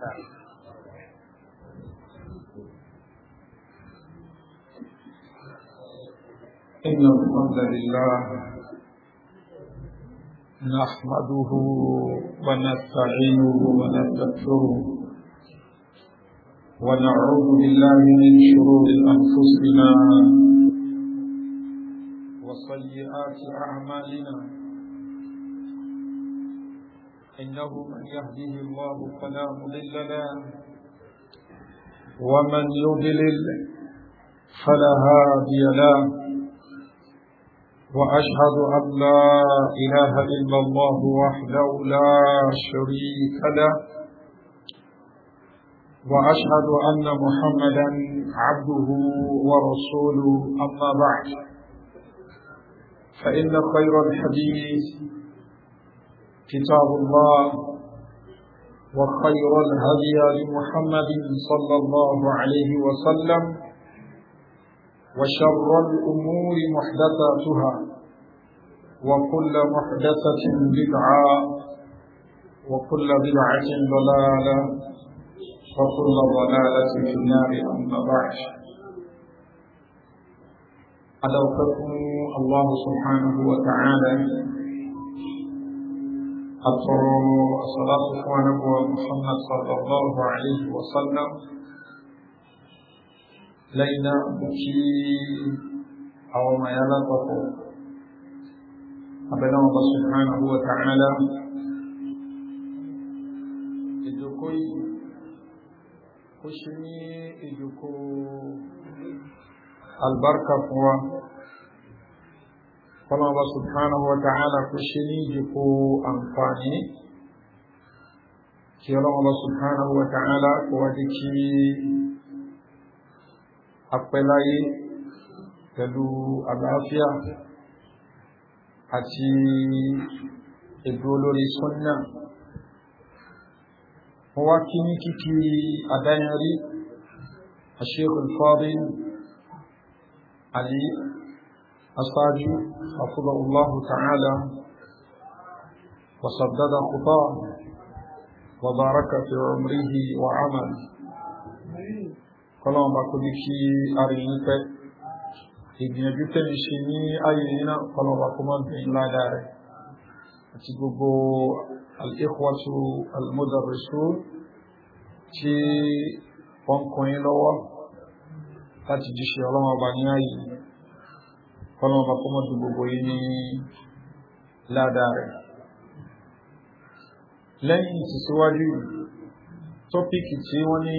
إن الحمد لله نحمده ونستعينه ونستغفره ونعوذ بالله من شرور أنفسنا وسيئات أعمالنا إنه من يهديه الله فلا مضل له ومن يضلل فلا هادي له وأشهد أن لا إله إلا الله وحده لا شريك له وأشهد أن محمدا عبده ورسوله أما بعد فإن خير الحديث كتاب الله وخير الهدي لمحمد صلى الله عليه وسلم وشر الأمور محدثاتها وكل محدثة بدعة وكل بدعة ضلالة وكل ضلالة في النار أما بعد أدعوكم الله سبحانه وتعالى أطر الصلاة والسلام محمد صلى الله عليه وسلم لينا بكي أو ما يلطف أبدا الله سبحانه وتعالى إدوكي خشمي ṣe البركة ìjókòó kọlọ́wọ́ subhanahu wa ta'ala kó ṣe ní ìjòkó àǹfààní kí ọlọ́wọ́ subhanahu wa ta'ala kó wájú kí apẹ́láyé pẹ̀lú àlàáfíà àti ìdúró lórí sọ́nà wọ́n wá kí ní kíkí àdáyẹrí àṣírí fọ́rin àlè aṣáájú àfúgbà Allahu ta'ala وصدد خطاه وبارك في عمره وعمله kọlọ́wọ́n bá kó ní kí arìnrìn pẹ́ ìgbìyànjú tẹ́lẹ̀ ṣe ní ayé iná kọlọ́wọ́n bá kó mọ́ bẹ̀yìn ládà rẹ̀ àti gbogbo al-ikhwatu al-mudarrisun tí wọ́n kọ̀yìn lọ́wọ́ láti jíṣẹ́ ọlọ́wọ́n bá ní ayé kọ́nà ọba kọ́mọ́ sí gbogbo yìí ní ládàá rẹ̀ lẹ́yìn tí wọ́n ní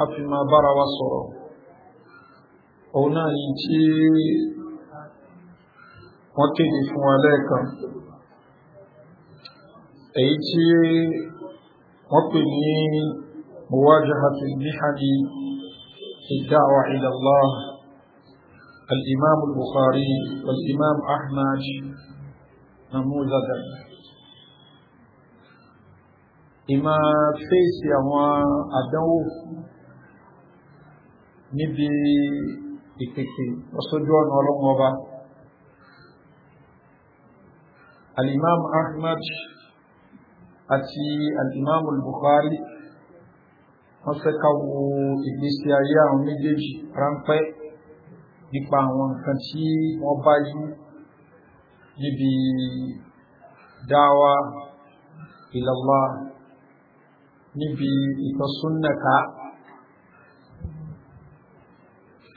a fi máa bára wa sọ̀rọ̀ òun náà yìí tí wọ́n kéde fún wa ila Allah الإمام البخاري والإمام أحمد نموذجا ìmá fèsì àwọn àdánwò níbi ìpèkè ọ̀sọ́jú ọ̀nà ọlọ́run ọba al-imam ahmad àti al-imam al-bukhari wọ́n fẹ́ ká wo ìgbésí ayé àwọn méjèèjì ráńpẹ́ nípa àwọn nǹkan tí wọ́n bá yí níbi dáwà ìlàlá níbi ìtọ́súnnàká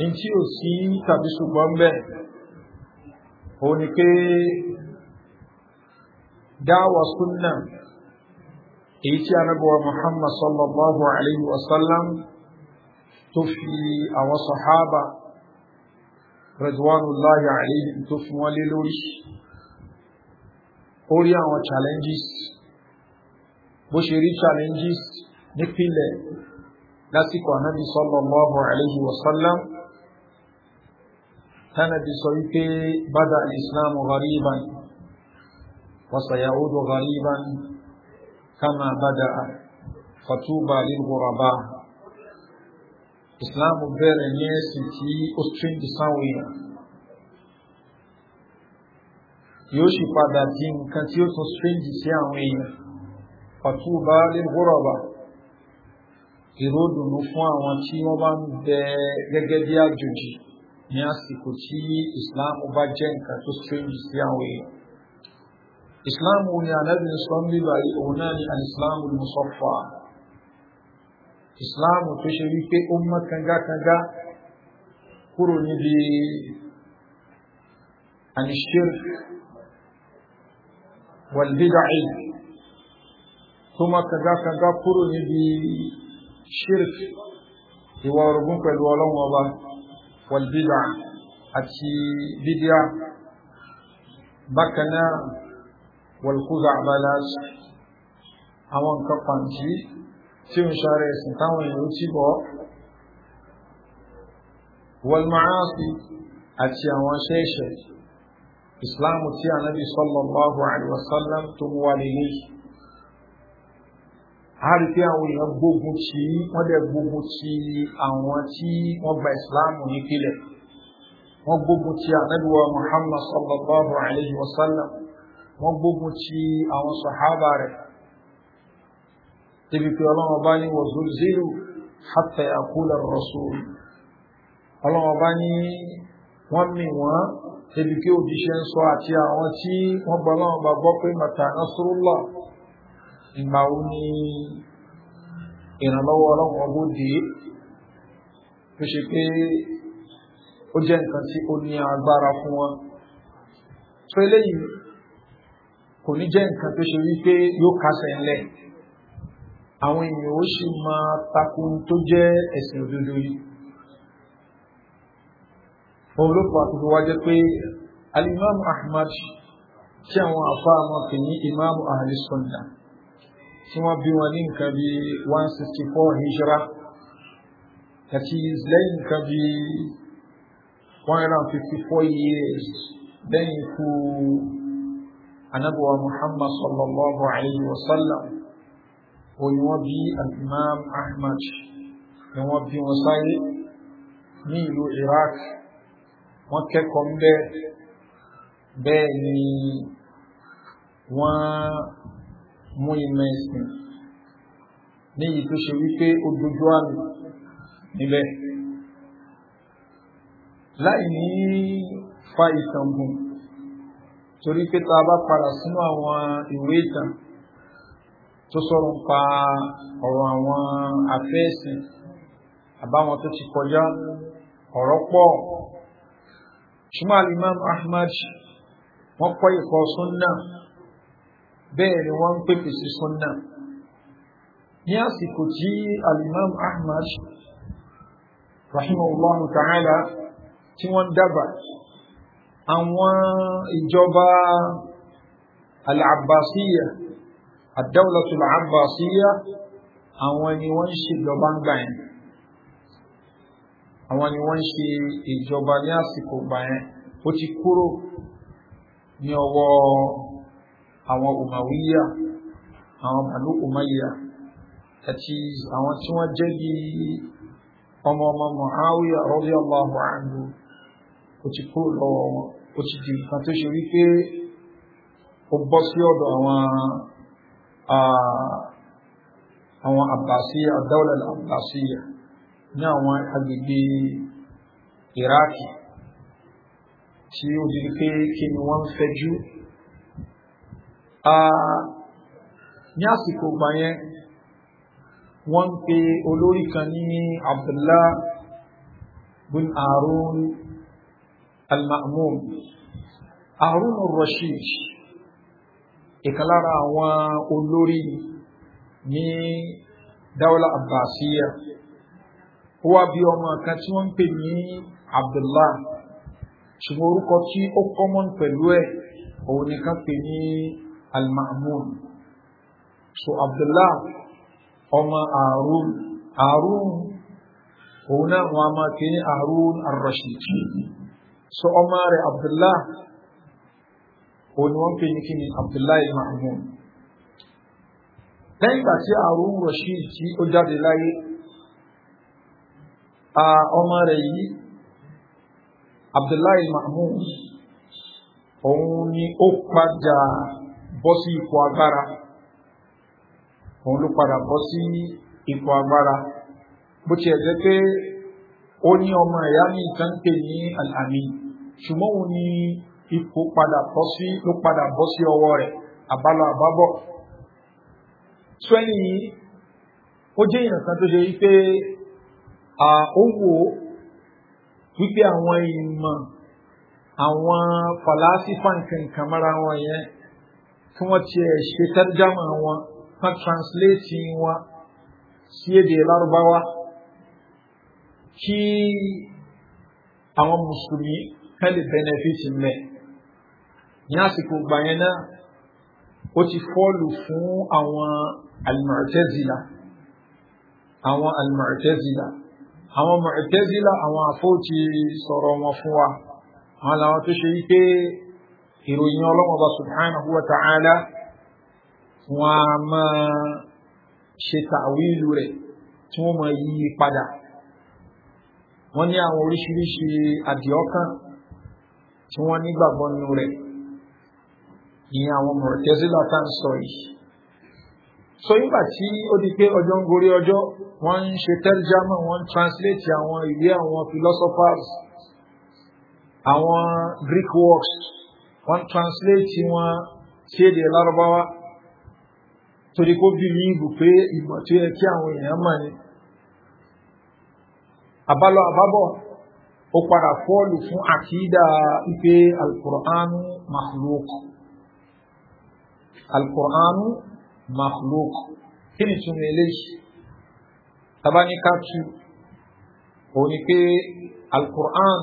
in tí ò sí tàbí ṣùgbọ́n bẹ́ẹ̀ o ni pé dáwà súnnà èyí tí a rẹ̀bọ̀wà muhammad sallallahu alaihi wasallam tó fi àwọn sahaba Radwanullahi alayhim tó fún wọn lé lórí ó rí àwọn challenges bó ṣe rí challenges nípìnlẹ̀ lásìkò ànábì sallallahu alayhi wa sallam tánàbí sọ wípé bada al-islam ghariban wa sayaudu ghariban kama bada fatuba lil ghuraba islam bẹ̀rẹ̀ ní ẹ̀sìn tí ó stringy sáwọn èèyàn yóò sì padà di nǹkan tí ó tún stringy sí àwọn èèyàn fàtúbà lè gbọ́rọ̀bà ìró dùnú fún àwọn tí wọ́n bá ń bẹ gẹ́gẹ́ bí àjòjì ní àsìkò tí islam bá jẹ́ nǹkan tó stringy sí àwọn èèyàn islam ni ànábìnrin sọ́ńbí báyìí òun náà ni alìsílámù ni mo sọ fún wa ìsìláàmù tó ṣe wípé ó mọ́ kangakanga kúrò níbi al-shirk wal-bid'ah tó mọ́ kangakanga kúrò níbi shirk ìwà orogún pẹ̀lú ọlọ́wọ́ ọba wal-bid'ah àti bídíà bákan wal-khuzaa' àbálá àwọn tí ó ń ṣàrẹ ẹ̀sìn táwọn èèyàn tí bọ́ wọlmáàsì àti àwọn ṣẹ́ṣẹ̀ ìsìláàmù tí a nábi sallallahu alaihi wasallam tó mú wà nílé a rí pé àwọn èèyàn gbógun tí wọ́n dẹ̀ gbógun tí àwọn tí wọ́n gba ìsìláàmù nípìnlẹ̀ wọ́n gbógun tí ànábíwá Muhammad sallallahu alaihi wasallam wọ́n gbógun tí àwọn sàhábà rẹ̀ débi pé ọlọ́run bá ní wazulzilu hatta yaqula rasul ọlọ́run bá ní wọ́n mì wọ́n débi pé òjíṣẹ́ ń sọ àti àwọn tí wọ́n gbọ́ ọlọ́run bá gbọ́ pé mata nasrullah ìgbà wo ni ìrànlọ́wọ́ ọlọ́run ọgbọ́n dé tó ṣe pé ó jẹ́ nǹkan tí ó ní agbára fún wọn tó eléyìí kò ní jẹ́ nǹkan tó ṣe wípé yóò kásẹ̀ ńlẹ̀ àwọn èèyàn ó sì máa takun tó jẹ́ ẹ̀sìn òdodo yìí wọn ló fà tó wá pé alimami ahmad tí àwọn afá wọn pè ní imam ahli sunna tí wọ́n bí wọn ní nǹkan bí one sixty four hijra àti lẹ́yìn nǹkan bí one hundred fifty four years lẹ́yìn ikú anabuwa muhammad sallallahu alayhi wa sallam ó ní wọ́n bí imam ahmad ni wọ́n bí wọn sáyé ní ìlú iraq wọ́n kẹ́kọ̀ọ́ ń bẹ́ bẹ́ẹ̀ ni wọ́n mú ìmọ̀ ẹ̀sìn ní èyí tó ṣe wípé ó dojú àmì níbẹ̀ láì ní fa ìtàngùn torí pé tá a bá padà sínú àwọn ìwé ìtàn tó sọ̀rọ̀ ń pa ọ̀rọ̀ àwọn afẹ́ẹ̀sìn àbáwọn tó ti kọjá ọ̀rọ̀ pọ̀ ṣùgbọ́n alimam ahmad wọ́n kọ́ ìkọ́ sunna bẹ́ẹ̀ ni wọ́n ń pèpè sí sunna ní àsìkò tí alimam ahmad rahimahullahu ta'ala tí wọ́n dábàá àwọn ìjọba al-abbasiyya ad-dawlatul abbasiyya àwọn ni wọ́n ń ṣe ìjọba ń gbà yẹn àwọn ni wọ́n ń ṣe ìjọba ní àsìkò gbà yẹn ó ti kúrò ní ọwọ́ àwọn umawiya àwọn bàlú umayya àti àwọn tí wọ́n jẹ́ bí ọmọ ọmọ muawiya radiyallahu anhu ó ti kúrò lọ́wọ́ wọn ó ti di nǹkan tó ṣe wípé ó bọ́ sí ọ̀dọ̀ àwọn àwọn àbàsíyà àdáwọlẹ àbàsíyà ní àwọn agbègbè iraki tí ó di pé kí ni wọ́n ń fẹjú ní àsìkò gbà yẹn wọ́n ń pe olórí kan ní abdullah bin harun al-ma'mun harun al-rashid ìkan lára àwọn olórí ní dáwọ́lá abbasiya ó wá bí ọmọ kan tí wọ́n ń pè ní abdullah ṣùgbọ́n orúkọ tí ó kọ́mọ́n pẹ̀lú ẹ̀ òun ni kan pè ní almamun so abdullah ọmọ àrùn àrùn òun náà wọn a máa pè ní àrùn arrashid so ọmọ rẹ̀ abdullah òun ni wọ́n pè ní kíni abdullahi mahmoud lẹ́yìn ìgbà tí àrùn rashid tí ó jáde láyé ọmọ rẹ̀ yìí abdullahi mahmoud òun ni ó padà bọ́ sí ipò agbára òun ló padà bọ́ sí ipò agbára ipò padà bọ́ sí ló padà bọ́ sí ọwọ́ rẹ̀ àbálọ àbábọ̀. Sọ́yìn yìí, ó jẹ́ èèyàn kan tó ṣe wípé ó wò wípé àwọn ìmọ̀ àwọn fàlásífà nkankan mara wọn yẹn tí wọ́n ti ẹ̀ ṣe tẹ́rẹ́jámọ̀ wọn kan translate wọn sí èdè lárúbáwá kí àwọn mùsùlùmí kan lè benefit mẹ́ẹ̀ ní àsìkò ìgbà yẹn náà ó ti fọ́ọ̀lù fún àwọn al-Mu'tazila àwọn al-Mu'tazila àwọn Mu'tazila àwọn àfọ́ọ̀tì sọ̀rọ̀ wọn fún wa àwọn làwọn tó ṣe wípé ìròyìn ọlọ́wọ́ bá subhanahu wa ta'ala wọn a máa ṣe tàwílù rẹ̀ tí wọ́n máa yí padà wọ́n ní àwọn oríṣiríṣi àdìọ́kàn tí wọ́n nígbàgbọ́ nínú rẹ̀ ìyẹn àwọn Mu'tazila tá ń sọ yìí so nígbà tí ó di pé ọjọ́ ń gorí ọjọ́ wọ́n ń ṣe tẹ́rìjámọ̀ wọ́n ń translate àwọn ìwé àwọn philosophers àwọn Greek works wọ́n translate wọn sí èdè lárúbáwá torí kó bìlíìbù pé ìmọ̀ tó yẹ kí àwọn èèyàn mọ̀ ni àbálọ àbábọ̀ ó padà fọ́ọ̀lù fún àkídà ipe al-Qur'an makhluq alukur'anu makhluk kí ni túnmọ̀ eléyìí tabaníkà tu òun ni pé alukur'an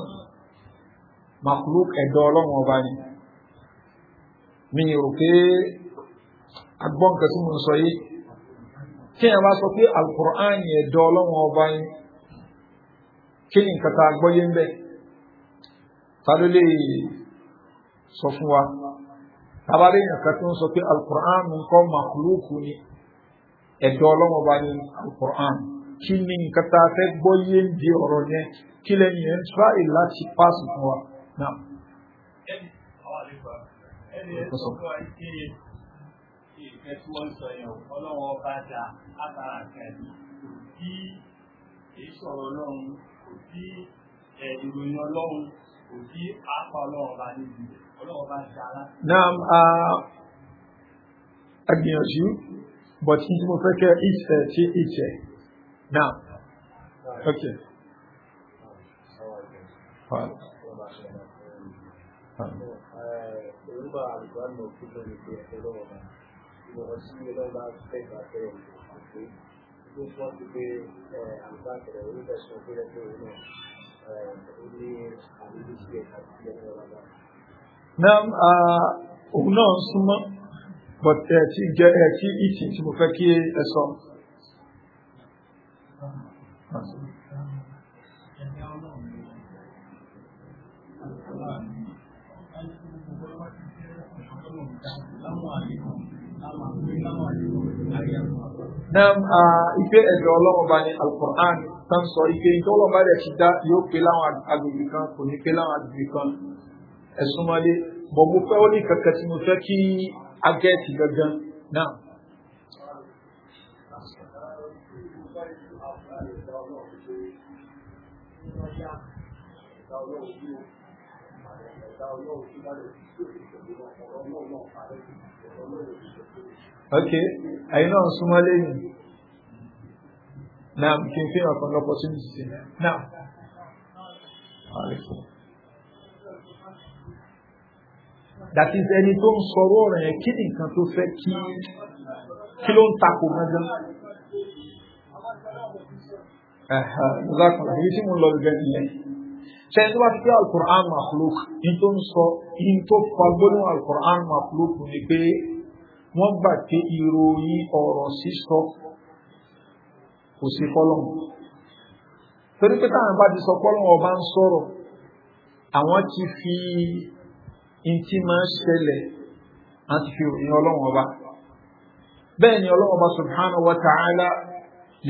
makhluk ẹ̀dọ́ ọlọ́run ọba ni mi rò pé agbọ́nkà tí mo ń sọ yìí kí ni a bá sọ pé alukur'an ẹ̀dọ́ ọlọ́run ọba ni kí ni nǹkan tá a gbọ́ yé ń bẹ̀ ta ló lè sọ fún wa tabale yẹn kàtó ń sọ pé alukur'an nǹkan makuluku ni ẹ̀dọ́ ọlọ́wọ́ bá ní alukur'an kí ni nǹkan tá a fẹ́ gbọ́ yé di ọ̀rọ̀ yẹn kí lẹ́yìn ẹ̀ ń tra ì láti paasi fún wa náà. ẹni ẹ kò sí èyí sọ̀rọ̀ kò sí ìròyìn ọlọ́run bá níbi rẹ̀. Now, a gbìyànjú, but n tí mo fẹ́ kẹ́ ìṣẹ̀ sí ìṣẹ̀. Now, okay nam a náà súnmọ́ but ẹ ti jẹ ẹ ti ìtì tí mo fẹ́ kí ẹ sọ. Nam ife ẹ̀dọ̀ ọlọ́run bá ní Al-Qur'an tán sọ ife ìjọ́ ọlọ́run bá rẹ̀ ti dá yóò pé láwọn agbègbè kan kò ní pé láwọn agbègbè kan ẹ̀sùnmọ́lé bọ̀ mo fẹ́ ó ní kankan tí mo fẹ́ kí agẹ́ẹ̀tì gangan náà. ok ẹ̀yin náà súnmọ́lé yìí náà kí n fi hàn kan lọ́pọ̀ sí mi sí náà. Aleykum. dàtí ẹni tó ń sọ̀rọ̀ ọ̀rọ̀ yẹn kí ni nǹkan tó fẹ́ kí kí ló ń takò gángan. Ẹ̀hán, ibi tí mo lọ gẹ́gẹ́ nìyẹn. Ṣẹ́yìn tó bá ti pé Al-Qur'an makhluk, in tó ń sọ, in tó fa gbólóhùn Al-Qur'an makhluk ni pé wọ́n gbà pé ìròyìn ọ̀rọ̀ sísọ kò sí fọ́lọ́mù. Torí pé táwọn bá ti sọ fọ́lọ́mù ọba ń sọ̀rọ̀, àwọn ti fi ntí máa ṣẹlẹ̀ àti fi òyìn ọlọ́wọ́n ọba bẹ́ẹ̀ ni ọlọ́wọ́n ọba subhanahu wa ta'ala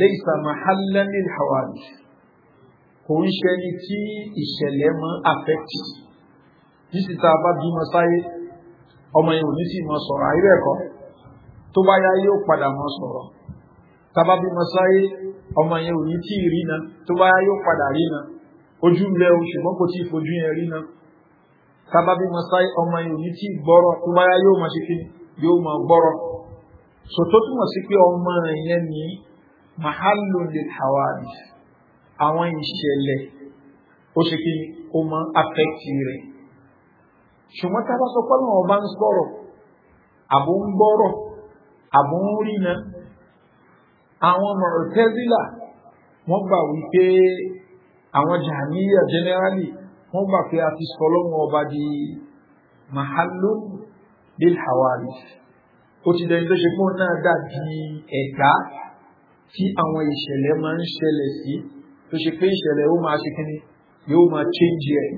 laysa mahallan lil hawadith kò ń ṣe ni tí ìṣẹ̀lẹ̀ máa affect nísì tá a bá bímọ sáyé ọmọ yẹn ò ní sì máa sọ̀rọ̀ àyè kọ́ tó bá yá yóò padà máa sọ̀rọ̀ tá a bá bímọ sáyé ọmọ yẹn ò ní tí ì rí na tó bá yá yóò padà rí na ojú ń lẹ o ṣùgbọ́n kò tí ì fojú yẹn rí na tábàbí masai ọmọ yìí ní tí gbọ́rọ̀ tó báyá yóò máa ṣe kí yóò máa gbọ́rọ̀ so tó túmọ̀ sí pé ọmọ yẹn ní mahalu lil hawadith àwọn ìṣẹ̀lẹ̀ ó ṣe kí ó máa affect rẹ̀ ṣùgbọ́n tábà sọ pé ọlọ́run ọba ń sọ̀rọ̀ àbò ń gbọ́rọ̀ àbò ń rí na àwọn Mu'tazila wọ́n gbà wípé àwọn jàmíyà generally wọ́n gbà pé a ti sọ lọ́wọ́ ọba di mahalu bil hawari ó ti dẹni tó ṣe pé òun náà dàbí ẹ̀dá tí àwọn ìṣẹ̀lẹ̀ máa ń ṣẹlẹ̀ sí tó ṣe pé ìṣẹ̀lẹ̀ ó máa ṣe kíni yóò máa change ẹ̀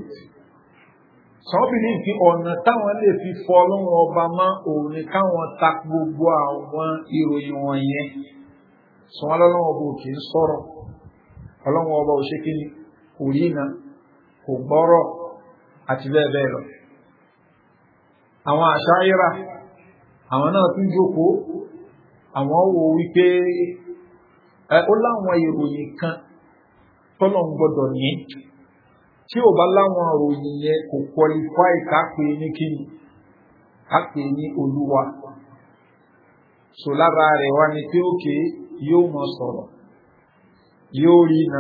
sọ́bìnrin fi ọ̀nà táwọn lè fi fọ́ lọ́wọ́ ọba mọ́ òun ni káwọn ta gbogbo àwọn ìròyìn wọ̀nyẹn sọ wọn lọ́wọ́ ọba ò kì í sọ̀rọ̀ ọlọ́wọ́ ọba ò ṣe kíni kò rí náà kò gbọ́rọ̀ àti bẹ́ẹ̀ bẹ́ẹ̀ lọ àwọn àwọn náà tún jókòó àwọn wo wípé ó láwọn ìròyìn kan tọ́lọ̀ ń gbọ́dọ̀ ní tí ò bá láwọn ìròyìn yẹn kò qualify kápẹ́ ní kíni ní olúwa lára mọ sọ̀rọ̀ yóò rí iná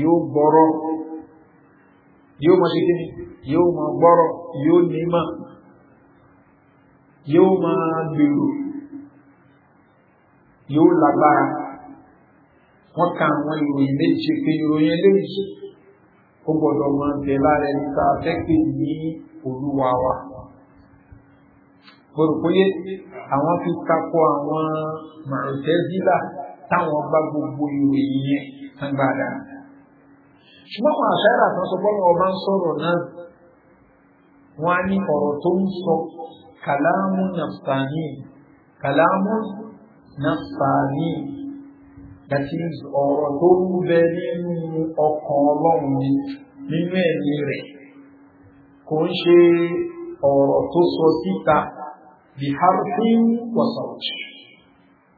yóò gbọ́rọ̀ yóò máa ṣe kí ni yóò máa gbọ́rọ̀ yóò nímọ̀ yóò máa gbèrò yóò lágbára wọ́n ka àwọn ìròyìn méje pé ìròyìn eléyìí ó gbọ́dọ̀ máa bẹ̀ lára ẹni tá a fẹ́ pè ní olúwa wa gbọ́dọ̀kóyé àwọn fi takọ àwọn màrùtẹ́zílà táwọn bá gbogbo ìròyìn yẹn tán gbàdára ṣùgbọ́n àwọn àṣàrà kan sọ pọ́nà ọba ń sọ̀rọ̀ náà wọ́n á ní ọ̀rọ̀ tó ń sọ kàlámù nàfsàní kàlámù nàfsàní that is ọ̀rọ̀ tó ń bẹ nínú ọkàn ọlọ́run ni nínú ẹ̀mí rẹ̀ kò ń ṣe ọ̀rọ̀ tó sọ síta bí harfin wọ̀sọ̀ọ̀ṣì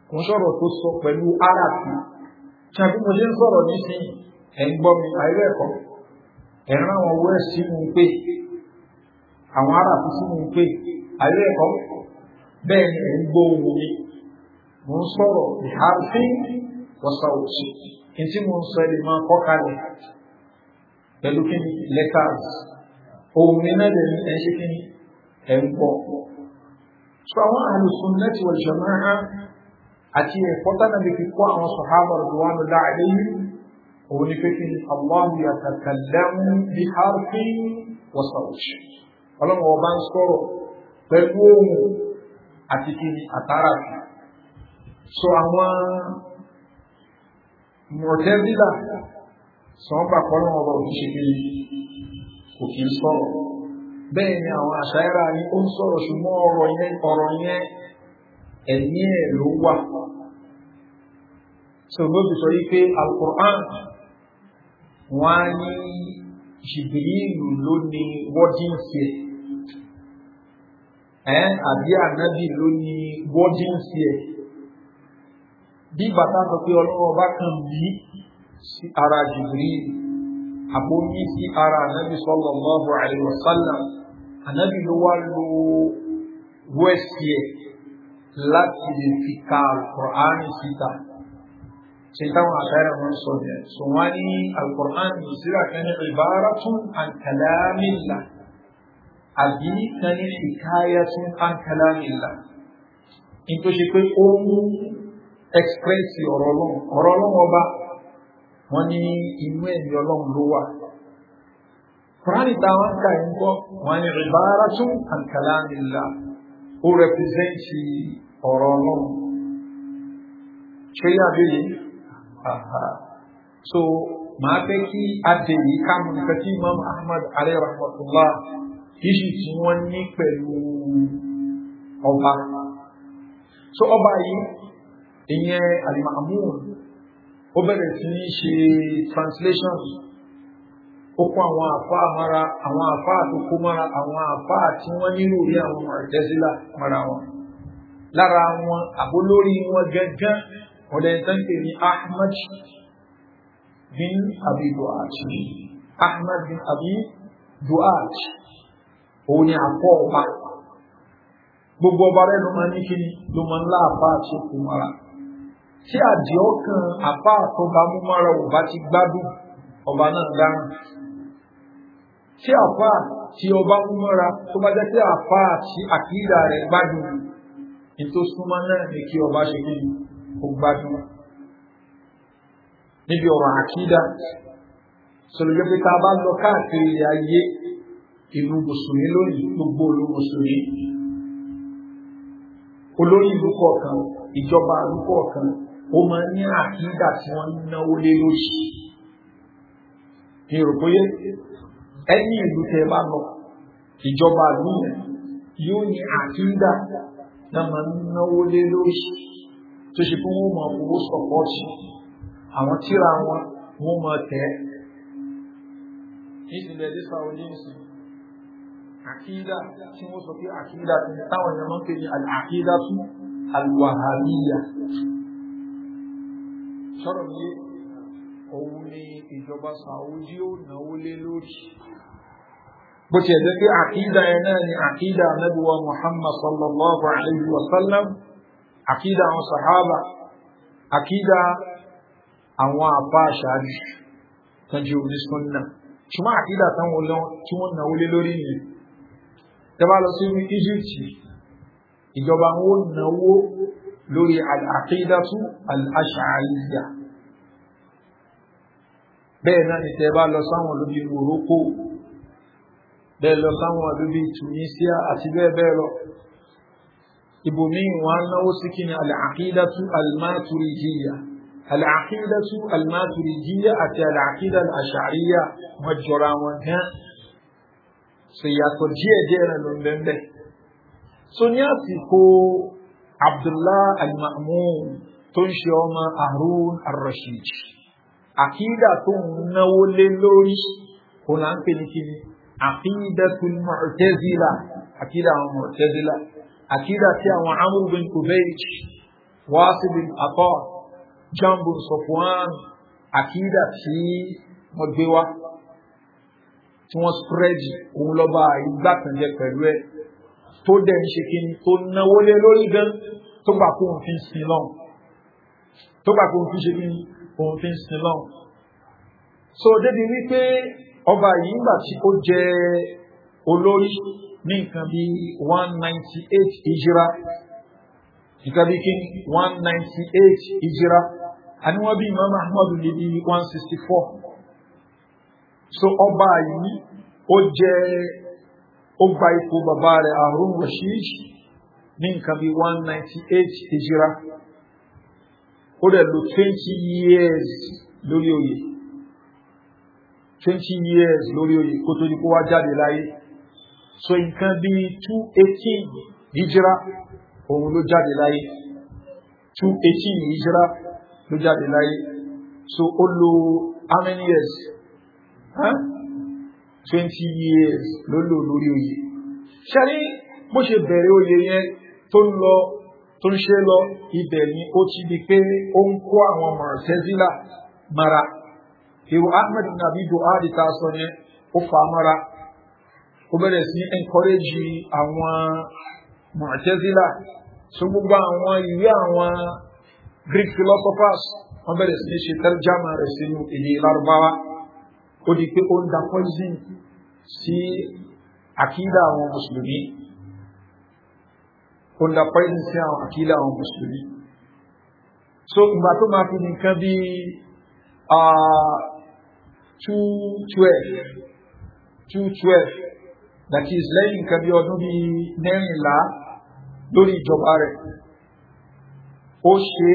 kò ń ṣọ̀rọ̀ tó sọ pẹ̀lú áràfin ṣàbí mo ṣe ń sọ̀rọ̀ nísìnyí ẹ̀ ń mi àìrẹ́ ẹ̀kọ́ ẹ̀rọ àwọn owó ẹ̀ sí fi bẹ́ẹ̀ ni mi mo ń sọ̀rọ̀ ìhàfin wọ́sà òsì kí n tí mo ń sọ ẹ̀ lè máa kọ́ kalẹ̀ pẹ̀lú kí ni letters mi náà lè ní ẹ̀ ṣe kí sọ àwọn àlùsùn nẹ́tíwọ̀n jọ̀mọ́ òun ni pé kí Allahu yatakallamu bi harfin wa sawt ọlọ́run ọba ń sọ̀rọ̀ pẹ̀lú ohun àti kí ni àtàrà sí so àwọn mọ̀tẹ́bílà sọ̀nba kọ́lọ́ ọba òṣìṣẹ́ kí kò kí ń sọ̀rọ̀ bẹ́ẹ̀ ni àwọn àṣàyẹ́rà ni ó ń sọ̀rọ̀ ṣùgbọ́n ọ̀rọ̀ yẹn ọ̀rọ̀ yẹn ẹ̀mí ẹ̀ ló wà so lóbi sọ yìí pé al wọ́n á ní jìbìrìlù ló ní wọ́díǹsì ẹ̀ àbí ànábì ló ní wọ́díǹsì ẹ̀ bí bàtà sọ pé ọlọ́wọ́ bá kàn bí sí ara jìbìrìlù àbó ní sí ara ànábì sallallahu alaihi wasallam ànábì ló wá lo wẹ́sì ẹ̀ láti lè fi ka Al-Qur'ani síta ṣe táwọn àtàrà wọn sọ yẹn sọ wọn ní alukur'an yìí síra kan ní ibaratun an kalamillah àbí kan ní hikayatun an kalamillah ní tó ṣe pé ó mú ẹ̀xprẹ́sì ọ̀rọ̀ ọlọ́run ọ̀rọ̀ ọlọ́run ọba wọn ní inú ẹ̀mí ọlọ́run ló wà Kurani táwọn ń kà yín kọ́ wọn ní so màá fẹ́ kí a tẹ̀ yìí ká mú imam ahmad alayhi rahmatullah yíṣù tí wọ́n ní pẹ̀lú ọba so ọba yìí ìyẹn alimamun ó bẹ̀rẹ̀ sí ní ṣe translation ó kó àwọn àfa mara àwọn àfa tó kó mara àwọn àfa tí wọ́n nílò rí àwọn mọ̀rẹ̀dẹ́sílà mara wọn lára wọn àbólórí wọn gángan ọ̀dẹ̀ntẹ́ntẹ́ ni Ahmad bin Abi Du'at Ahmad bin Abi Du'at òun ni àpọ̀ ọba gbogbo ọba rẹ̀ máa ní kí ni ló máa ń láàbá àti òkú mara tí àdìẹ ọkàn àpá àtọba múmára ò bá ti gbádùn ọba náà dáhùn tí àpá tí ọba múmára tó bá jẹ́ pé àpá àti àkíyà gbádùn ní tó náà ní kí ọba ṣe kí ni kó gbádùn níbi ọ̀rọ̀ àkídà sọ̀rọ̀ yẹ pé tá a bá lọ káàkiri ayé ìlú mùsùlùmí lónìí gbogbo ìlú mùsùlùmí olórí ìlú kọ̀ọ̀kan ìjọba ìlú kọ̀ọ̀kan ó máa ní àkídà tí wọ́n ń náwó lé lórí ní òròpóyé ẹni ìlú tẹ bá lọ ìjọba ìlú yóò ní àkídà náà máa ń náwó lé lórí tó ṣe pé wọ́n máa fowó sọ̀pọ̀tì àwọn tíra wọn wọ́n máa tẹ̀ ẹ́. nísìnyí ẹ̀dẹ́ sáwọn oníṣì àkídà tí wọ́n sọ pé àkídà tí táwọn èèyàn máa ń pè ní àkídà tún alwahabiyya. sọ̀rọ̀ mi yé òun ni ìjọba Saudi ó náwó lé lórí. bó tiẹ̀ jẹ́ pé àkídà ẹ̀ náà ni àkídà anábíwá Muhammad sallallahu alayhi wa sallam àkídà àwọn sàhábà àkídà àwọn àbá àṣáájú tánjú onísúnnà ṣùgbọ́n àkídà táwọn olóhun tí wọ́n náwó lé lórí nìyẹn tẹ́bá lọ sí Egypt ìjọba wọn náwó lórí àkídàtú al-ash'ariyya bẹ́ẹ̀ náà ni tẹ́bá lọ sáwọn lóbi Morocco bẹ́ẹ̀ lọ sáwọn lóbi Tunisia àti bẹ́ẹ̀ bẹ́ẹ̀ lọ ibòmíì wọn náwó sí kí ni alàkídàtú almáturidiya alàkídàtú almáturidiya àti alàkídà àṣàríyà wọn jọra wọn gan so yàtọ̀ díẹ̀ díẹ̀ rẹ̀ ló ń bẹ́ẹ̀ bẹ́ẹ̀ so ní àsìkò abdullah alma'mun tó ń ṣe ọmọ harun al-rashid àkídà tó ń náwó lé lórí kò náà ń pè ní mu'tazila àkídà àwọn mu'tazila àkídà tí àwọn amúrú bin kubeij wáásí bin akọ jambu sọfwan àkídà tí wọn gbé wá tí wọn spreadi òun lọba ìgbàkanjẹ pẹ̀lú ẹ tó dẹ̀ ń ṣe kíni tó náwó lé lórí gan tó gbà kó òun fi sin lọ́n tó gbà kó òun fi ṣe kíni òun fi sin lọ́n so débi wípé ọba yìí ń gbà tí ó jẹ́ olórí ní nǹkan bí one ninety eight ìjìrá nǹkan bí kíni one ninety eight ìjìrá àní bí Imam Ahmad ní bí one sixty four so ọba yìí ó jẹ́ ó gba ipò bàbá rẹ̀ Harun Rashid ní nǹkan bí one ninety eight ìjìrá ó dẹ̀ lò twenty years lórí oyè twenty years lórí oyè kó tó di kó wá jáde láyé so nǹkan bíi two eighteen hijira òun ló jáde láyé two eighteen hijira ló jáde láyé so ó lo how many years huh? twenty years ló lò lórí oyè ṣẹ́rí bó ṣe bẹ̀rẹ̀ oyè yẹn tó ń lọ tó ń ṣe lọ ibẹ̀ ni ó ti di pé ó ń kó àwọn mọ̀ràn mara irú ahmed nabi buhari ta sọ yẹn ó fa mara ó bẹ̀rẹ̀ sí encourage àwọn mọ̀tẹ́sílà so gbogbo àwọn ìwé àwọn greek philosophers wọ́n bẹ̀rẹ̀ sí ṣe tẹ́rjámà rẹ̀ sínú èyí lárúbáwá ó di pé ó ń da poison sí àkídà àwọn mùsùlùmí ó ń da poison sí àwọn àkídà àwọn mùsùlùmí so ìgbà tó máa fi nìkan bí ah, two twelve two twelve that is lẹ́yìn nǹkan bí ọdún bíi mẹ́rìnlá lórí ìjọba rẹ̀ ó ṣe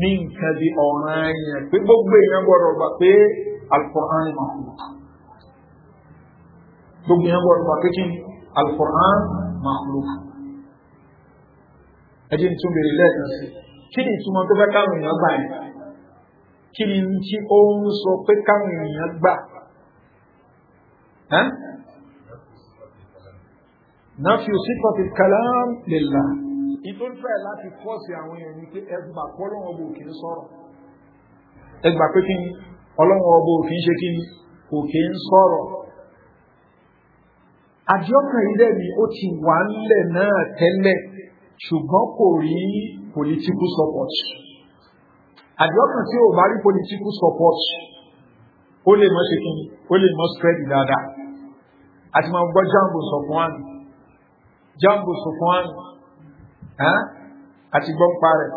ní nǹkan bí ọ̀ràn ẹ̀yàn pé gbogbo èèyàn gbọ́dọ̀ gbà pé alukur'an mahmud gbogbo èèyàn gbọ́dọ̀ gbà pé kí alukur'an mahmud ẹjẹ́ ní tún bèrè lẹ́ẹ̀kan sí kí ni ìtumọ̀ tó fẹ́ káwọn èèyàn gbà yẹn kí ni tí ó ń sọ pé káwọn èèyàn gbà ẹ́ nafiu sifati الكلام لله. nítorí fẹ́ في fọ́ọ̀sì àwọn èèyàn ni pé ẹgbà pé ọlọ́run ọba òkè ń sọ̀rọ̀ ẹgbà pé kí ọlọ́run ọba òkè ń ṣe kí òkè ń sọ̀rọ̀ àjọkàn ilé mi ó ti wà ńlẹ̀ náà tẹ́lẹ̀ ṣùgbọ́n kò rí political support àjọkàn tí ò bá rí political support ó lè mọ́ ṣe kí ó lè mọ́ spread dáadáa àti máa gbọ́ jáàmù sọ fún wa nù jambu sufwan àti gbọ́npa rẹ̀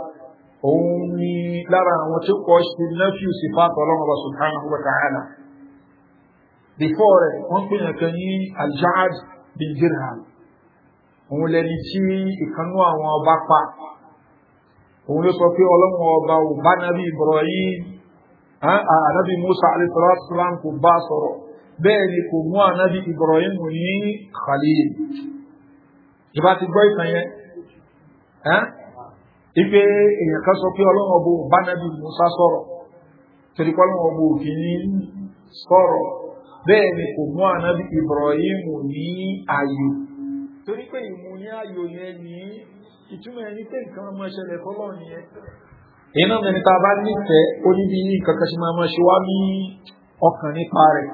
òun ni lára àwọn tí ó kọ́ ṣe nafiu sifatu ọlọ́mọba subhanahu wa ta'ala bífọ́ rẹ̀ wọ́n pè yàn kan ní aljaad bin dirham òun lẹni tí ìkanú àwọn ọba pa òun ló sọ pé ọlọ́mọ ọba ò bá nàbí Ibrahim ànábì Musa alayhi kò bá sọ̀rọ̀ bẹ́ẹ̀ ni kò mú ànábì Ibrahim ní khalil ìbá ti gbọ́ ìtàn yẹn ipe èèyàn kan sọ pé ọlọ́run ọbọ bánábì musa sọ̀rọ̀ torí pé ọlọ́run ọbọ òkè ní sọ̀rọ̀ bẹ́ẹ̀ ni kò mú ànábì ibrahim ní ààyò torí pé ìmú ní ààyò yẹn ní ìtumọ̀ ẹni pé nǹkan máa ṣẹlẹ̀ fọlọ́ nìyẹn iná mẹni tá a bá nífẹ̀ẹ́ ó ní bí nǹkan ṣe máa máa ṣe wá ní ọkàn nípa rẹ̀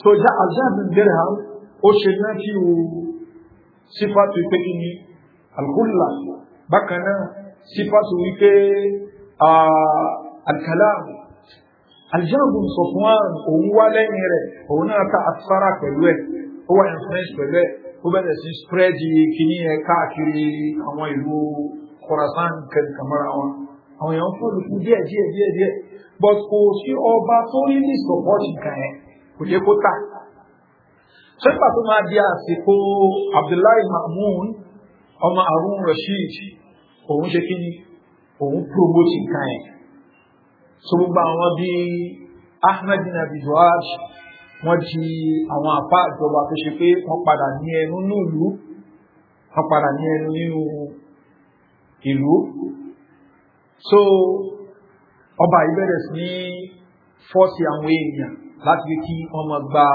so àjáde bẹ̀rẹ̀ ó ṣe náà kí o sífàtù wípé kí ni alkulla bákan náà sífàtù wípé alkalamu aljabu sọ fún wa òun wá lẹ́yìn rẹ̀ òun náà ta asfara pẹ̀lú ẹ̀ ó wà influence pẹ̀lú ẹ̀ ó bẹ̀rẹ̀ sí spread kìíní ẹ̀ káàkiri àwọn ìlú Khorasan kẹ̀kẹ̀mọ́ra wọn àwọn èèyàn fún olùkú díẹ̀ díẹ̀ díẹ̀ díẹ̀ but kò sí ọba tó rí ní support kan ẹ̀ kò jẹ́ kó tà sẹ́gbà tó máa di àsìkò Abdullahi Mahmoud ọmọ arun Rashid òun ṣe kí ni òun promote nǹkan ẹ̀ so gbogbo àwọn bíi Ahmed nabi Duhaj wọ́n di àwọn apá ìjọba tó ṣe pé wọ́n padà ní ẹnu nílùú wọ́n padà ní ẹnu nínú ìlú so ọba ìbẹ̀rẹ̀ sí ní fọ́ọ̀sì àwọn èèyàn láti kí wọ́n gba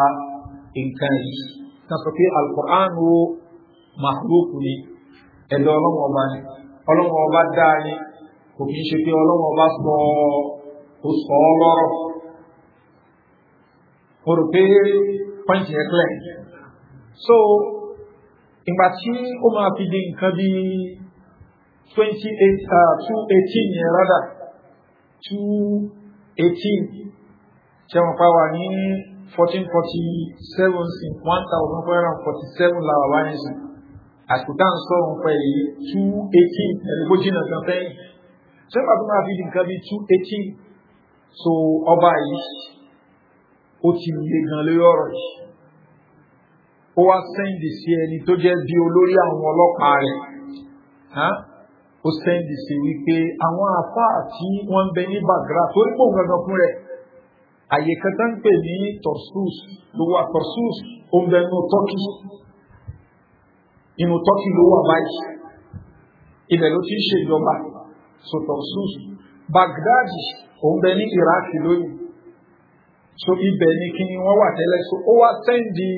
nǹkan yìí kan sọ pé alukur'an wo mahluk ni ẹ̀dọ̀ ọlọ́wọ́ ọba ni ọlọ́wọ́ ọba dáa ni kò kí n ṣe pé ọlọ́wọ́ ọba sọ ó sọ ọ́ lọ́rọ̀ mo rò pé pọ́ǹtì yẹn clear so ìgbà tí ó máa fi di nǹkan bí twenty eight uh, two eighteen yẹn rádà two eighteen ṣẹ́wọ̀n pa wà ní fourteen forty seven one thousand four hundred forty seven la wà wáyé sí àsìkò tá à two eighteen ẹ̀ẹ́dẹ́gbòjì náà kan sẹ́yìn ṣé two eighteen so ọba yìí ó ti le gan lórí ọ̀rọ̀ yìí ó wá sẹ́ǹdì sí ẹni tó jẹ́ bí olórí àwọn ọlọ́pàá rẹ̀ ó sẹ́ǹdì sí wípé àwọn àfáà tí wọ́n ń bẹ ní bàgàrà torí pò ń gangan fún rẹ̀ àyè kan tó ń pè ní Tarsus ló wà Tarsus ó ń bẹ nínú Turkey inú Turkey so Tarsus Baghdad ó ń bẹ ní Iraq lónìí so ibẹ̀ ni kí ni wọ́n wà tẹ́lẹ̀ so ó wá sẹ́ndì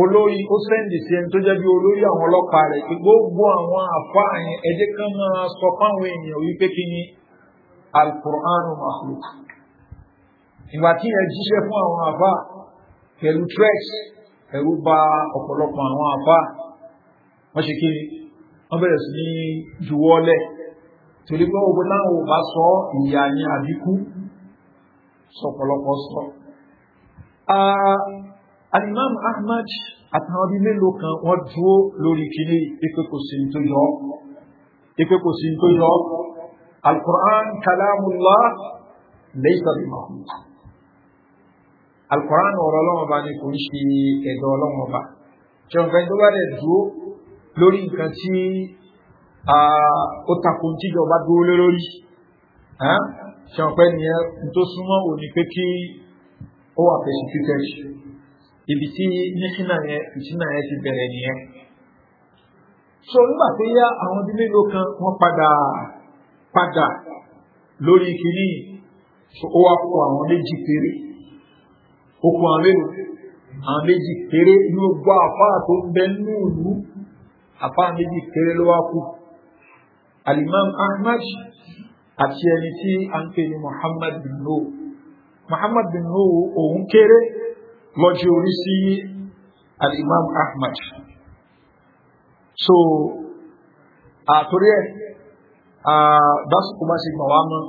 olórí ó sẹ́ndì sí ẹni tó jẹ́ bí àwọn ọlọ́pàá rẹ̀ pé gbogbo àwọn àfáà yẹn ẹ̀jẹ̀ sọ fáwọn èèyàn wípé kí ni Al-Qur'anu makhluq ìgbà tí yẹn jíṣẹ́ fún àwọn àbá pẹ̀lú trex ẹ̀rú bà ọ̀pọ̀lọpọ̀ àwọn àbá wọ́n ṣe kí wọ́n bẹ̀rẹ̀ sí ní juwọ́lẹ̀ torí pé ogun náà ò bá sọ ìyá ní àbíkú sọ̀pọ̀lọpọ̀ sọ. Alimam Ahmad àtàwọn bíi mélòó kan wọ́n dúró lórí kíní ipe kò sí tó yọ ipe kò sí tó yọ Al-Qur'an kalamullah laysa bi mahmud alukoran ọ̀rọ̀ ọlọ́wọ́n ba ni kò ń ṣe ẹ̀dọ̀ ọlọ́wọ́n ba ṣẹ̀ǹfẹ̀ tó bá dẹ̀ dúró lórí nǹkan tí ó takò tíjọba dúró lé lórí ṣẹ̀ǹfẹ̀ nìyẹn tó súnmọ́ òní pé kí ó wà persecuted ibi tí nísìnà yẹn ìtìnà yẹn ti bẹ̀rẹ̀ nìyẹn so nígbà tó yá àwọn bí mélòó kan wọ́n padà padà lórí kìíní ó wá kó àwọn méjì péré okùn àmẹ́nu àwọn méjì kéré ní gbogbo àfáà tó ń bẹ lóòlù àfáà méjì kéré ló wá kú alimam ahmad àti ẹni tí a ń pè ní muhammad bin nuhu muhammad bin nuhu òun kéré lọ́jọ́ orí sí alimam ahmad so àtúrí ẹ̀ básìkò bá ṣe mọ̀ wá mọ́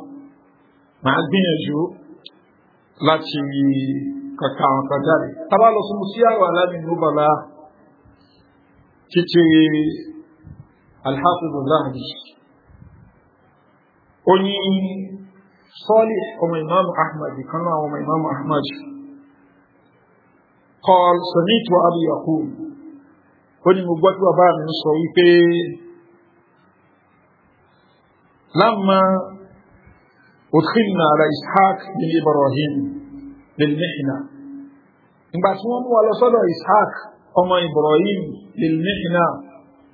màá gbìyànjú láti kàkà àwọn kan jáde tábà lọ sínú sí àwọn alábìnú bàbá títí alhafiz zahabi ó ní sọ́ọ̀lì ọmọ ìmáàmù ahmad kan náà ọmọ ìmáàmù ahmad kọ́ọ̀l sọ̀nìtò abu yakub ó ní mo gbọ́ tí mi sọ wípé lámà òtún náà ra ishaq ní ibrahim lilmihna ìgbà tí wọ́n mú wa lọ sọ́dọ̀ ishaq ọmọ ibrahim lilmihna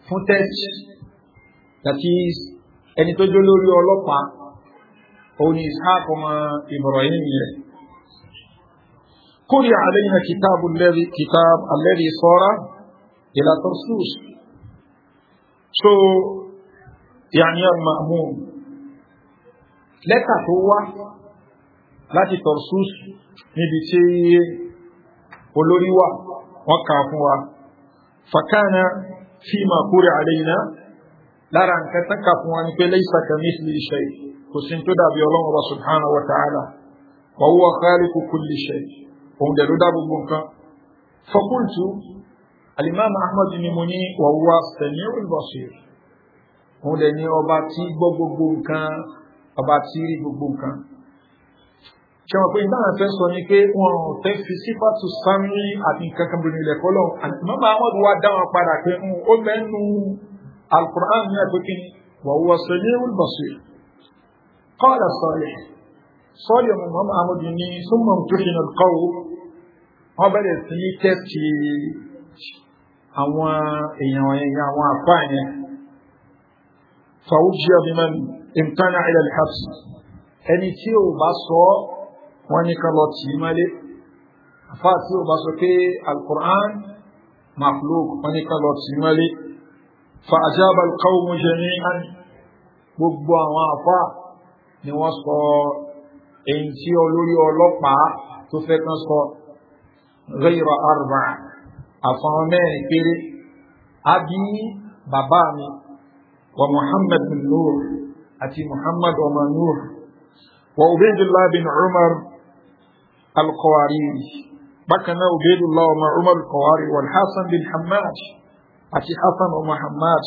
fún tẹ́tí that is ẹni tó jó lórí ọlọ́pàá òun ni ishaq ọmọ ibrahim rẹ̀ kórè àlẹ́yìn kìtàbù lẹ́rí kìtàbù alẹ́rí sọ́ra ìlàtọ̀ sùs so yàní al-ma'mun lẹ́tà tó wá láti Tarsus níbi tí olórí wà wọ́n kà fún wa fakana fíìmà kúrò àlẹ́yìnà lára nǹkan tán kà fún wa ní pé laysa kamithlihi shay kò sí tó dàbí ọlọ́run ọba subhanahu wa ta'ala wa huwa khaliqu kulli shay òun dẹ̀ ló dá gbogbo nǹkan fakultu alimami ahmed ni mo ní wa huwa sami'ul basir òun dẹ̀ ní ọba tí gbọ́ gbogbo nǹkan ọba tí rí gbogbo nǹkan ṣe wọn pé náà fẹ́ sọ ni pé wọn ò fẹ́ fi sífàtú sánmi àti nǹkan kan bìnrin ilẹ̀ kọ́lọ̀ mọ́mọ́ amadu wa dá wọn padà pé ó mẹ́nu alukur'an ní àpékin wà wọ́n sọ ní ewu lọ́sọ̀ yìí kọ́ọ̀lá sọ̀rọ̀ sọ̀rọ̀ mọ́ mọ́mọ́ amadu ní súnmọ́ tóṣìnà kọ́wọ́ wọ́n bẹ̀rẹ̀ sí ní tẹ́tì àwọn èèyàn ẹ̀yìn àwọn àpá fàwùjì ọ̀bìmọ̀ ẹni tí ò bá sọ wọ́n ní kan lọ tì í mọ́lé àfa tí ó bá sọ pé alukur'an makhluk wọ́n ní kan lọ tì í mọ́lé fa ajaba alqawmu jami'an gbogbo àwọn àfa ni wọ́n sọ èyí tí olórí ọlọ́pàá tó fẹ́ kan sọ ghayra arba'a àfọ̀n mẹ́rin péré àbí bàbá mi wa muhammad bin àti muhammad ọmọ nur wa ubaydullah bin umar القواريري بكنا عبيد الله مع عمر القواري والحسن بن حماد أتي حسن ومحمد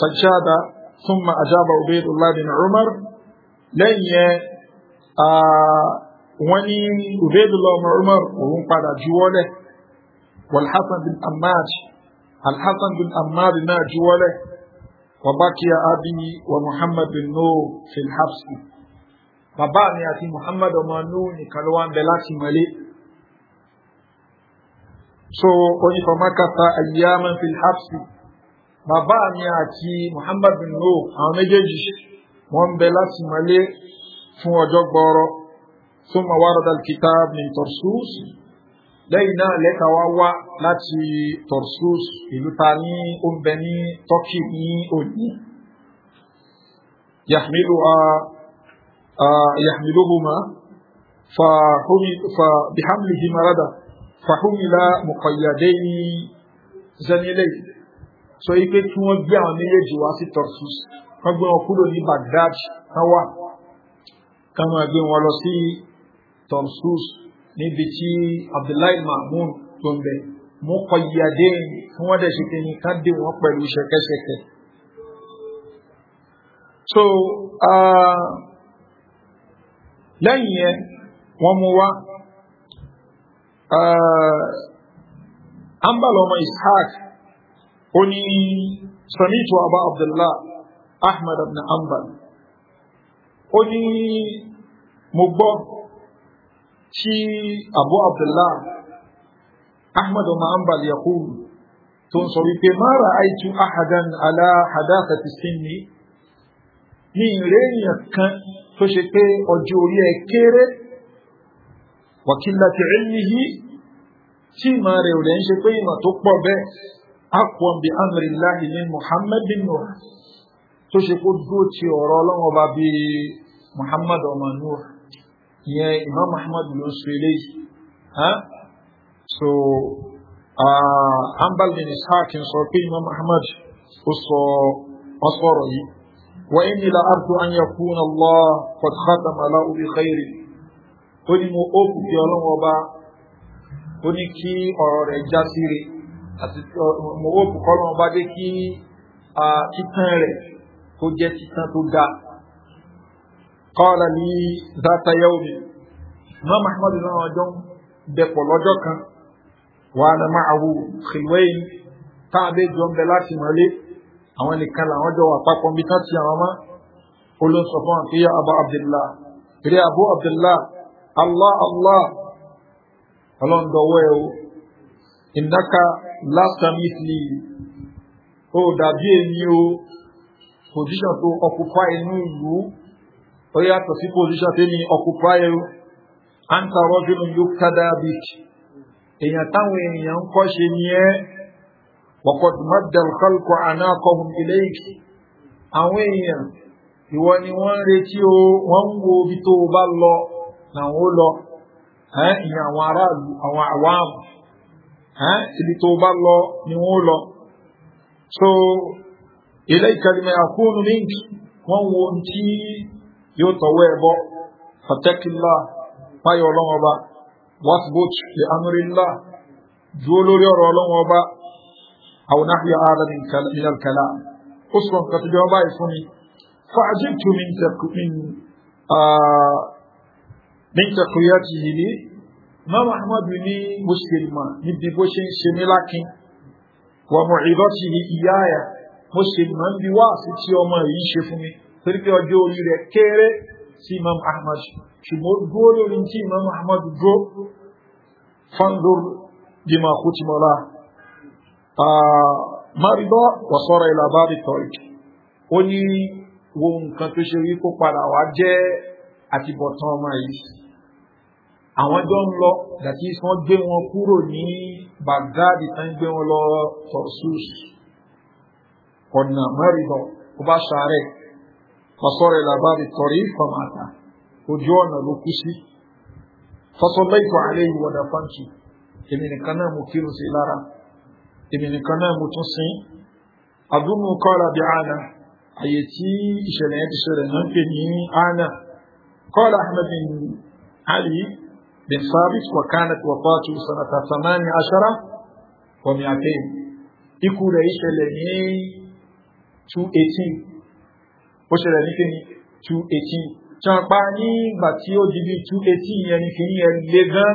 سجاد ثم أجاب عبيد الله بن عمر لن ي وني عبيد الله بن عمر وهم قال جواله والحسن بن أماج الحسن بن أماج نا جواله وبقي أبي ومحمد بن نور في الحبس bàbá mi àti muhammadu ọmọ nuhu nìkan ló wá ń bẹ láti mọ̀lé so onífọ̀mọ́kàtà ayyama fil hapsi bàbá mi àti muhammadu nuhu àwọn méjèèjì wọ́n ń bẹ láti mọ̀lé fún ọjọ́ gbọ́ọ́rọ́ ثم ورد الكتاب من طرسوس lẹ́yìn náà lẹ́ka wá wá láti Tarsus ìlú ta ní oúnbẹ Turkey ní òní yàmílùú يحملهما فبحملهما ردا فحملا مقيدين زنيلين sọ yìí pé kí wọ́n gbé àwọn méjèèjì wá sí Tarsus wọ́n gbé wọn kúrò ní Baghdad kan wà kan wọ́n gbé wọn lọ sí Tarsus níbi tí Abdullahi Mahmoud tó ń bẹ mú kọyíadé tí wọ́n dẹ̀ ṣe pé ní ká dé wọn pẹ̀lú ṣẹ̀kẹ̀ṣẹ̀kẹ̀. so uh, lẹ́yìn yẹn wọ́n mú wá eh, ambalọmọ ishaq ó ní samitu abu abdullah ahmed ibn ambal ó ní mo gbọ́ tí abu abdullah ahmed ibn ambal yaqul tó ń sọ wípé ma ra'aytu ahadan ala hadathati sinni ní ìrẹ́yìn kan tó ṣe pé ọjọ́ orí ẹ kéré wàkílá ti ẹni yìí tí ìmọ̀ rẹ̀ ò lẹ́ ń ṣe pé ìmọ̀ tó pọ̀ bẹ́ẹ̀ akwọn bí amrillahi ní muhammed nur tó ṣe kó dúró ti ọ̀rọ̀ ọlọ́run ọba bí muhammed ọmọ nur ìyẹn imam muhammed ló ń sọ eléyìí so ambal bin ishaq sọ pé imam muhammed ó sọ ọsọrọ yìí وإني لأرجو أن يكون الله قد ختم له بخير ó ní mo ókù kí ọlọ́run ọba ó ní kí ọ̀rọ̀ rẹ̀ já síre àti mo ókù kí ọlọ́run ọba dé kí títàn rẹ̀ tó jẹ́ títàn tó ga kọ́ọ̀lá ní dátayá omi mọ́ mahamadu náà ọjọ́ ń dẹ̀pọ̀ lọ́jọ́ kan wà á nà máa wù kìlúwẹ́yìn tá a bẹ jọ ń bẹ láti mọ̀lé àwọn nìkan làwọn jọ wà papọ̀ níbi ká ti àwọn ọmọ olóńsọ fún àti yá abu abdullah eré abu abdullah allah allah ọlọ́ndọ̀wọ́ ẹ̀ o ìnáka látàmítìlì ó dàbí èmi o position tó occupy inú ìlú ó yàtọ̀ sí position tẹ́mi occupy o anta rọ́jùnú yóò kádà bíi èèyàn táwọn ènìyàn ń kọ́ ṣe ni ẹ́ وقد مد الخلق عناقهم إليك àwọn èèyàn ìwọ ni wọ́n ń retí lọ làwọn lọ ìyẹn àwọn aráàlú àwọn so ilé ìkàlìmọ̀ àkóónú mínkì wọ́n wo ohun tí yóò tọ̀wọ́ ẹ̀ bọ́ fàtẹ́kìlá أو نحو آدم من الكلام أصلا قد جواب فعجبت من تك من آه من تقويته لي ما محمد لي مسلما نبني بوشين سميلاكين ومعيضته إياي مسلما بواسطة يوم يشفني تلك أجور يركيري sí imam ahmad ṣùgbọ́n dúró lórí tí imam ahmad dúró fandur bí ma kú ti مرض وصار إلى بعض الطريق ó ní wo nǹkan tó ṣe wí kó padà wá jẹ́ àtibọ̀tán ọmọ yìí àwọn jọ ń lọ dàtí wọ́n gbé wọn kúrò ní Baghdad tán gbé wọn lọ Tarsus ọ̀nà mẹ́rìndọ̀ ó bá ṣàárẹ̀ فصار إلى باب الطريق فمات ojú ọ̀nà ló kú sí فصليت عليه ودفنته èmi nìkan náà mo kírun sí lára èmi nìkan náà mo tún sin abúmú kọ́ra bí ana àyè tí ìṣẹ̀lẹ̀ yẹn ti ṣẹlẹ̀ náà ń pè ní ana kọ́ra ahmed bin ali bin sabit wa kanat wafatu sanata samani ashara wa miatain ikú rẹ̀ ìṣẹ̀lẹ̀ ní two ó ṣẹlẹ̀ ní kíni two eighteen ṣàpá nígbà tí ó di bí two eighteen yẹn ní kíni yẹn lé gan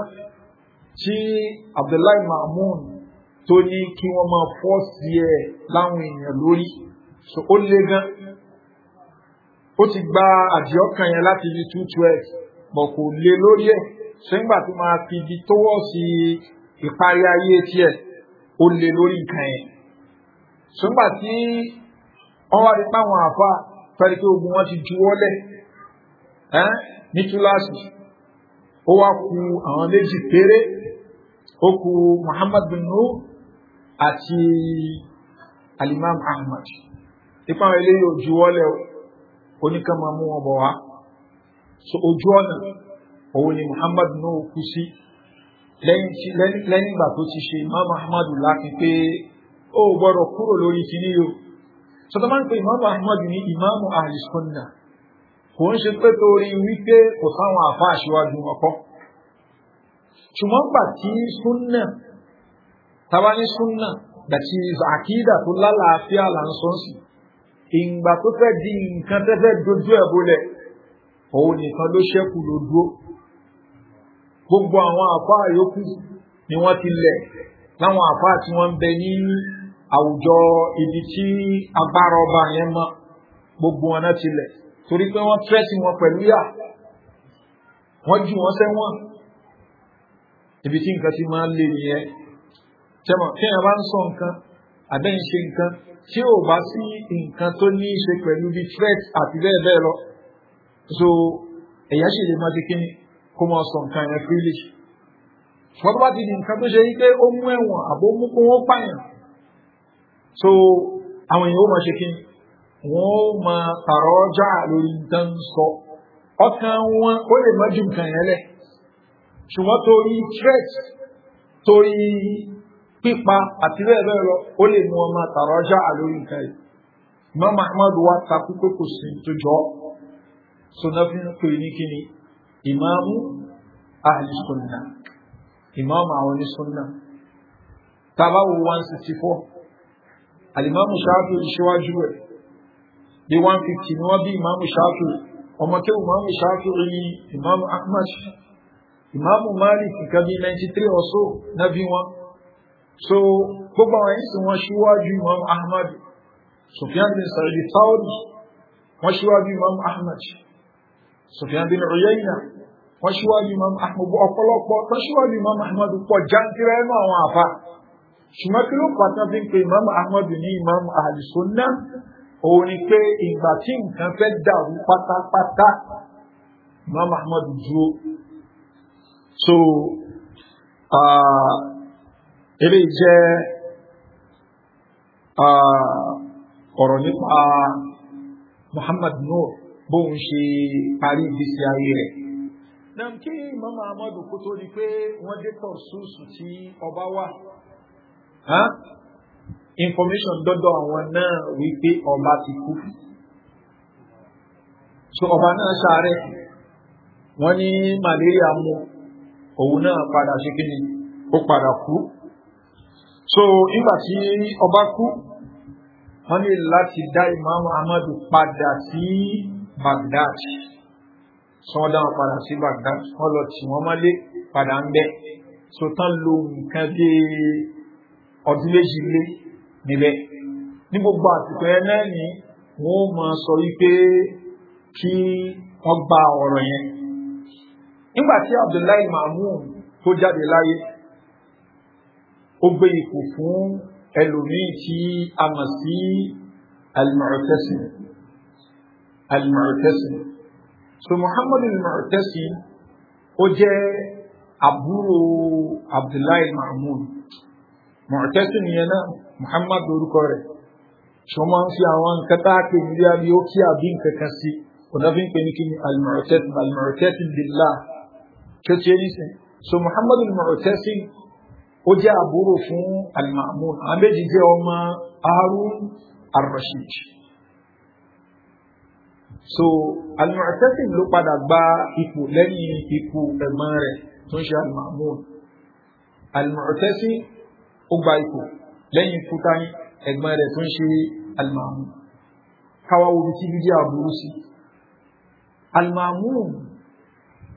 tí abdullahi mahmoud tó ní kí wọ́n máa fọ́ọ̀sì ẹ̀ láwọn èèyàn lórí so ó lé gan ó ti gba àdìọ́kàn yẹn láti ibi two twelve bọ̀ kò lé lórí ẹ̀ sẹ́ńgbà tó máa fi di tówọ́ọ̀sì ìparí ayé tiẹ̀ ó lé lórí nǹkan yẹn sẹ́ńgbà tí wọ́n wá rí páwọn àfa fẹ́rí pé ogun wọn ti juwọ́lẹ̀ ní túláàsì ó wá ku àwọn méjì péré ó ku Muhammad bin àti alimam ahmad ipa àwọn eléyìí ojú wọlé oníkan máa mú wọn bọ̀ wá so ojú ọ̀nà òun ni muhammad náà kú sí lẹ́yìn ìgbà tó ti ṣe imam ahmad láti pé ó gbọ́dọ̀ kúrò lórí kíní o sọtọ́ máa ń pe imam ahmad ní imam alisunna kò ń ṣe pé torí wípé kò sáwọn àfa àṣewájú ọkọ ṣùgbọ́n gbà sunna tabani sunna that is akida tó lálàáfíà là ń sọ sí ìgbà tó fẹ́ di nǹkan tó fẹ́ dojú ẹ̀ bolẹ̀ òun nìkan ló ṣẹ́kù ló dúró gbogbo àwọn àfa yòókù ni wọ́n ti lẹ̀ láwọn àfa tí wọ́n ń bẹ ní àwùjọ ibi tí agbára ọba yẹn mọ gbogbo wọn náà ti lẹ̀ torí pé wọ́n tẹ́sí wọn pẹ̀lú yà wọ́n jù wọ́n sẹ́wọ̀n ibi tí nǹkan ti máa ń lé nìyẹn sẹ́mọ̀ kí ẹ bá ń sọ nǹkan abẹ́ ń ṣe nǹkan tí ò bá sí nǹkan tó ní í ṣe pẹ̀lú bí threat àti bẹ́ẹ̀ bẹ́ẹ̀ lọ so ẹ̀yà ṣe lè máa di kíni kó máa sọ nǹkan yẹn freely wọ́n bá ti di nǹkan tó ṣe yí pé ó mú ẹ̀wọ̀n àbó mú kó wọ́n pààyàn so àwọn èèyàn ó máa ṣe kíni wọ́n ó máa tààrọ̀ ọjà lórí nǹkan sọ ọkàn wọn ó lè má ju nǹkan yẹn lẹ̀ ṣùgbọ́n torí threat torí pípa àti bẹ́ẹ̀ bẹ́ẹ̀ lọ ó lè mú ọmọ àtàrọ́jà àlórí nǹkan yìí mọ́mọ́ àmọ́dù wa ta pípé kò sí tó jọ sọ́nà fi ń pè ní kíni ìmáàmù àìsùnà ìmáàmù àwọn onísùnà tábà wo one sixty four àlìmáàmù ṣáájú ìṣíwájú rẹ̀ dé one fifty ni wọ́n bí ìmáàmù ṣáájú ọmọ kéwù ìmáàmù ṣáájú rí ìmáàmù ahmad ìmáàmù malik nǹkan ninety three ọ̀ṣọ́ náà wọn so gbogbo àwọn ẹ̀sìn wọn ṣíwájú imam ahmad sufyan bin sa'id tawri wọn ṣíwájú imam ahmad sufyan bin uyayna wọn ṣíwájú imam ahmad ọ̀pọ̀lọpọ̀ wọn ṣíwájú imam ahmad pọ̀ jantirẹ nù àwọn àfa ṣùgbọ́n kí ló pàtó fi ń pe imam ahmad ní imam alisunna òun ni pé ìgbà tí nǹkan fẹ́ dàrú pátápátá imam ahmad dúró so. Uh, eré jẹ́ ọ̀rọ̀ nípa Muhammad Nuur bóun ṣe parí ìgbésí ayé rẹ̀. nam kí mama amadu kó tó di pé wọ́n dé Tarsusu tí ọba wà information dọ́dọ̀ àwọn náà wípé ọba ti kú so ọba náà ṣàárẹ̀ wọ́n ní malaria mú òun náà padà ṣe kí ni ó padà kú so nígbà tí ọba kú wọ́n ní láti dá ìmáàmù amadu padà sí baghdad sọ wọ́n dá wọn padà sí baghdad wọ́n lọ tì wọ́n mọ́lé padà ń bẹ́ so tán lo nǹkan dé ọdún méjì lé níbẹ̀ ní gbogbo àsìkò yẹn náà ni wọ́n máa sọ wípé kí wọ́n gba ọ̀rọ̀ yẹn nígbà tí abdullahi mahmoud tó jáde láyé ó gbé ipò fún ẹlòmíì tí a mọ̀ sí al-Mu'tasim al-Mu'tasim so Muhammad al-Mu'tasim ó jẹ́ àbúrò Abdullahi Mahmoud Mu'tasim yẹn náà Muhammad lórúkọ rẹ̀ so máa ń fi àwọn nǹkan tá a pè ní bí ó kí àbí nǹkan kan sí ọ̀nà fi ní kí ni al-Mu'tasim al-Mu'tasim billah tó ti yẹ nísìnyí so Muhammad al ó jẹ́ àbúrò fún al-Ma'mun àwọn méjì jẹ́ ọmọ Harun al-Rashid so al-Mu'tasim ló padà gba ipò lẹ́yìn ipò ẹ̀gbọ́n rẹ̀ tó ń ṣe al-Ma'mun al-Mu'tasim ó gba ipò lẹ́yìn fúkání ẹ̀gbọ́n rẹ̀ tó ń ṣe al káwá wo tí bí jẹ́ àbúrú sí al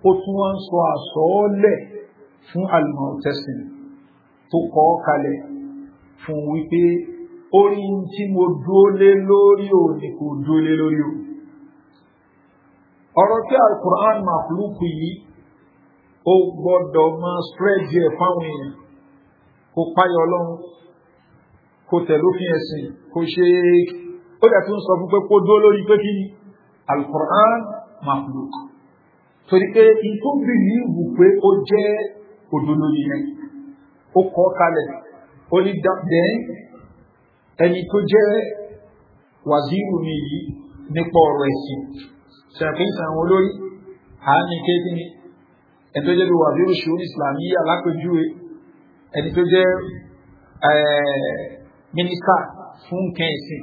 ó tún wá sọ àsọ́ọ́lẹ̀ fún al tó kọ́ kalẹ̀ fún wípé orí tí mo dúólé lórí o ni kò dúólé lórí o ọ̀rọ̀ tí alukur'an makuluku yìí ó gbọ́dọ̀ máa spread yẹ fáwọn èèyàn kó páyọ̀ ọlọ́run kó tẹ̀lófin ẹ̀sìn kó ṣe ó dẹ̀ tún sọ fún pé kó dúó lórí pé kí alukur'an makuluku torí pé ikú bìlíìbù pé ó jẹ́ òdodo yìí ó kọ́ kalẹ̀ ó ní dẹ́ ẹni tó jẹ́ wàzírù mi yìí nípa ọ̀rọ̀ ẹ̀sìn ṣàkíyèsí àwọn olórí àánì kéèkì ni ẹni tó jẹ́ bí wàzírù ṣòun ìsìlámì alápèjúwe ẹni tó jẹ́ mínísítà fún nǹkan ẹ̀sìn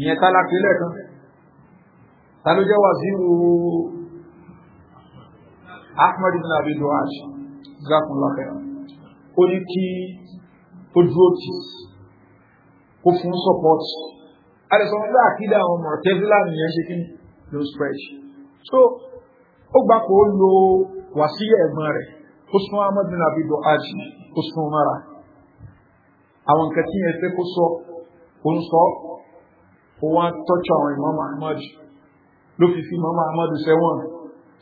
ìyẹn tálákì lẹ́ẹ̀kan ta ló jẹ́ wàzírù Ahmed ibn Abi Duhaj zakunlọ́kẹ́rọ̀ ó ní kí ó dúró tì kó fún support alẹ́sọ̀rọ̀ nígbà àkídà àwọn ọmọ tẹ́sílà nìyẹn ṣe kí ló spread so ó gbà kó lo wàsíyẹ̀ ẹ̀gbọ́n rẹ̀ kó sún ahmed bin abidu aji kó sún mara àwọn nǹkan tí yẹn fẹ́ kó sọ ó ń sọ ó wá tọ́jú àwọn ìmọ̀ ahmed ló fi fi ìmọ̀ ahmed sẹ́wọ̀n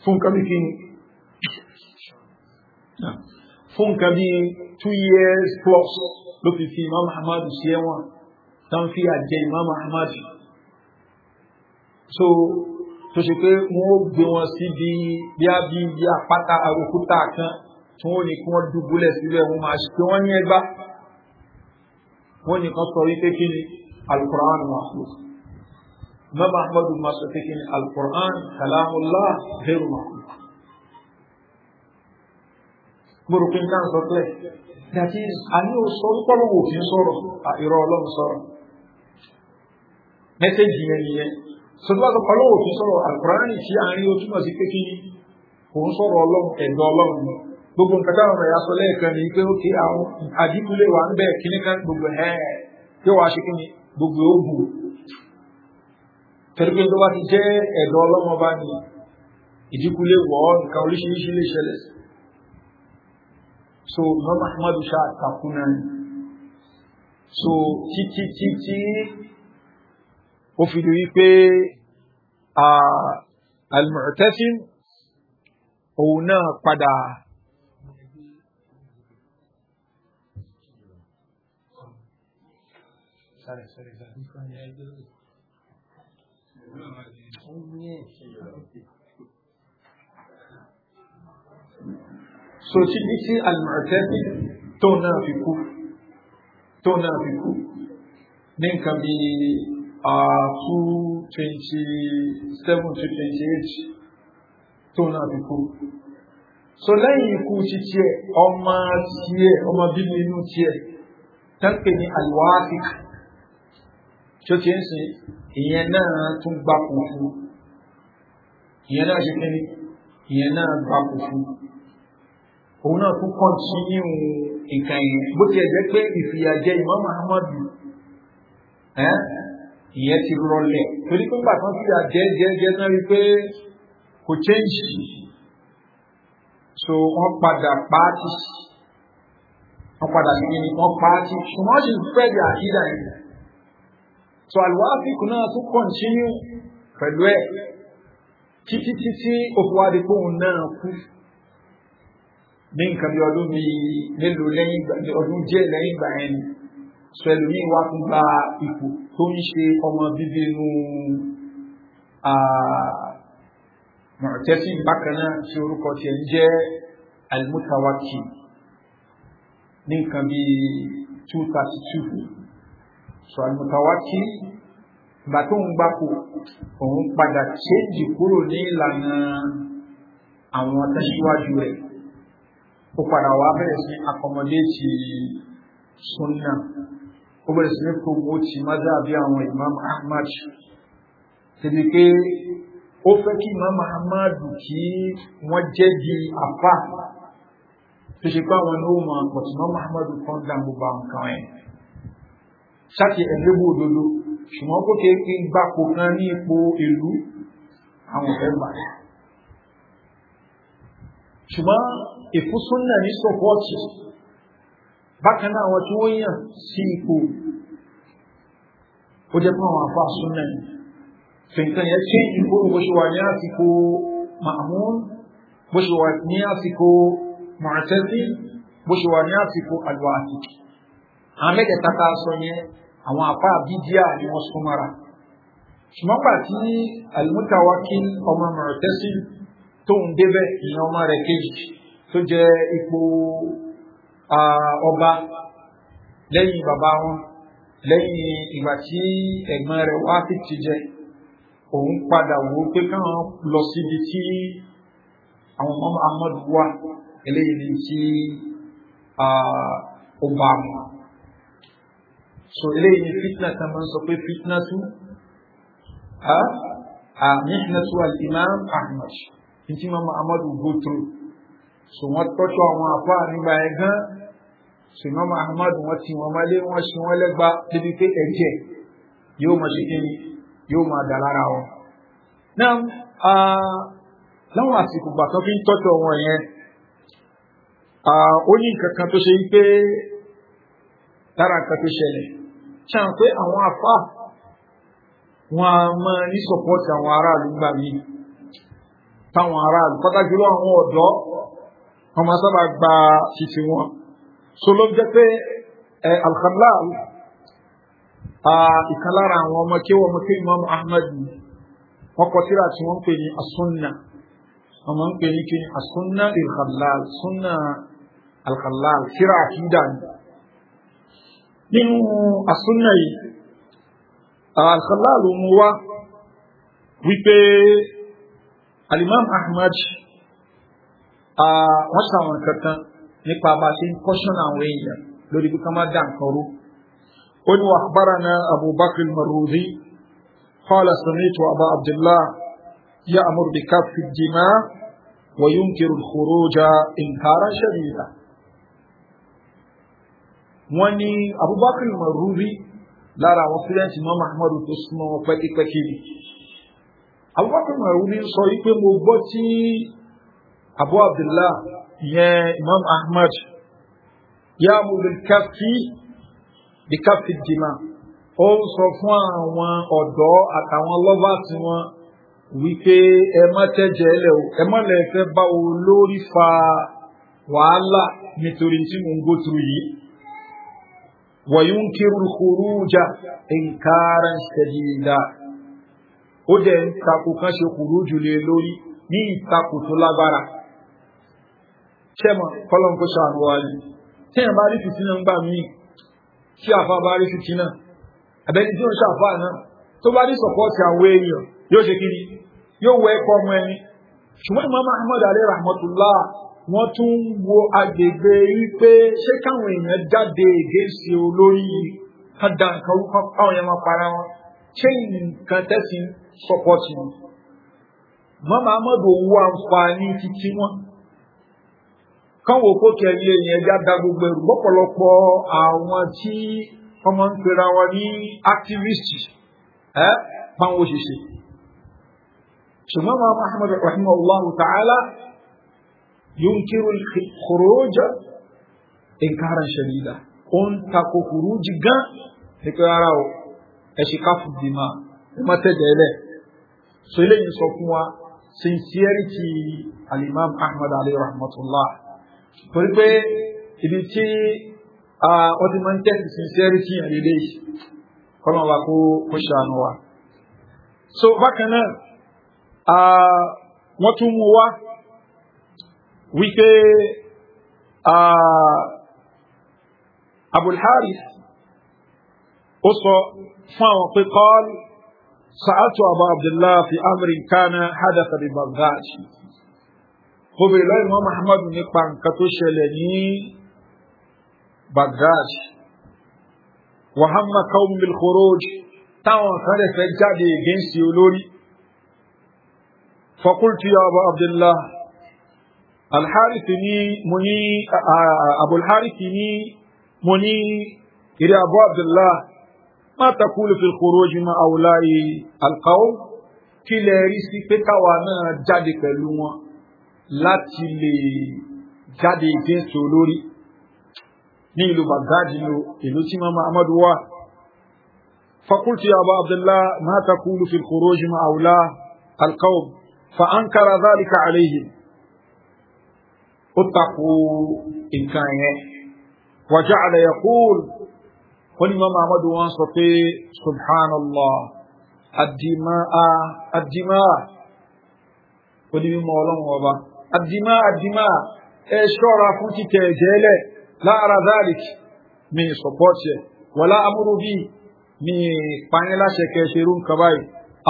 fún kábíkì ni fún nǹkan bíi two years plus ló fi fi imam ahmad sí ẹ̀wọ̀n tán fi àjẹ imam ahmad so tó ṣe pé wọn ó gbé wọn sí bí bíá bí bí àpáta àròkúta kan tí wọn ò ní kí wọn dùbúlẹ̀ síbẹ̀ wọn máa ṣe wọn ní ẹgbà wọn nìkan sọ wípé kí ni alukur'an wà fún imam ahmad ma sọ pé kí ni alukur'an kalamullah hẹrù wà fún. gbòròpin náà sọ pé that is àní ò sọ ń pọ́lọ́ wò fi sọ̀rọ̀ ìrọ̀ ọlọ́run sọ̀rọ̀ mẹ́sẹ̀jì yẹn nìyẹn sọdúnwá sọ pọ́lọ́ wò fi sọ̀rọ̀ àkùránì tí àárín o túmọ̀ sí pé kí kò ń sọ̀rọ̀ ọlọ́run ẹ̀dọ̀ ọlọ́run ni gbogbo nǹkan táwọn ọmọ ìyá sọ lẹ́ẹ̀kan ni pé ókè àwọn àdínkùlé wà ń bẹ̀ kíní kan gbogbo ẹ̀ pé wàá ṣe kíni gbogbo ogun tẹ́lifí tó bá ti jẹ́ ẹ̀dọ̀ ọlọ́run ni ìdínkùlé wọ̀ ọ́ nǹkan oríṣiríṣi lè ṣẹlẹ̀ sí so Imam Ahmad ṣá àtàkù náà ni so títí títí ó fi di wípé Al-Mu'tasim òun náà padà Sorry, sorry, sorry. so ti ní tí al-Mu'tazili tó náà fi kú tó náà fi kú ní nǹkan bí two twenty seven to twenty eight tó náà fi kú so lẹ́yìn ikú títí ẹ̀ ọmọ tiẹ̀ ọmọ bíbí inú tiẹ̀ tẹ́pẹ̀ ní al-Wathiq tí ó ti ń sìn ìyẹn náà tún gbapò fún ìyẹn náà ṣe kí ni ìyẹn náà gbapò fún òun náà tún kọ́ntínú nǹkan yìí bó tiẹ̀ jẹ́ pé ìfìyàjẹ Imam Muhammadu ìyẹn ti rọlẹ̀ torí pé nígbà kan fìyà jẹ́ jẹ́ jẹ́ náà rí pé kò change so wọ́n padà pàtì wọ́n padà sí ni wọ́n pàtì ṣùgbọ́n wọ́n sì spread their àkídà yìí so àlùwáfíìkù náà tún kọ́ntínú pẹ̀lú ẹ̀ títí títí òfò adìpọ̀ náà kú ní nǹkan bí ọdún bíi mélòó lẹ́yìn ọdún díẹ̀ lẹ́yìn ìgbà yẹn ni sọ ẹlòmíì wá tún gba ipò tó ń ṣe ọmọ bíbí inú mọ̀tẹ́sí bákan náà tí orúkọ tiẹ̀ ń jẹ́ alimutawaki ní nǹkan bíi two thirty two sọ alimutawaki ìgbà tó ń gbapò òun padà ṣéèjì kúrò ní ìlànà àwọn tẹ̀síwájú rẹ̀ ó padà wá bẹ̀rẹ̀ sí accommodate sunna ó bẹ̀rẹ̀ sí promote mazhabi àwọn imam ahmad tẹ̀lé pé ó fẹ́ kí imam ahmad kí wọ́n jẹ́ di apá tó ṣe pé àwọn ní ó mọ àpọ̀tì imam ahmad kan dá gbogbo àwọn kan ẹ̀ ṣáàkì ẹ̀lẹ́gbò òdodo ṣùgbọ́n kó kéèké gbapò kan ní ipò ìlú àwọn ọ̀fẹ́ gbà ṣùgbọ́n ìfúsúnnà ní sọpọ́ọ̀tì bákan náà àwọn tí wọ́n yàn sí ipò ó jẹ́ fún àwọn àfáà súnnà ní fìǹkan yẹn tí ìgbó bó ṣe wà ní àsìkò Ma'mun bó ṣe wà ní àsìkò Mu'tazili bó ṣe wà ní àsìkò al àwọn mẹ́tẹ̀ẹ̀ta tá sọ yẹn àwọn àfáà bídíà ni wọ́n súnmọ́ra ṣùgbọ́n pàtí Al-Mutawakkil ọmọ Mu'tazili tóun débẹ̀ ìyẹn ọmọ rẹ̀ kejì tó jẹ́ ipò ọba lẹ́yìn bàbá wọn lẹ́yìn ìgbà tí ẹ̀gbọ́n rẹ̀ wá sí ti jẹ òun padà wò pé káwọn lọ síbi tí àwọn ọmọ amadu wà eléyìí ni tí ó bá so eléyìí ni fitna kan máa ń sọ pé fitna tún àmì ìfìnà tún al-Imam Ahmad ntí mama amadu go through so wọn tọ́jú àwọn afọ ànígbà yẹn gan so mama amadu wọn ti wọn malé wọn sí wọn lẹ́gba débi pé ẹ̀jẹ̀ yóò máa ṣe kíni yóò máa dà lára wọn. náà láwọn àsìkò gbà fi ń tọ́jú wọn yẹn ó ní nǹkan kan tó ṣe yí pé lára nǹkan tó ṣẹlẹ̀ ṣáà pé àwọn afá wọn a máa ní sọpọ́tì àwọn aráàlú gbà mí táwọn aráàlú pàtàkì lọ àwọn ọ̀dọ́ wọn máa sábà gba títí wọn so ló jẹ́ pé ẹ alhamdulilah ìkan lára àwọn ọmọ kí wọn kí imam ahmed wọn kọ síra tí wọn ń pè ní asunna wọn ń pè ní kí ni asunna alhamdulilah sunna alhamdulilah síra àkídà ni nínú asunna yìí alhamdulilah ló mú wá wípé alimam ahmad wọ́n ṣàwọn kankan nípa bá a ṣe ń kọ́ṣọ́nà àwọn èèyàn lórí bí ká má dá nǹkan rú. ó ní wàá bára na abubakar marudi kọ́lá samitu abu abdullah ya amur bi káfí jimá wa yunkiru khuruja inkara shadida. wọ́n ní abubakar marudi lára àwọn fúlẹ́ǹtì mọ́ mahamadu tó súnmọ́ pẹ́kípẹ́kí abubakar mahud sọ wípé mo gbọ́ tí abu abdullah ìyẹn imam ahmad yá mo lè káfí bí káfí dìmá ó ń sọ fún àwọn ọ̀dọ́ àtàwọn lọ́bà tí wọ́n wípé ẹ má tẹ́jẹ̀ ẹlẹ́ o ẹ má lẹ́ẹ̀ fẹ́ bá o lórí fa wàhálà nítorí tí mo ń gbó turu yìí wọ̀nyí ń kírun kúrú jà nǹkan ṣẹ̀dí dáa ó dẹ̀ ń takò kan ṣe kùrú jùlẹ̀ lórí ní ìtakò tó lágbára ṣẹ́mọ̀ kọ́lọ́nkó ṣàánú wa ni tí ẹ̀ bá rí fìtínà ń gbà míì tí àfa bá rí fìtínà àbẹ́ni tí ó ń ṣàfà náà tó bá rí sọ̀pọ́ọ̀tì àwọn èèyàn yóò ṣe kiri yóò wọ ẹ̀kọ́ ọmọ ẹni ṣùgbọ́n ìmọ̀ Ahmad alẹ́ rahmatullah wọ́n tún ń wo agbègbè wípé ṣé káwọn èèyàn jáde ègéṣe olórí kan dá nǹkan orúkọ sọ́pọ́tì Mama mọ́mọ́ amọ́dọ̀ owó àǹfààní títí wọn káwọn òkú kẹrí ẹ̀yìn ẹja da gbogbo ẹ̀rù lọ́pọ̀lọpọ̀ àwọn tí ọmọ ń pera wọn ní activist ẹ báwọn òṣìṣẹ́ ṣùgbọ́n mọ́ Muhammad rahimahullah ta'ala yunkiru khuruja inkaran shadida ó ń takò khuruji gan ní pé ara ẹ̀ ṣe káfù bímọ ẹ̀ má tẹ̀lé ẹ̀ lẹ́ẹ̀ so eléyìí sọ fún wa sincerity alimam ahmed alayhi rahmatullah torí pé ibi tí wọ́n ti máa ń tẹ̀sí sincerity yẹn lélẹ́yìí kọ́nà wa kó kó ṣàánú wa. so bákan náà wọ́n tún mú wa wípé Haris, ó sọ fún àwọn pé kọ́ọ̀lù. سألت أبا عبد الله في أمر كان حدث ببغداد قبل الإمام أحمد بن كتوش لني بغداد وهم قوم بالخروج تاو خلف الجادي جنس يولوني فقلت يا أبا عبد الله الحارث ني مني آه، أبو الحارث ني مني إلى أبو عبد الله má takúlù fi khuruji ma awlai alqawm kí lè rí sí pé káwa náà jáde pẹ̀lú wọn láti lè jáde against olórí ní ìlú Baghdad ní ìlú tí mama Amadu wà فقلت يا أبا عبد الله ما تقول في الخروج مع أولاه القوم فأنكر ذلك عليهم اتقوا إن كان وجعل يقول wọ́n ni mọ́ muhammadu wọn sọ pé subhanallah adimaa adimaa wọ́n ni mímọ́ ọlọ́run ọba adimaa adimaa ẹ ṣọ́ra fún títẹ̀ ẹ̀jẹ̀ẹ́lẹ̀ lára zalik mi support yẹ wọ́lá amúrú bí mi pààyàn láṣẹ kẹṣẹ irú nǹkan báyìí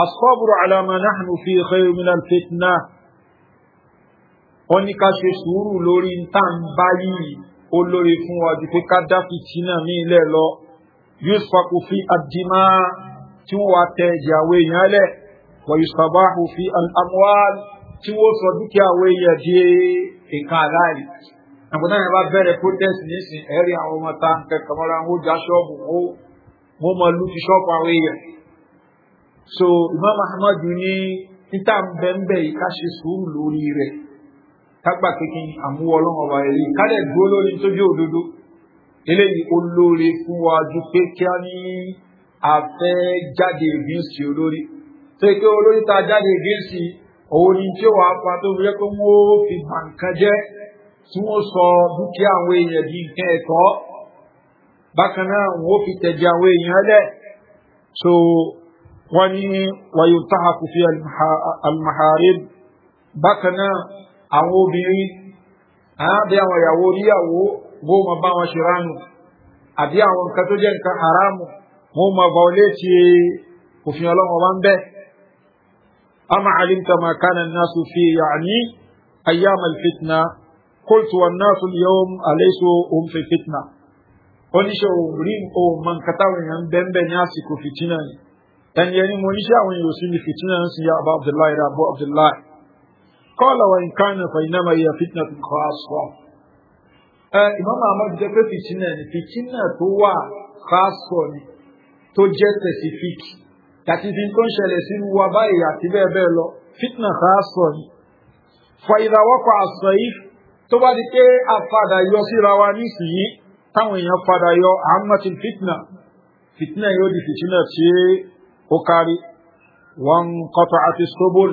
asọ́bùrù alama nahnu fi khayru min alfitna wọ́n ní ká ṣe sùúrù lórí ntàn báyìí ó lórí fún wa ju ká dá fìtínà mí lẹ́ lọ yusfaku fi adima tí wọ́n wá tẹ ẹ̀jẹ̀ àwọn èèyàn lẹ̀ wọ́n yusfabahu fi al-amwal tí wọ́n sọ dúkìá àwọn èèyàn di nǹkan aláàlì àgbọ̀dá yẹn bá bẹ̀rẹ̀ protest nísìn ẹ̀rí àwọn ọmọ ta nǹkan kàmọ́ra ń já ṣọ́ọ̀bù wọ́n mọ lu ti ṣọ́ọ̀bù àwọn èèyàn so imam ahmad ní títà bẹ́ńbẹ́ yìí ká ṣe sùúrù lórí rẹ̀ kágbà kékin àmúwọ́ ọlọ́run ọba ẹ̀rí kálẹ̀ dúró eléyìí ó fún wa ju pé kí á ní afẹ́ jáde olórí tó yẹ olórí ta ni tí ó wà fa tó fi jẹ́ fi jẹ́ tí wọ́n sọ dúkìá àwọn èèyàn di nǹkan ẹ̀kọ́ bákan náà wọ́n fi so wọ́n ní fi bákan náà àwọn obìnrin àwọn ìyàwó oníyàwó bó ma bá wọn ṣe ránù àbí àwọn nǹkan tó jẹ́ nǹkan haramu mo ma bá ọ létí òfin ọlọ́wọ́n bá ń bẹ́ ama alimta ma kana nasu fi yaani ayyam alfitna qultu wan nasu alyawm alaysu hum fi fitna oníṣẹ́ orí o mọ nǹkan táwọn èèyàn ń bẹ́ẹ̀ ní àsìkò fìtínà mo níṣẹ́ àwọn èèyàn sí ni fìtínà ń ya abu abdullahi abu abdullahi qala wa in kana fa innama hiya fitnatun khassa Imam Ahmad jẹ́ pé fìtínà ni fìtínà tó wà káàsọ̀ ni tó jẹ́ specific àti fi tó ń ṣẹlẹ̀ sínú wa báyìí àti bẹ́ẹ̀ bẹ́ẹ̀ lọ fìtínà káàsọ̀ ni. fàyídàwọ́pọ̀ àṣọ yìí tó bá di pé àfàdà yọ síra wa nísìnyí táwọn èèyàn padà yọ àmọ́tì fìtínà fìtínà yóò di fìtínà tí ó kárí wọn kọtọ àti sobol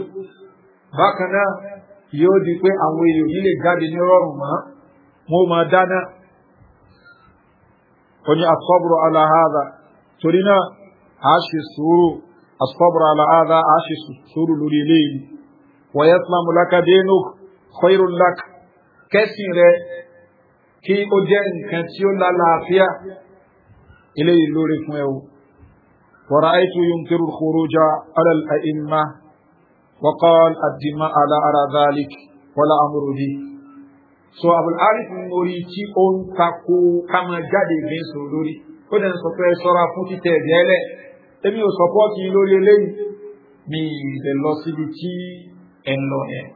bákan náà yóò di pé àwọn èèyàn yìí lè jáde ní rọrùn mọ́ wọn ò máa dáná ó ní asọ́bùrù aláhàdà torí náà a ṣe sùúrù asọ́bùrù aláhàdà a ṣe sùúrù lórí eléyìí wọ́yẹ́ sàmù lákàdénú kọ́irù lák kẹ́sìn rẹ kí ó jẹ́ nǹkan tí ó lálàáfíà eléyìí lórí fún ẹ o. ورأيت ينكر الخروج على الأئمة وقال الدماء لا أرى ذلك ولا أمر به so abdulharith ń lórí tí ó ń takò kámá jáde gbèsò lórí ó dẹ̀ ń sọ pé sọ́ra fún títẹ̀ ẹ̀jẹ̀ ẹlẹ̀ èmi ò sọpọ́ọ̀tì lórí mi ìdè lọ síbi tí ẹ ń lọ yẹn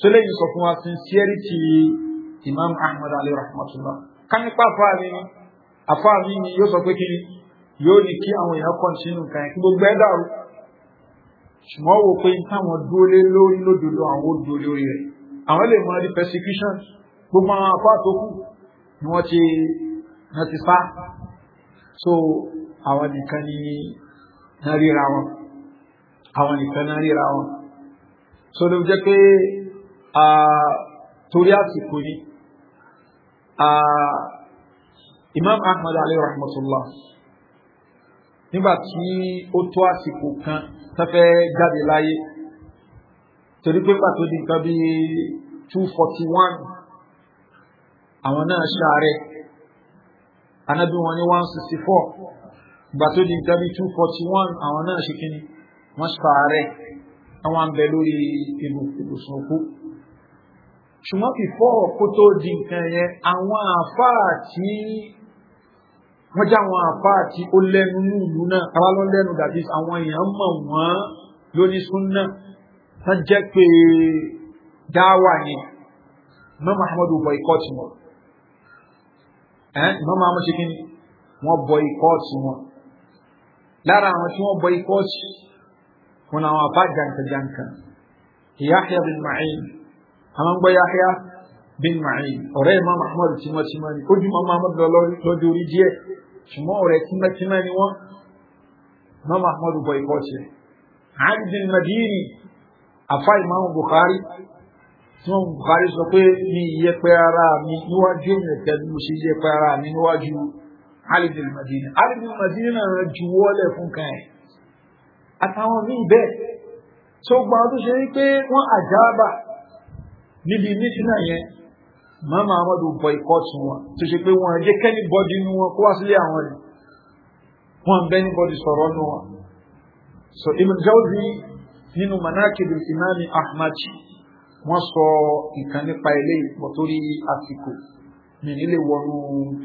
so eléyìí sọ fún wa sincerity imam ahmed alayhi rahmatullah kánípa afa mi ni afa mi ni yóò sọ pé kí ni yóò ní kí àwọn èèyàn kàn sínú nǹkan yẹn kí gbogbo ẹ dàrú ṣùgbọ́n wò pé táwọn dúró lé lórí lódodo àwọn ò dúró lórí àwọn lè mọ̀ rí persecution gbogbo àwọn apá tó kù ni wọ́n ti wọ́n ti sá so àwọn nìkan ni náà ríra wọn àwọn nìkan náà ríra wọn so ló jẹ́ pé torí àsìkò ni Imam Ahmad alayhi rahmatullah nígbà tí ó tó àsìkò kan tó fẹ́ jáde láyé torí pé pàtó ní nǹkan bíi two forty one àwọn náà ṣàárẹ anábí wọn ní one sixty four gbàtó ní nǹkan bíi two forty one àwọn náà ṣe kíni wọn ṣàárẹ àwọn àbẹ lórí ìbùsùn òkú ṣùgbọ́n fífọ́ kó tó di nǹkan yẹn àwọn àfáà tí wọ́n já àwọn àfáà tí ó lẹ́nu ní ìlú náà abalọ́ lẹ́nu dàbí àwọn èèyàn mọ̀ wọ́n lóní sún náà tán jẹ́ pé dáwà ni Imam Ahmad boycott wọn Imam Ahmad ṣe kí ni wọ́n boycott wọn lára àwọn tí wọ́n boycott wọn àwọn àbá jankan-jankan Yahya bin Ma'in àwọn ń gbọ́ Yahya bin Ma'in ọ̀rẹ́ Imam Ahmad tímọ́tímọ́ ni ó ju Imam Ahmad lọ lọ́jọ́ orí díẹ̀ ṣùgbọ́n ọ̀rẹ́ tímọ́tímọ́ ni wọ́n Imam Ahmad boycott Ali bin Madini àfa ìmáàmù Buhari, tí Buhari Bukhari sọ pé mi yẹpẹ ara mi níwájú èèyàn tẹbi mo ṣe yẹpẹ ara mi níwájú alidil madina alidil madina juwọ́lẹ̀ fún kan ẹ̀ àtàwọn míì bẹ́ẹ̀ tó gba ọdún ṣe wípé wọ́n àjábà níbi mísínà yẹn mama amadu boycott wọn tó ṣe pé wọn ẹ jẹ́ kẹ́ni bọ́dí nu wọn kó wá sílé àwọn rẹ̀ wọn bẹ́ni bọ́dí sọ̀rọ̀ nu wọn so Ibn Jawzi nínú manakidul imami ahmad wọ́n sọ nǹkan nípa ilé ìpọ̀ torí àsìkò mi nílé wọnú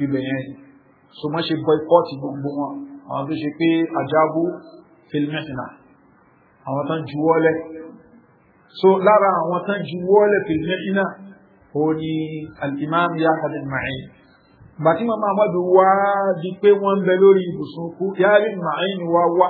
ibẹ̀ yẹn so wọ́n ṣe boycott gbogbo wọn àwọn tó ṣe pé àjábú filimẹ́sìnà àwọn tán juwọ́lẹ̀ so lára àwọn tán juwọ́lẹ̀ filimẹ́sìnà ó ní al-imam yahya bin ma'in gbàtí màmá amadu wá di pé wọ́n ń bẹ lórí ibùsùn kú yahya bin ma'in wá wá.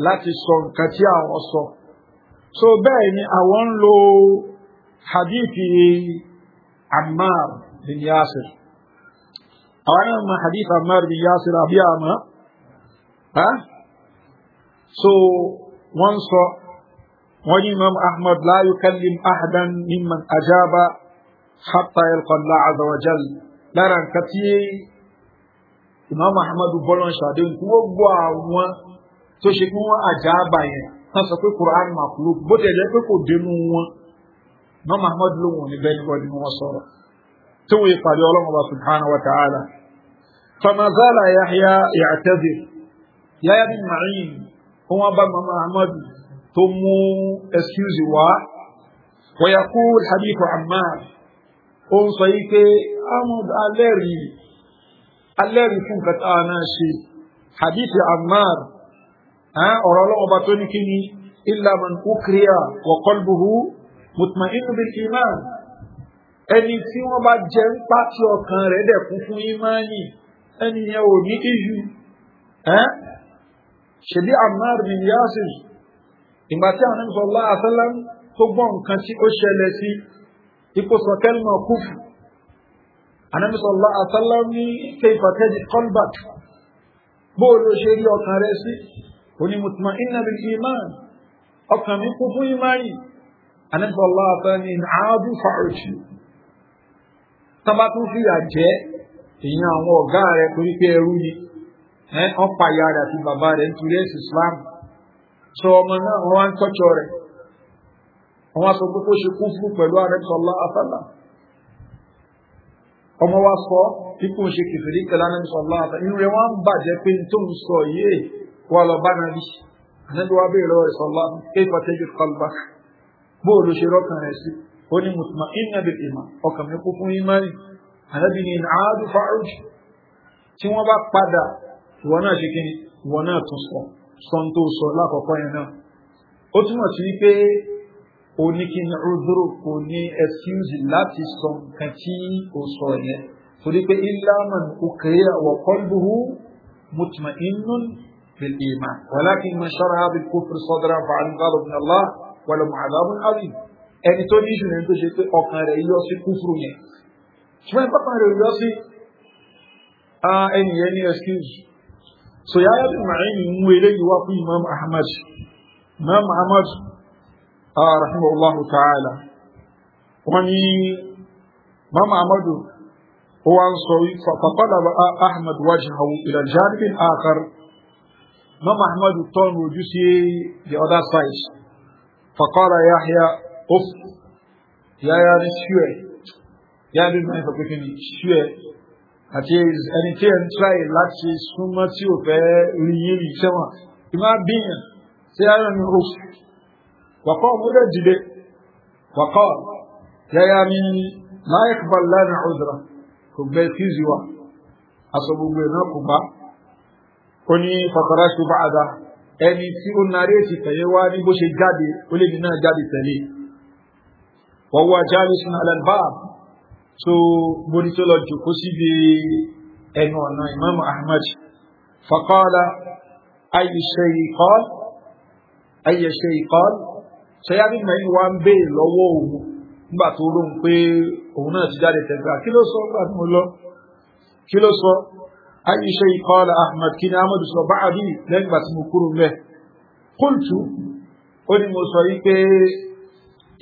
láti sọ nǹkan tí àwọn sọ so bẹ́ẹ̀ ni àwọn ń lo hadithi ammar bin yasir àwọn náà ma hadith ammar bin yasir àbí àmà so wọ́n sọ wọ́n ní imam ahmad la yukallim ahadan mimman ajaba hatta yalqa Allah azza wa jal lára nǹkan tí imam ahmad bọ́lọ́n ṣàdéhùn kí wọ́n gbọ́ tó ṣe kí wọ́n àjábà yẹn wọ́n sọ pé Quran makluk bó tẹ̀ jẹ́ pé kò dénú wọn náà Muhammad ló wọn níbẹ̀ nígbà tí wọ́n sọ̀rọ̀ tí wọ́n yí pàdé ọlọ́run wa subhanahu wa ta'ala. famazala Yahya ya'tazir Yahya bin Ma'in wọn bá Muhammad tó mú excuse wá wa yaqul hadith Ammar ó ń sọ yìí pé amud alẹ́rìí alẹ́rìí fún kàtà náà ṣe hadith Ammar ọ̀rọ̀ ọlọ́wọ́ bá tó ní kí ni illa man ukriya wa qalbuhu mutma'innu bil iman ẹni tí wọ́n bá jẹ́ ń pàtí ọkàn rẹ̀ dẹ̀ kún fún ìmáàní ẹni yẹn ò ní ìyú ṣèbí Ammar bin Yasir ìgbà tí àwọn ẹni sọlá àtàlám tó gbọ́ nǹkan tí ó ṣẹlẹ̀ sí ipò sọkẹ́lmọ̀ kúfù Ànábì sallallahu alaihi wasallam ní kayfa tajid qalbak bóòlù ṣe rí ọkàn rẹ̀ sí oní mutma'inna bil iman ọkàn mi kún fún imani anẹ́gbọ́n lọ́wọ́ ní àádú fàájì tábà tún fìyà jẹ èèyàn àwọn ọ̀gá rẹ̀ torí pé ẹrú ni wọ́n eh, pa rẹ̀ àti bàbá rẹ̀ nítorí Islam sọ ọmọ náà wọ́n wá ń rẹ̀ wọ́n wá sọ pé kó ṣe kún fún pẹ̀lú ọmọ wa sọ wà lọ bá nàbí ànábi wa béèrè lọ́wọ́ ìsọ̀lá kéèkọ́ tẹ́jú kọlbà bó ló ṣe rọ́kàn rẹ̀ sí ó ní mùtùmá ìnàbì ìmọ̀ ọkàn mi kú fún ìmánì ànábi ní àádú fáájì tí wọ́n bá padà ìwọ náà ṣe kíni ìwọ náà tún sọ sọ ń tó sọ lákọ̀ọ́kọ́ yẹn náà ó túmọ̀ sí wípé o ní kí ní ọdúró kò ní ẹsíùsì láti sọ nǹkan tí o sọ yẹn torí pé ìlànà òkèèyà wọ̀ kọ́ńdùhù mùtùmá ìnùn في الإيمان ولكن من شرها بالكفر صدر فعن غضب من الله ولهم عذاب عظيم أن توني شنو أنت جيت أقنع رئيس الكفر منه شو أنت أقنع أن آه إني إني أسكيز سيايا المعين مولي وفي إمام أحمد إمام أحمد آه رحمه الله تعالى وني إمام أحمد هو أنصري فطلب أحمد وجهه إلى الجانب الآخر Imam Ahmad turned Uju see the other side. فقال يحيى أف يا يا شوي يا بن ما يفكرني شوي àti ẹni tí ẹ ń tíráì láti súnmọ́ tí ò fẹ́ rí yín rí sẹ́wọ̀n tí máa bíyàn tí ara ní o wàkọ́ ọmọdé dìde wàkọ́ yáyá mi láyé kúbà lánàá ọ̀dọ̀rà kò gbẹ fíìsì wa aṣọ gbogbo ẹ̀ náà ó ní fakaratu ba'da ẹni tí ó narí èsì tẹ̀lé wá ní bó ṣe jáde ó lè ní náà jáde tẹ̀lé wọ́n wá jalisun ala al-bab tó borí tó lọ jòkó síbi ẹnu ọ̀nà imam ahmad faqala ayyu shay'in qala ayyu shay'in mẹ́rin wá ń bèè lọ́wọ́ òun nígbà tó rò ń pé òun náà ti jáde tẹ̀lé kí ló sọ أي شيء قال أحمد كنا أحمد سو بعدي لن بس مكرم له قلت أني مصيب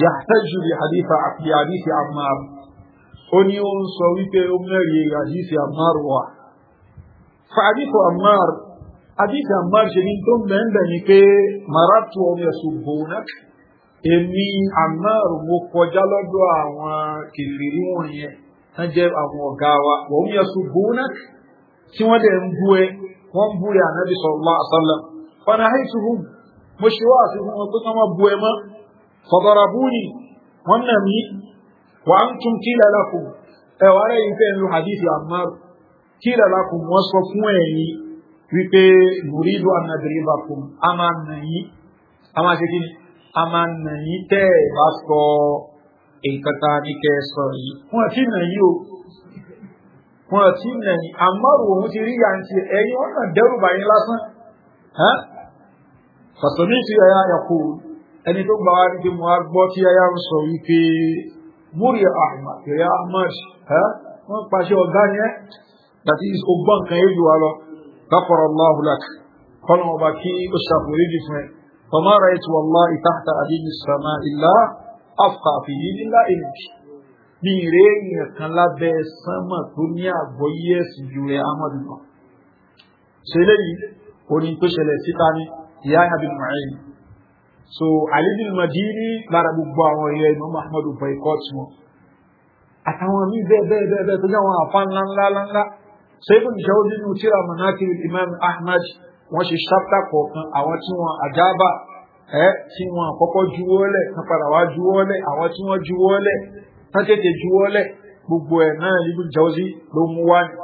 يحتج بحديث بحديث عمار أني مصيب أمري حديث عمار وا فحديث عمار حديث عمار شديد ثم بندني كي مرات وهم يسبونك èmi àmọ́ mo kọjá lọ́dọ̀ àwọn kìlìrí wọ̀nyẹn tán jẹ́ tí wọ́n dẹ̀ ń bú ẹ wọ́n ń bú ẹ ànábì sallallahu alaihi wasallam ọ̀nà àìsùhùn mo ṣe wá àfihàn wọn pé kí wọ́n bú ẹ mọ́ fadarabuni wọ́n nà mí wà á ń tún qila lakum ẹ̀ wà á rẹ̀ yìí fẹ́ lu hadith Ammar qila lakum wọ́n sọ fún ẹ̀yìn wípé nuridu an nadribakum a máa nà yín a máa ṣe kí ni a máa nà yín tẹ́ ẹ̀ bá sọ nǹkan ta ni kẹ́ ẹ sọ yìí wọ́n ti nà yín o wọn ti nà ní àmọ́rò òun ti rí yàǹtì ẹ̀yìn wọn kàn dẹ́rù bàyín lásán fàtọ́mí ti ẹ̀yà ẹ̀kọ́ ẹni tó gbà wá ní pé mo á gbọ́ tí ẹ̀yà ń sọ wípé múri ahmad ẹ̀yà ahmad wọ́n pàṣẹ ọ̀gá yẹn àti ọgbọ́n nǹkan yẹn jù wá lọ kápọ̀rọ̀ láhùlák kọ́nà ọba kí ó ṣàkóyè jù fún ẹ tọ́mọ́ra ètò wàllá ìtàkùtà àdínní ìlà àfààfì yìí nílá ènìyàn mi rè èèyàn kan lábẹ́ sánmọ̀ tó ní àgbọ́yé ẹ̀sìn ju rẹ̀ ahmadu lọ. ṣe léyìí orin so alibi madini lára gbogbo àwọn ẹ̀yẹ ìmọ̀ ahmadu boycott wọn. àtàwọn míì bẹ́ẹ̀ bẹ́ẹ̀ bẹ́ẹ̀ bẹ́ẹ̀ tó ní àwọn àfa ńlá ńlá imam ahmad wọ́n ṣe ṣáptà kọ̀ọ̀kan àwọn tí wọ́n àjábà ẹ́ tí wọ́n àkọ́kọ́ juwọ́lẹ̀ kan padà wọ́n tètè juwọ́lẹ̀ gbogbo ẹ̀ náà níbi jọ́sí ló mú wá ní.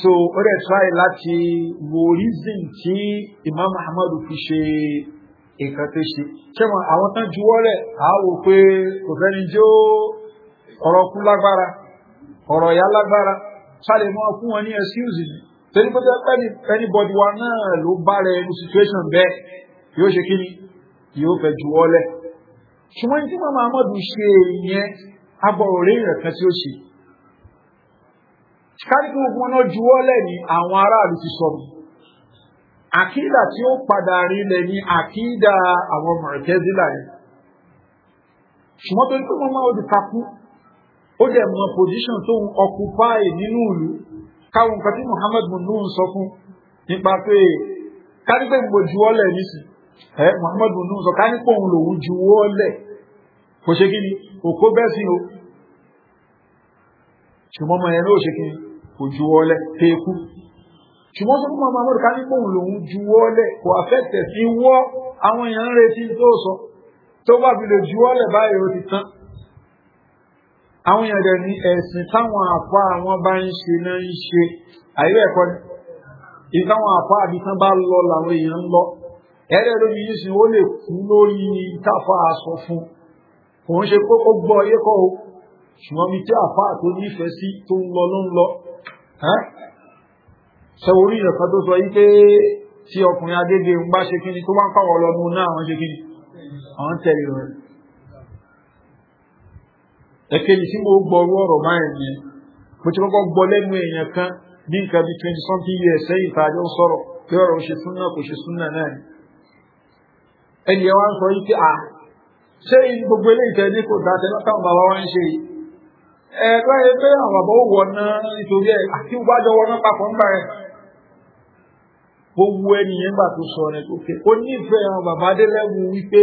so ó dẹ̀ try láti wo reason tí imam ahmadu fi ṣe nǹkan tó ṣe ṣé wọn àwọn tán juwọ́lẹ̀ á wò pé kò fẹ́ni jó ọ̀rọ̀ kú lágbára ọ̀rọ̀ ìyá lágbára sálẹ̀ mọ́ fún wọn ní excuse ni torí pé anybody wa náà ló bá rẹ̀ ní situation bẹ́ẹ̀ yóò ṣe kí ni yóò fẹ́ juwọ́lẹ̀ ṣùgbọ́n tí màmá amadu ṣe yẹn abọ̀rọ̀rẹ́ rẹ̀ kan tí ó ṣe káríkì ogun náà juwọ́ lẹ́ni àwọn aráàlú ti sọ̀rọ̀ àkídà tí ó padà rinlẹ̀ ní àkídà àwọn mọ̀rẹ̀kẹ́dílà yẹn ṣùgbọ́n tó ní pé màmá Odi takú ó dẹ̀ mọ pòsíṣàn tó ń ọkùpáì nínú ìlú káwọn nǹkan tí muhammed munu ń sọ fún nípa pé káríkì ogun juwọ́ lẹ́ni sìn ẹ muhammadu nù sọ ká ní pò ń lòun ju wọ́ọ́lẹ̀ kò ṣe kí ni òkó bẹ́ẹ̀ sí o ṣùgbọ́n ọmọ yẹn náà ṣe kí ni kò ju wọ́ọ́lẹ̀ téèkú ṣùgbọ́n sọ fún muhammadu ká ní pò ń lòun ju wọ́ọ́lẹ̀ kò àfẹ́tẹ̀ sí wọ́ àwọn èèyàn ń retí tó sọ tó bá fi lè ju wọ́ọ́lẹ̀ báyìí ó ti tán àwọn èèyàn dẹ̀ ní ẹ̀sìn táwọn àfa àwọn bá ń ṣe náà ń ṣe àyẹ̀wò ẹ̀kọ́ ni ìtàwọn àfa àbí tán bá lọ làwọn èèyàn ń lọ ẹ̀rẹ́ lójú yìí sí ó lè kú lórí táfà sọ fún kò ń ṣe pé ó gbọ́ ọyé kọ́ o ṣùgbọ́n mi tí àfà tó nífẹ̀ẹ́ sí tó ń lọ ló ń lọ ṣe orí ìrẹ̀kan tó sọ yí pé tí ọkùnrin adége ń bá ṣe kí ni tó bá ń pàwọ̀ lọ́nu náà àwọn ṣe kí ni àwọn tẹ̀lé rẹ̀ ẹ̀kejì tí mo gbọ́ orú ọ̀rọ̀ báyìí yẹn mo ti kọ́kọ́ gbọ́ lẹ́nu èèyàn kan ní nǹkan bíi twenty something years sẹ́yìn tá a jọ ń sọ̀rọ̀ pé ọ̀rọ̀ ò ṣe súnà kò ṣe súnà náà ni ẹni ẹ ń sọ yìí à ṣé gbogbo eléyìí tẹ ní kò wa ń ṣe yìí ẹ pé àwọn àbọ̀ wọ ná nítorí ẹ àti ìwájọ wọn náà papọ̀ ń bá ẹ. gbogbo ẹni yẹn gbà tó sọ rẹ tó ó nífẹ̀ẹ́ àwọn bàbá adélẹ́wù wípé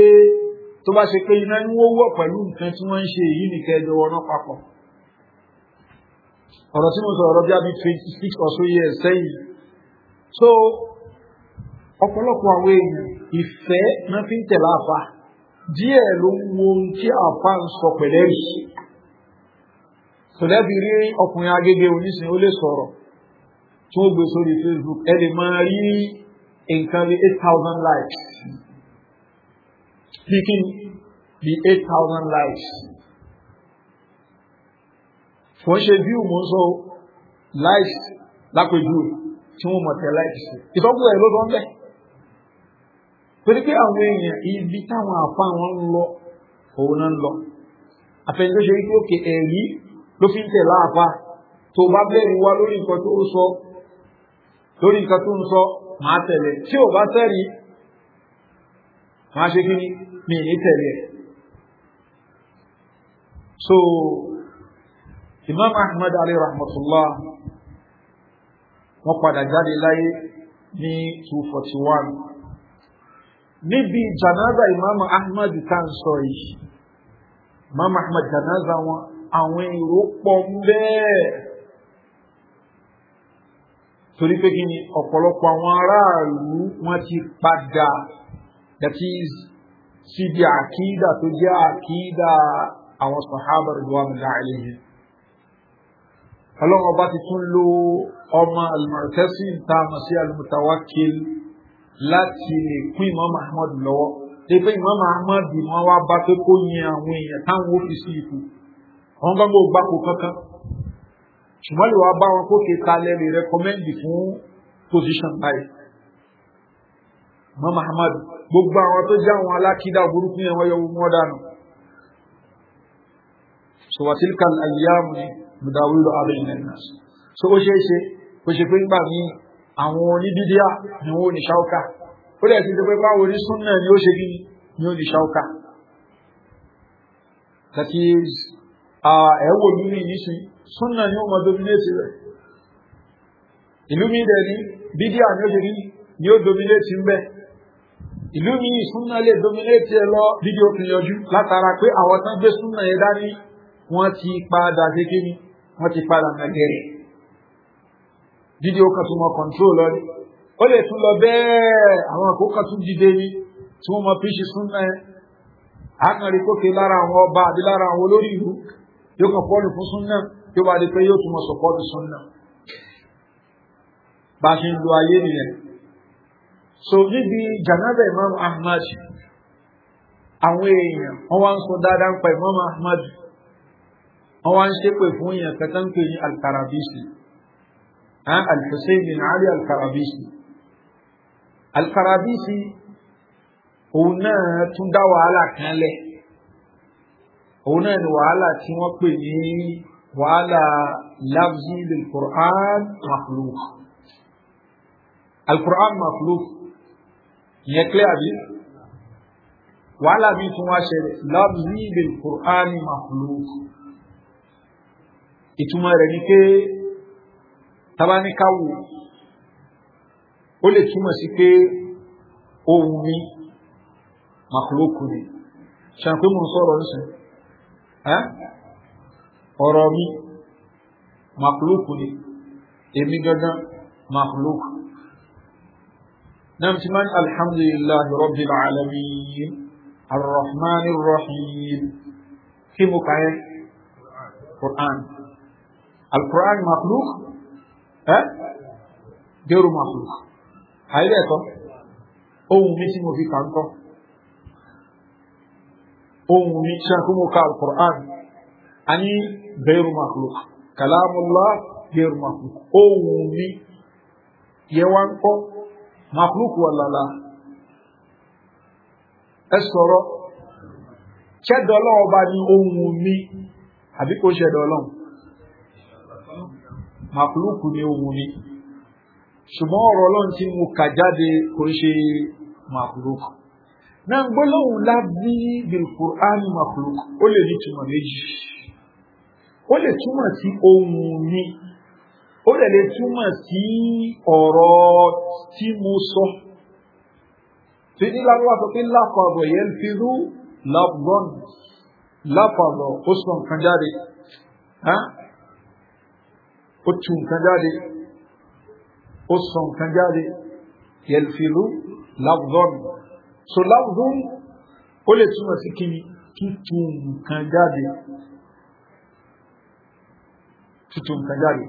tó bá ṣe pé iná ni wọ́n wọ̀ pẹ̀lú nǹkan tí wọ́n ń ṣe yìí nìkẹ́ ẹjọ́ wọn náà papọ̀. ọ̀rọ̀ tí mo sọ ọ̀rọ̀ bí a bí six or years sẹ́yìn so ọ̀pọ̀lọpọ̀ àwọn èèyàn ìfẹ́ náà fi ń tẹ̀lé àfa díẹ̀ ló ń wo ohun tí àfa ń sọ pẹ̀lẹ́ rí sọlẹ́bí rí ọkùnrin agége oníṣìn ó lè sọ̀rọ̀ tí wọ́n gbé sórí facebook ẹ lè máa rí nǹkan bí eight thousand likes speaking bí eight thousand likes wọ́n ṣe bí òun sọ likes lápèjúwe tí wọ́n mọ̀ tẹ́ likes ìtọ́jú ẹ̀ ló sọ ń bẹ́ẹ̀. torí pé àwọn èèyàn ibi táwọn àfa wọn ń lọ òun náà ń lọ àfẹnjọ́ ṣe wípé òkè ẹ̀rí ló fi ń tẹ̀ láàfa tó bá bẹ̀rù wa lórí nǹkan tó ń sọ lórí nǹkan tó ń sọ màá tí ò bá ni mi ní so Imam Ahmad alayhi rahmatulah wọ́n padà jáde láyé ní two forty níbi janaza imaamu ahmed tá à ń sọ yìí imaamu ahmed janaza wọn àwọn èrò pọ̀ bẹ́ẹ̀ torí pé kí ni ọ̀pọ̀lọpọ̀ àwọn aráàlú wọn ti padà that is síbi àkídà tó jẹ́ àkídà àwọn sàhábà rìdwanullah alayhi ọlọ́run ọba ti tún lo ọmọ almartesim tá a mọ̀ sí almutawakil láti lè kún Imam Ahmad lọ́wọ́ pé Imam Ahmad wọn wá bá pé kó yin àwọn èèyàn táwọn ó fi sí ipò wọn bá gbọ́ gbàpò kankan ṣùgbọ́n lè wá bá wọn kó kéka lẹ́rìí rẹ́kọ́mẹ́ndì fún position báyìí Imam Ahmad gbogbo àwọn tó já àwọn alákìdá burúkú yẹn wọ́n yọ wọn dànù so wa tilka al-ayyam mudawilu alayna so ó ṣeé ṣe kò ṣe pé nígbà míì àwọn onídídíà ni wọ́n ní ṣáúkà ó dẹ̀ ti pé báwo ní súnà ni ó ṣe kí ni ó ní ṣáúkà that is ẹ̀wọ̀ ìlú mi níṣi súnà ni ó mọ dominate rẹ̀ ìlú mi dẹ̀ ní dídíà ni ó ṣe kí ni ó dominate ń bẹ́ẹ̀ ìlú mi súnà lè dominate ẹ lọ dídí òfin yọjú látara pé àwọn tán gbé súnà yẹn dání wọ́n ti padà gẹ́gẹ́ ni wọ́n ti padà nàgẹ́rẹ́ dídí ó kàtúmọ kọńtrol lọ ni ó lè tún lọ bẹ́ẹ̀ àwọn àkókò tún dìde ni tí wọ́n mọ píṣì súnmọ́ ẹ àkànrí kókè lára àwọn ọba àbí lára àwọn olórí ìlú yóò kàn pọ́ọ̀lù fún súnmọ́ yóò wá di pé yóò tún mọ sọ̀pọ́ọ̀lù súnmọ́ bá a ṣe ń lo ayé nìyẹn so níbi janaza imam ahmad àwọn èèyàn wọn wá ń sọ dáadáa ń pa imam ahmad wọn wá ń ṣépè fún èèyàn kẹtàn ní alkarabisi al-Hussein bin Ali al-Karabisi al-Karabisi òun náà tún dá wàhálà kan lẹ̀ òun náà ni wàhálà tí wọ́n pè ní wàhálà lafzi lil Qur'an makhluk al-Qur'an makhluk yẹn clear bi wàhálà mi tún wá ṣẹlẹ̀ lafzi lil Qur'an makhluk ìtumọ̀ rẹ̀ ni pé tabanikawo ó lè túmọ̀ sí pé ohun mi makuluku ni ṣàǹpé mo ń sọ̀rọ̀ nísìn ọ̀rọ̀ mi makuluku ni èmi gangan makuluku náà ti máa ń alhamdulilayi rabbil alamin arrahmanir rahim kí mo kàyẹ quran alquran makuluku ẹ́ gẹ́rù máa fún àìlẹ́ ẹ̀kọ́ ohun mi tí mo fi kà ń kọ́ ohun mi tí a kó mo ka alukur'an a ní gẹ́rù máa fún kalamullah gẹ́rù máa fún ohun mi yẹ wá ń kọ́ máa fún kú wà lálá ẹ sọ̀rọ̀ ṣẹ́dọ̀ ọlọ́wọ́ bá ohun mi àbí kò ṣẹ́dọ̀ ọlọ́wọ́ màkúlùkù ni ó wù mí ṣùgbọ́n ọ̀rọ̀ ọlọ́run tí mo kà jáde kò ń ṣe màkúlùkù náà gbólóhùn lábí bilkur'an màkúlùkù ó lè ní túmọ̀ méjì ó lè túmọ̀ sí ohun mi ó lè lè túmọ̀ sí ọ̀rọ̀ tí mo sọ tí níláwọ́ sọ pé lápapọ̀ yẹn fi rú lápapọ̀ ó sọ nǹkan jáde ó tu nǹkan jáde ó sọ nǹkan jáde yẹlfilu lafdọ́n so lafdọ́n ó lè túmọ̀ sí kí tútù nǹkan jáde tútù nǹkan jáde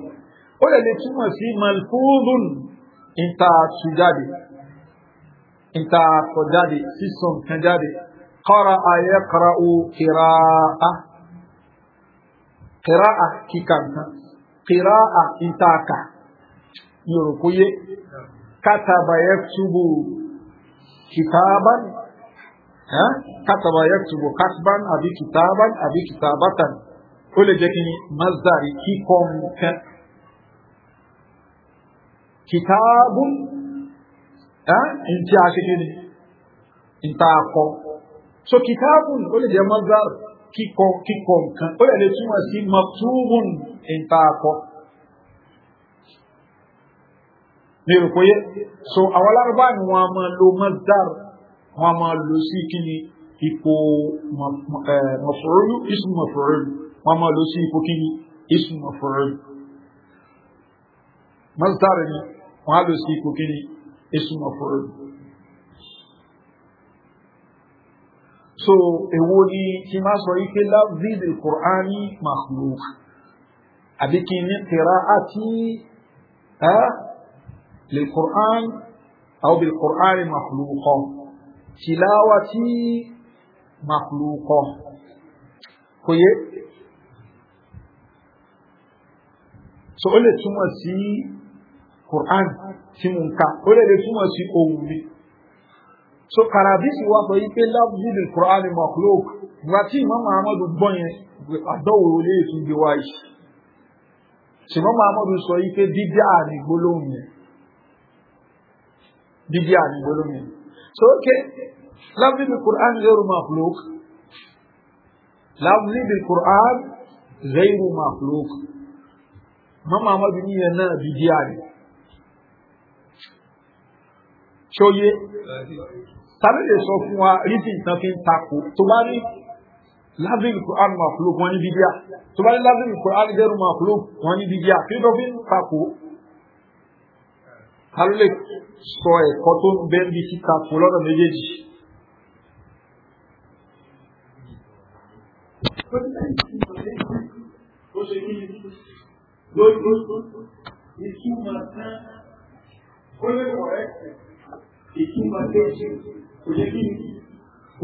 ó lè lè túmọ̀ sí malfudun ìta tu jáde ìta kọ jáde sísọ nǹkan jáde kọ́ra ayé kọ́ra ó kíra á kíra á kíkà nǹkan kira a qira'a ìtaaka yorùkúyé kátàbà yaktubu kitaban kátàbà yaktubu katban àbí kitaban àbí kitabatan ó lè jẹ́ kí ni mazari kíkọ́ nǹkan kitabun ha a ṣe kí ni ntaakọ so kitabun o le jẹ́ mazari kíkọ́ kíkọ́ o le lè túmọ̀ sí maktubun ń tá a ye. so awalar alárúbá ni wọ́n máa lo mazdar wọ́n máa lo sí kíni ipò mọ̀fòrólù ismu mọ̀fòrólù wọ́n máa lo sí ipò kíni ismu mọ̀fòrólù mazdar ni wọ́n á lo sí ipò kíni ismu mọ̀fòrólù so èwo ni kí n máa sọ yìí pé lábídìl makhluk àbí kí n ní qira'ati lil Qur'an aw bil Qur'an makhluqa tilawati makhluqa kò yẹ so ó lè túmọ̀ sí Qur'an tí mo ń ka ó lè lè túmọ̀ sí ohun mi so karabisi wa sọ yìí pé lafzi bil Qur'an makhluq ìgbà tí Imam Ahmad gbọ́ yẹn àdọ́wò lè tún gbé wáyé ṣùgbọ́n muhammadu sọ yí pé dídí àní gbólóhùn yẹn so okay lábí bí quran zero makluk lábí bí quran zero makluk mọ muhammadu yẹn náà dídí àní ṣóyé tàbí lè sọ fún wa rí sí fi ń takò tó bá rí lazim quran mafuluk wọn ní bíbíà tó bá ní lazim quran gẹrù mafuluk wọn ní bíbíà kí ló fi ń takò ká ló lè sọ ẹ̀kọ́ tó ń bẹ́ẹ̀ bí títa kò lọ́nà méjèèjì.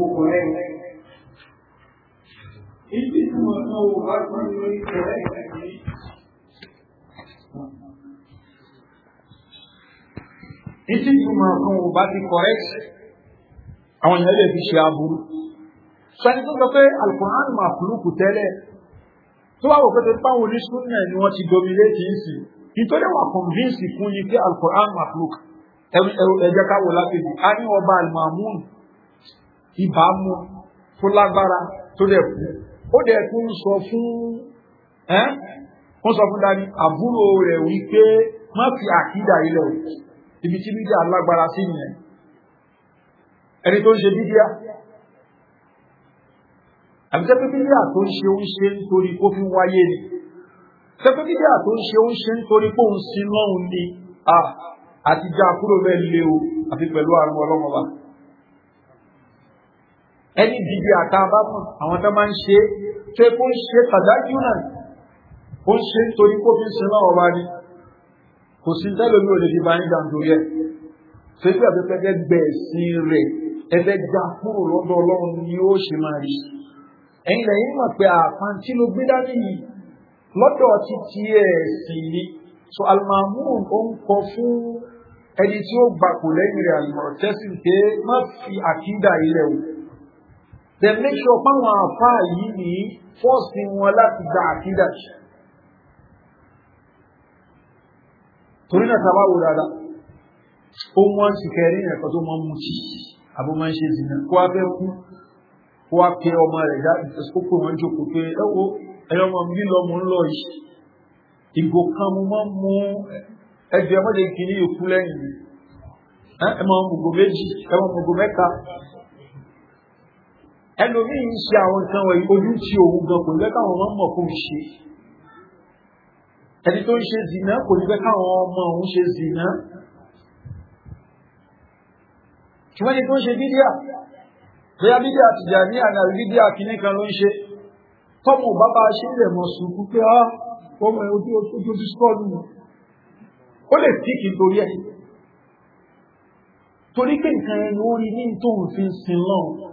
ó ṣe ibi tí wọn náà wò bá gbọ́n ní orí ìṣẹ̀lẹ̀ ìṣẹ̀lẹ̀ yìí. Títí tí wọn fún wọn bá ti correct àwọn èèyàn lè fi ṣe aburú. Sọ́ni tó sọ pé Alkùnrán máa fúlùkù tẹ́lẹ̀ tó bá wò pé pípa àwọn oníṣúná ni wọ́n ti dominate yìí sí. Nítorí wà convince fún yín pé Alkùnrán máa fúlùkù ẹ̀jẹ̀ káwọ̀ lápẹ̀jù. A ní ọba Almamun ìbámu tó lágbára tó dẹ̀ kú ó dẹ̀ tún sọ fún ẹ́ wọ́n sọ fún dání àbúrò rẹ̀ wípé má fi àkídà ilẹ̀ o ibi tí bídíà lágbára sí nìyẹn ẹni tó ń ṣe bídíà àbí sẹ́pẹ́ bídíà tó ń ṣe ń ṣe nítorí kó fi wáyé ni sẹ́pẹ́ bídíà tó ń ṣe ń ṣe nítorí kó ń sin lọ́hùn ni àtijọ́ àkúrò bẹ́ẹ̀ lé o àti pẹ̀lú àrùn ọlọ́mọba ẹni bíbí àtàbá fún àwọn tó máa ń ṣe tó kó ń ṣe tàdájú náà ó ń ṣe nítorí kó fi ń sin náà wá ní kò sí tẹ́lómi ò lè fi máa ń jàǹdó yẹ tó kí àbí pẹ́ẹ́ gbẹ̀ sí rẹ̀ ẹgbẹ́ gbà kúrò lọ́dọ̀ ọlọ́run ni ó ṣe máa rí ẹ̀yin lẹ́yìn mọ̀ pé àpáǹtí ló gbé dání yìí lọ́dọ̀ títí ẹ̀ ni so almamun ó ń kọ fún ẹni tí ó gbàkú lẹ́yìn rẹ̀ àlùmọ̀rọ̀ tẹ́sí pé má fi àkídà ilẹ̀ o then make sure páwọn àfáà yìí ní fọ́ọ̀sì wọn láti gba àkídà torí náà tàbá wò dáadáa ó wọ́n ti kẹrin ẹ̀kọ́ tó máa ń mutí àbó máa ń ṣe ìdìnnà kó wá fẹ́ kú kó wá pe ọmọ rẹ̀ jáde kó pè wọ́n jókòó pé ẹ wo ẹ̀yọ́ ọmọ mi lọ mò ń lọ yìí ìgò kan mo máa ń mú ẹgbẹ́ ọmọdé kìíní ìkú lẹ́yìn ẹ máa ń mú méjì ẹ máa ń mú gò ẹlòmíì ń ṣe àwọn nǹkan wọ̀nyí ojú tí òun gan kò lẹ́ka àwọn ọmọ kò ń ṣe ẹni tó ń ṣe zìnà kò ní lẹ́ka àwọn ọmọ òun ṣe zìnà ṣùgbọ́n ẹni tó ń ṣe bídíà bóyá bídíà ti jà ní àná bídíà kìíní kan ló ń ṣe tọ́mù bàbá ṣe lè mọ̀ sùkú pé ah, ọmọ ojú ojú skọ́ọ̀lù ó lè tíkì torí ẹ̀ torí pé nǹkan ẹni ó rí ní tóun fi sin lọ́run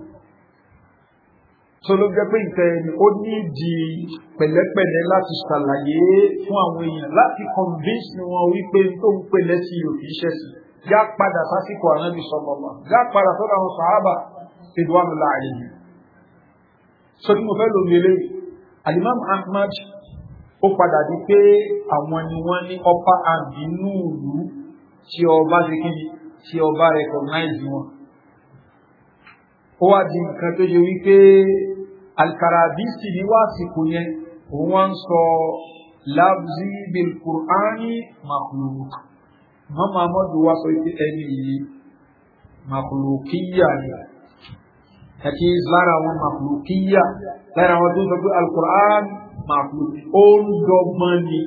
tó ló jẹ́ pé ìtẹ̀ ẹni ó ní ìdí pẹ̀lẹ́pẹ̀lẹ́ láti ṣàlàyé fún àwọn èèyàn láti convince wọn wípé tó ń pè lẹ́sí òkè iṣẹ́ sí já padà sásìkò ànábì sọlọ́mọ já padà sọ́dọ̀ àwọn sàhábà ìdúwàmù láàrin yìí sọ tí mo fẹ́ lò lélẹ́ alimam ahmad ó padà di pé àwọn ni wọ́n ní upper hand nínú ìlú tí ọba ṣe kí tí ọba recognize wọn ó wá di nǹkan tó ṣe wípé alikarabisi ní wàásìkò yẹn òun wá ń sọ labzi bil qur'ani makhluk mama amadu wa sọ pé ẹni yìí makhlukiya ni kàkí lára wọn makhlukiya lára wọn tó sọ pé alukur'an makhluk ó ń dọgbọn ni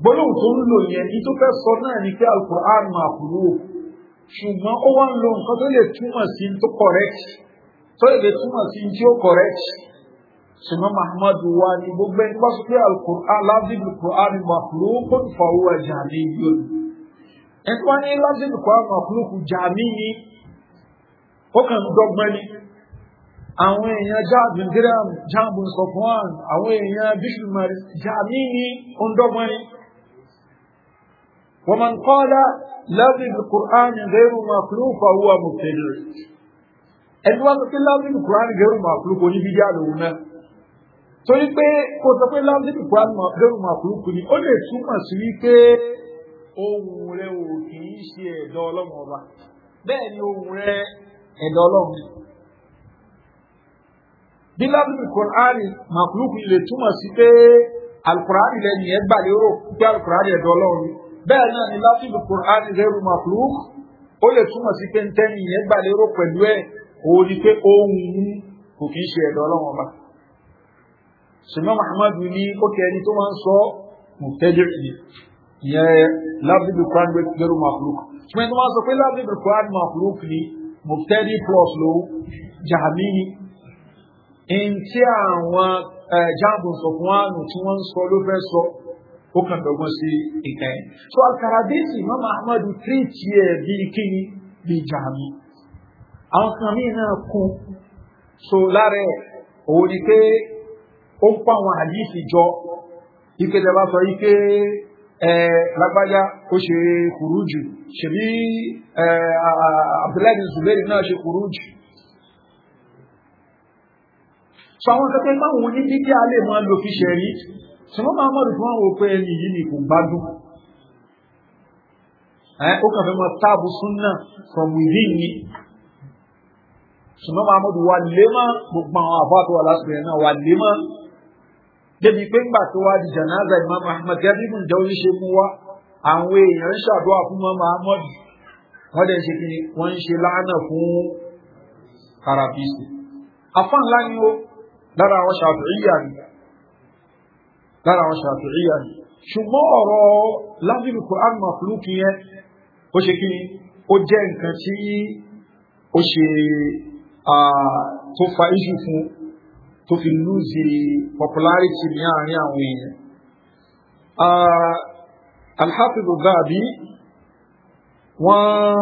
gbólóhùn tó ń lò yẹn ní tó fẹ́ sọ náà ni pé alukur'an makhluk ṣùgbọ́n ó wá ń lo nǹkan tó lè túmọ̀ sí tó correct. tó èdè túmọ̀ sí tí o correct ṣùgbọ́n mahamadu wa ni gbogbo ẹni bá sọ pé alukur'an kur'an makhluqun fa ẹni kur'an ó kàn ń ni àwọn èèyàn àwọn èèyàn bíṣù mari ó ń kur'an ẹni wá sọ pé lábìlì kúránì gẹrù màkúrúkú ní bídíà lòun náà torí pé kò sọ pé lábìlì kúránì gẹrù màkúrúkú ni ó lè túmọ̀ sí wípé ohun rẹ ò kì í ṣe ẹ̀dọ́ ọlọ́run ọba bẹ́ẹ̀ ni ohun rẹ ẹ̀dọ́ ọlọ́run bí lábìlì kúránì màkúrúkú lè túmọ̀ sí pé alukurani lẹ́yìn ẹ̀ gbà lérò pé alukurani ẹ̀dọ́ ọlọ́run bẹ́ẹ̀ náà ni lábìlì kúránì gẹrù màkúrúkú ó lè túmọ̀ sí pé ntẹ́ni ẹ̀ gbà lérò pẹ̀lú ẹ̀ òun ni pé ohun kò kí ń ṣe ẹ̀dọ̀ ọlọ́run ọba ṣùgbọ́n muhammadu ní ó kẹ́ ẹni tó máa ń sọ mùtẹ́jẹ́ ìyẹ ìyẹn lábìlì kwan gbé gẹ́rù mafuluk ṣùgbọ́n tó máa sọ pé lábìlì kwan mafuluk ni mùtẹ́jẹ́ plus ló jàmí ni in tí àwọn jáàbù sọ fún àánú tí wọ́n ń sọ ló fẹ́ sọ ó kàn dọ́gbọ́n sí ìkẹyìn so alkaradesi mama ahmadu tí tiẹ̀ bíi kíni bíi jàmí àwọn kan míì náà kún so lára ẹ̀ òun ni pé ó ń pa àwọn àdìsí jọ ike tẹ bá sọ ike ẹ lágbájá ó ṣe kúrú jù ṣèbí ẹ abdullahi zubairi náà ṣe kúrú jù so àwọn kẹkẹ máa wò ní dídí alẹ́ máa lo fi ṣẹ̀rí ṣùgbọ́n máa mọ̀ lùkú wọn wò ẹni yìí ni kò gbádùn ó kàn fẹ́ mọ táàbù súnà from within ni ṣùgbọ́n mahmud wà lémọ́ gbogbo àwọn àfáàtò aláṣẹ náà wà lémọ́ débi pé ńgbà tó wá di janaza imam ahmed gẹ́gẹ́bùn jẹ́ oníṣe mú wá àwọn èèyàn ń ṣàdúrà fún mahmud wọ́n dẹ̀ ṣe kí ni wọ́n ń ṣe lánàá fún karabisi afá ńlá o ó lára àwọn ṣàfihàn ni lára àwọn ṣàfihàn ni ṣùgbọ́n ọ̀rọ̀ lábìrì quran mafluki yẹn ó ṣe kí ni ó jẹ́ nǹkan tí ó ṣe tó fa iṣu fún tó fi lose popularity ní àárín àwọn èèyàn alhafiz zabi wọ́n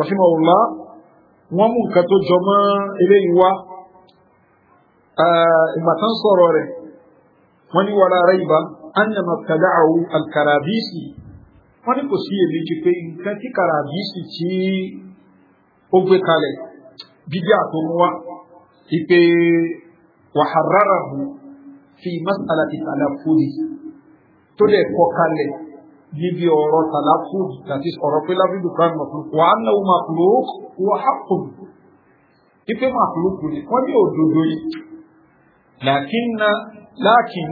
rahimahullah wọ́n mú nǹkan tó jọmọ́ eléyìí wá ìgbàtán sọ̀rọ̀ rẹ̀ wọ́n ní wàrà raiba anna mabtada'ahu al-karabisi wọ́n ní kò sí èméjì pé nǹkan tí karabisi tí ó gbé kalẹ̀ bídíà tó ń wá ipe wàháráràbù fi masala ti tàlàfúdì tó dẹ̀ kọ́ kalẹ̀ níbi ọ̀rọ̀ tàlàfúdì àti ọ̀rọ̀ pé lábídù kan mọ̀kúrúkú wàá náwó màkúrúkú wàá hàpùn ipe màkúrúkú ni wọ́n ní òdodo yìí làkínná lákìn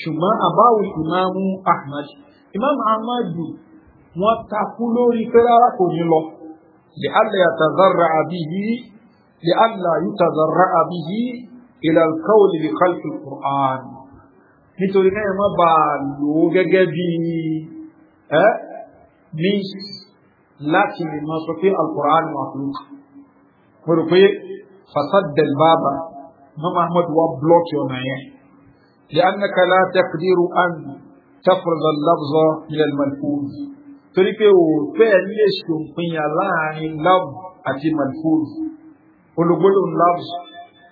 ṣùgbọ́n àbáwò ìmáàmù ahmad ìmáàmù ahmadu wọ́n takú lórí pé rárá kò ní lọ lè alẹ́ àtàzára àbí yìí لئلا يتذرع به إلى القول بخلق القرآن nítorí náà má bàa lò ó gẹ́gẹ́ bí ẹ́ means láti lè máa sọ pé alukur'an wà fún mo rò pé fasadel baba mama ahmed wa blọọki ọ̀nà yẹn lè anaka la taqdiru an tafrada al-lafza ila al-malfuz torí pé o fẹ́ẹ̀ ní èsì òpin yà láàrin love àti malfuz olùgbòlò labs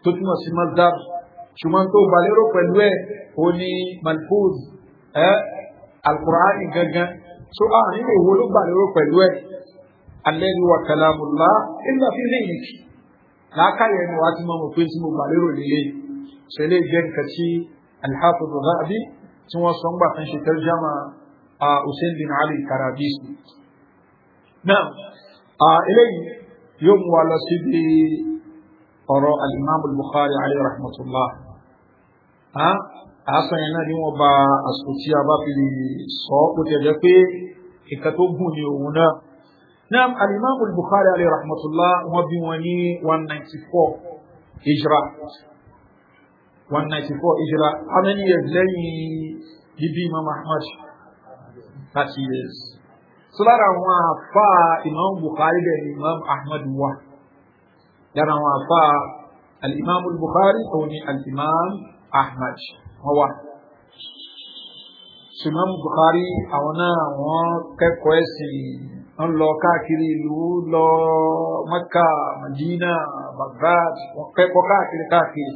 tó túmọ̀ sí mazhab ṣùgbọ́n tó balẹ̀rọ pẹ̀lú ẹ̀ ó ní malfuz ẹ́ alukur'ani gangan so a nílò ìwo ló balẹ̀rọ pẹ̀lú ẹ̀ alẹ́ ni wà kalamullah illa fi zihnik láàkàyẹ̀ ni wàá ti mọ̀ mọ̀ pé tí mo balẹ̀rọ lélẹ̀ ṣẹlẹ̀ jẹ́ nǹkan tí alhafiz zahabi tí wọ́n sọ ń gbà kan ṣe tarjama hussein bin ali karabisi náà eléyìí yóò mú wa lọ ọ̀rọ̀ alimami bukhari alayhi rahmatullah a àásán yẹn náà ni wọ́n ba àsìkò tí a bá fi sọ ọ́ bó tẹ̀jẹ́ pé ìka tó gùn ni òun náà naam alimami bukhari alayhi rahmatullah wọ́n wọn ní one ninety four hijra how many years lẹ́yìn bíbí imam ahmad 30 years. sọ́lára àwọn àfa imam bukhari bẹ́ẹ̀ ni imam ahmad wà lára àwọn àfa alimami Bukhari òun ni alimami Ahmad wọn wà sùmọ́mù Bukhari àwọn náà wọ́n kẹ́kọ̀ọ́ ẹ̀sìn ń lọ káàkiri ìlú lọ Mẹ́kà Madina Baghdad wọ́n kẹ́kọ̀ọ́ káàkiri káàkiri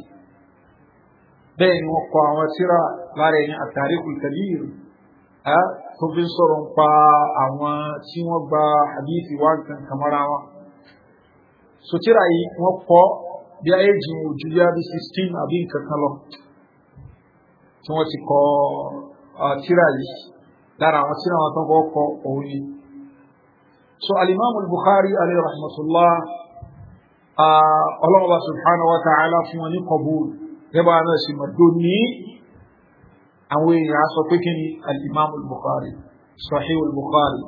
bẹ́ẹ̀ ni wọ́n kọ àwọn síra lára ẹ̀yìn àtàríkùl kabir ah, tó fi ń ń pa àwọn tí wọ́n gba hadithi wá kan wọn so tíra yìí wọ́n kọ́ bí ayé jìn ojú yá bí sixteen àbí nǹkan kan lọ tí wọ́n ti kọ́ tíra yìí lára àwọn tíra wọn tó kọ́ kọ́ òun ni. so alimami bukhari alayhi rahmatulah ọlọ́wọ́ subhanahu wa ta'ala fún wọn ní kọ̀bùl yẹ́bàá náà sì mọ̀ dóní àwọn èèyàn aṣọ pé kí ni alimami bukhari sahih bukhari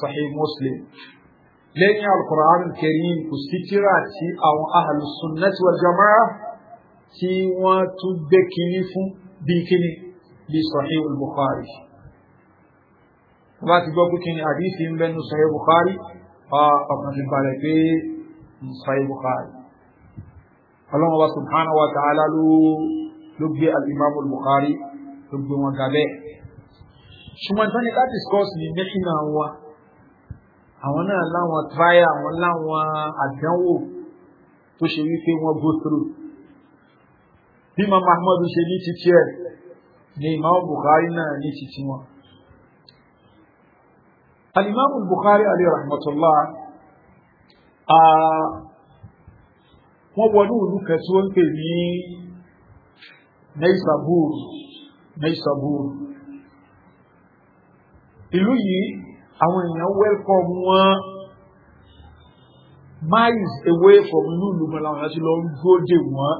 sahih muslim lẹ́yìn alukur'an kẹrin kò sí tíra tí àwọn ahàlùsùnnẹ́tì wal jamaa tí wọ́n tún gbé kínní fún bíi kínní bíi sahih bukhari wọ́n ti gbọ́ pé kínní àdìsí ń bẹnu sahih bukhari ọkàn ti balẹ̀ pé sahih bukhari ọlọ́run wa subhanahu wa ta'ala ló ló gbé al-imam al-bukhari ló gbé wọn gabẹ́ ṣùgbọ́n tani ká discuss ní mẹ́kìnnà wa àwọn náà láwọn tíráyà àwọn láwọn àdánwò tó ṣe wípé wọ́n go through bí Imam Ahmad ṣe ní títí ẹ̀ ni Imam Bukhari náà ní títí wọn. Al-Imam Bukhari alayhi rahmatullah wọ́n wọnú ìlú kan tí pè ní Naisabur Naisabur ìlú yìí àwọn èèyàn welcome wọn miles away from inú ìlú mọ́lá wọn láti lọ dúró dè wọ́n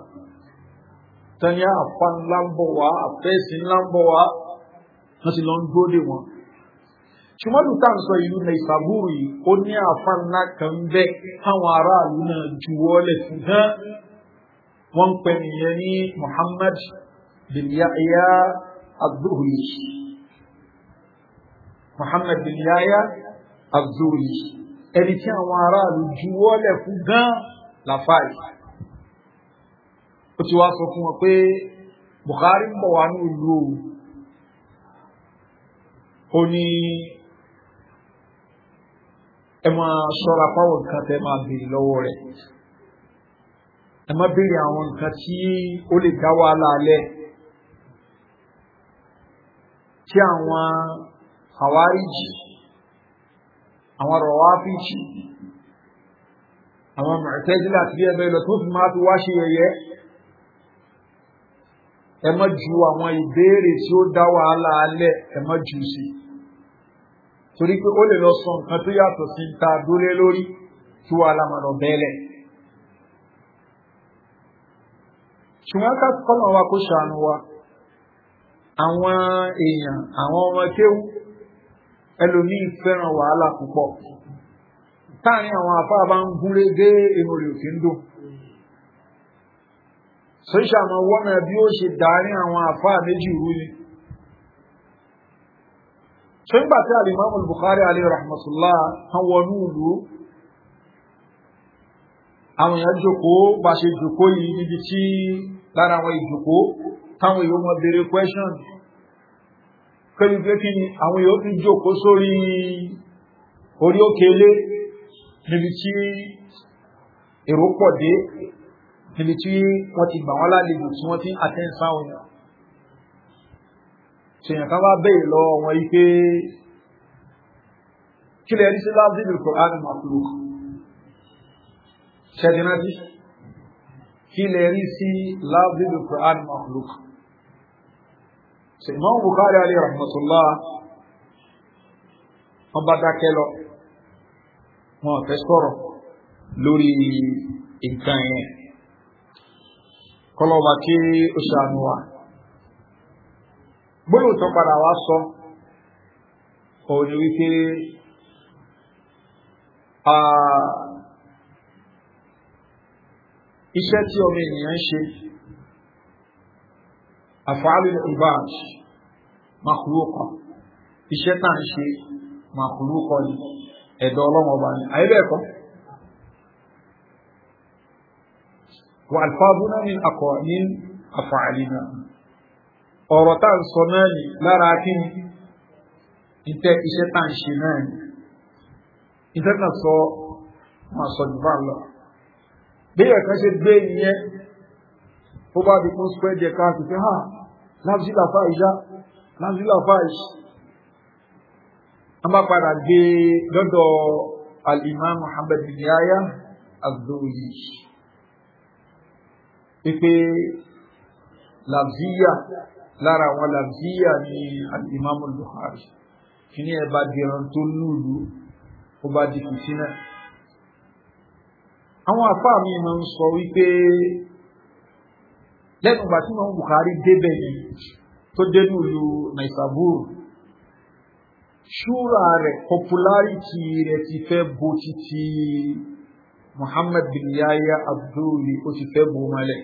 tani àpá ńlá ń bọ̀ wá àfẹ́sí ńlá ń bọ̀ wá wọ́n ti lọ ń dúró dè wọ́n. ṣùgbọ́n lùtà ń sọ ìlú ní yìí ó ní àpá ńlá kan bẹ́ táwọn aráàlú náà juwọ́lẹ̀ fún hàn wọ́n ń pè nìyẹn ní Muhammad bin Yahya az Muhammad bin Yahya Abdul ẹni tí àwọn aráàlú juwọ́lẹ̀ fún gan làfáì ó ti wá sọ fún wọn pé Bukhari ń bọ̀ wá ní ìlú o ó ní ẹ máa ṣọ́ra fáwọn nǹkan tẹ́ máa béèrè lọ́wọ́ rẹ̀ ẹ má béèrè àwọn nǹkan tí ó lè dá wàhálà alẹ́ tí àwọn kàwáríjì àwọn rọwáfíjì àwọn mẹ̀tẹ́jìlá àti bí ẹgbẹ́ ما tó fi máa fi wá ṣe yẹyẹ ẹ má ju àwọn ìbéèrè tí ó dá wàhálà alẹ́ ẹ má ju sí torí pé ó lè lọ sọ nǹkan tó yàtọ̀ sí ń ta dúlé lórí tí wàhálà máa bẹ́ẹ̀lẹ̀ ṣùgbọ́n ká kọ́nà wa kó ṣàánú wa àwọn èèyàn àwọn ọmọ kéwù ẹlòmíì fẹ́ràn wàhálà púpọ̀ táàrin àwọn afáà bá ń gúnrégé inú rẹ̀ òfin dùn sọ́ṣà máa wọ́nà bí ó ṣe dàárín àwọn afáà méjì rú ni ṣe ń gbà tí alimami bukhari alayhi rahmatulah kan wọnú ìlú àwọn èèyàn jókòó bá ṣe jókòó yìí níbi tí lára àwọn ìjókòó táwọn èèyàn wọn béèrè questions pẹ̀lú pé kí ni àwọn yóò tún jókòó sórí orí òkèlé níbi tí èrò pọ̀ dé níbi tí wọ́n ti gbà wọ́n lálejò tí wọ́n ti ń attend sáwọn èèyàn ṣèyàn kan bá bẹ́ẹ̀ lọ wọn yí pé kí lè rí sí lábìlì kòránì makluk ṣe Imam Bukhari alayhi rahmatullah wọn bá dákẹ́ lọ wọn fẹ́ sọ̀rọ̀ lórí nǹkan yẹn kọlọ́ba kí ó ṣàánú wa gbólóhùn tó padà wá sọ òun wípé iṣẹ́ tí ọmọ ènìyàn ń ṣe. àfààlì ìbáàj makulúkọ iṣẹ́ tá à ń ṣe makulúkọ ni ẹ̀dọ̀ ọlọ́wọ́ bá ní àyè bẹ́ẹ̀ kọ́. wà alfáàbùnà ní akọ ní àfààlì náà ọ̀rọ̀ tá à ń nke bó bá di kún spread yẹ káàkiri pé ha lábísílà fáì já lábísílà fáì wọ́n bá padà gbé lọ́dọ̀ al-imam muhammed bin yahya az-zuhri pípé labziya lára àwọn labziya ní al-imam al-bukhari bá di ẹran tó lùlù ó bá di kùsínà àwọn afáàmì máa ń sọ wípé lẹ́nu ìgbà tí wọn Bukhari débẹ̀ yìí tó dénú lu Naisabur ṣúra rẹ̀ popularity rẹ̀ ti fẹ́ bo títí Muhammad bin Yahya Abdul ó ti fẹ́ bo mọ́lẹ̀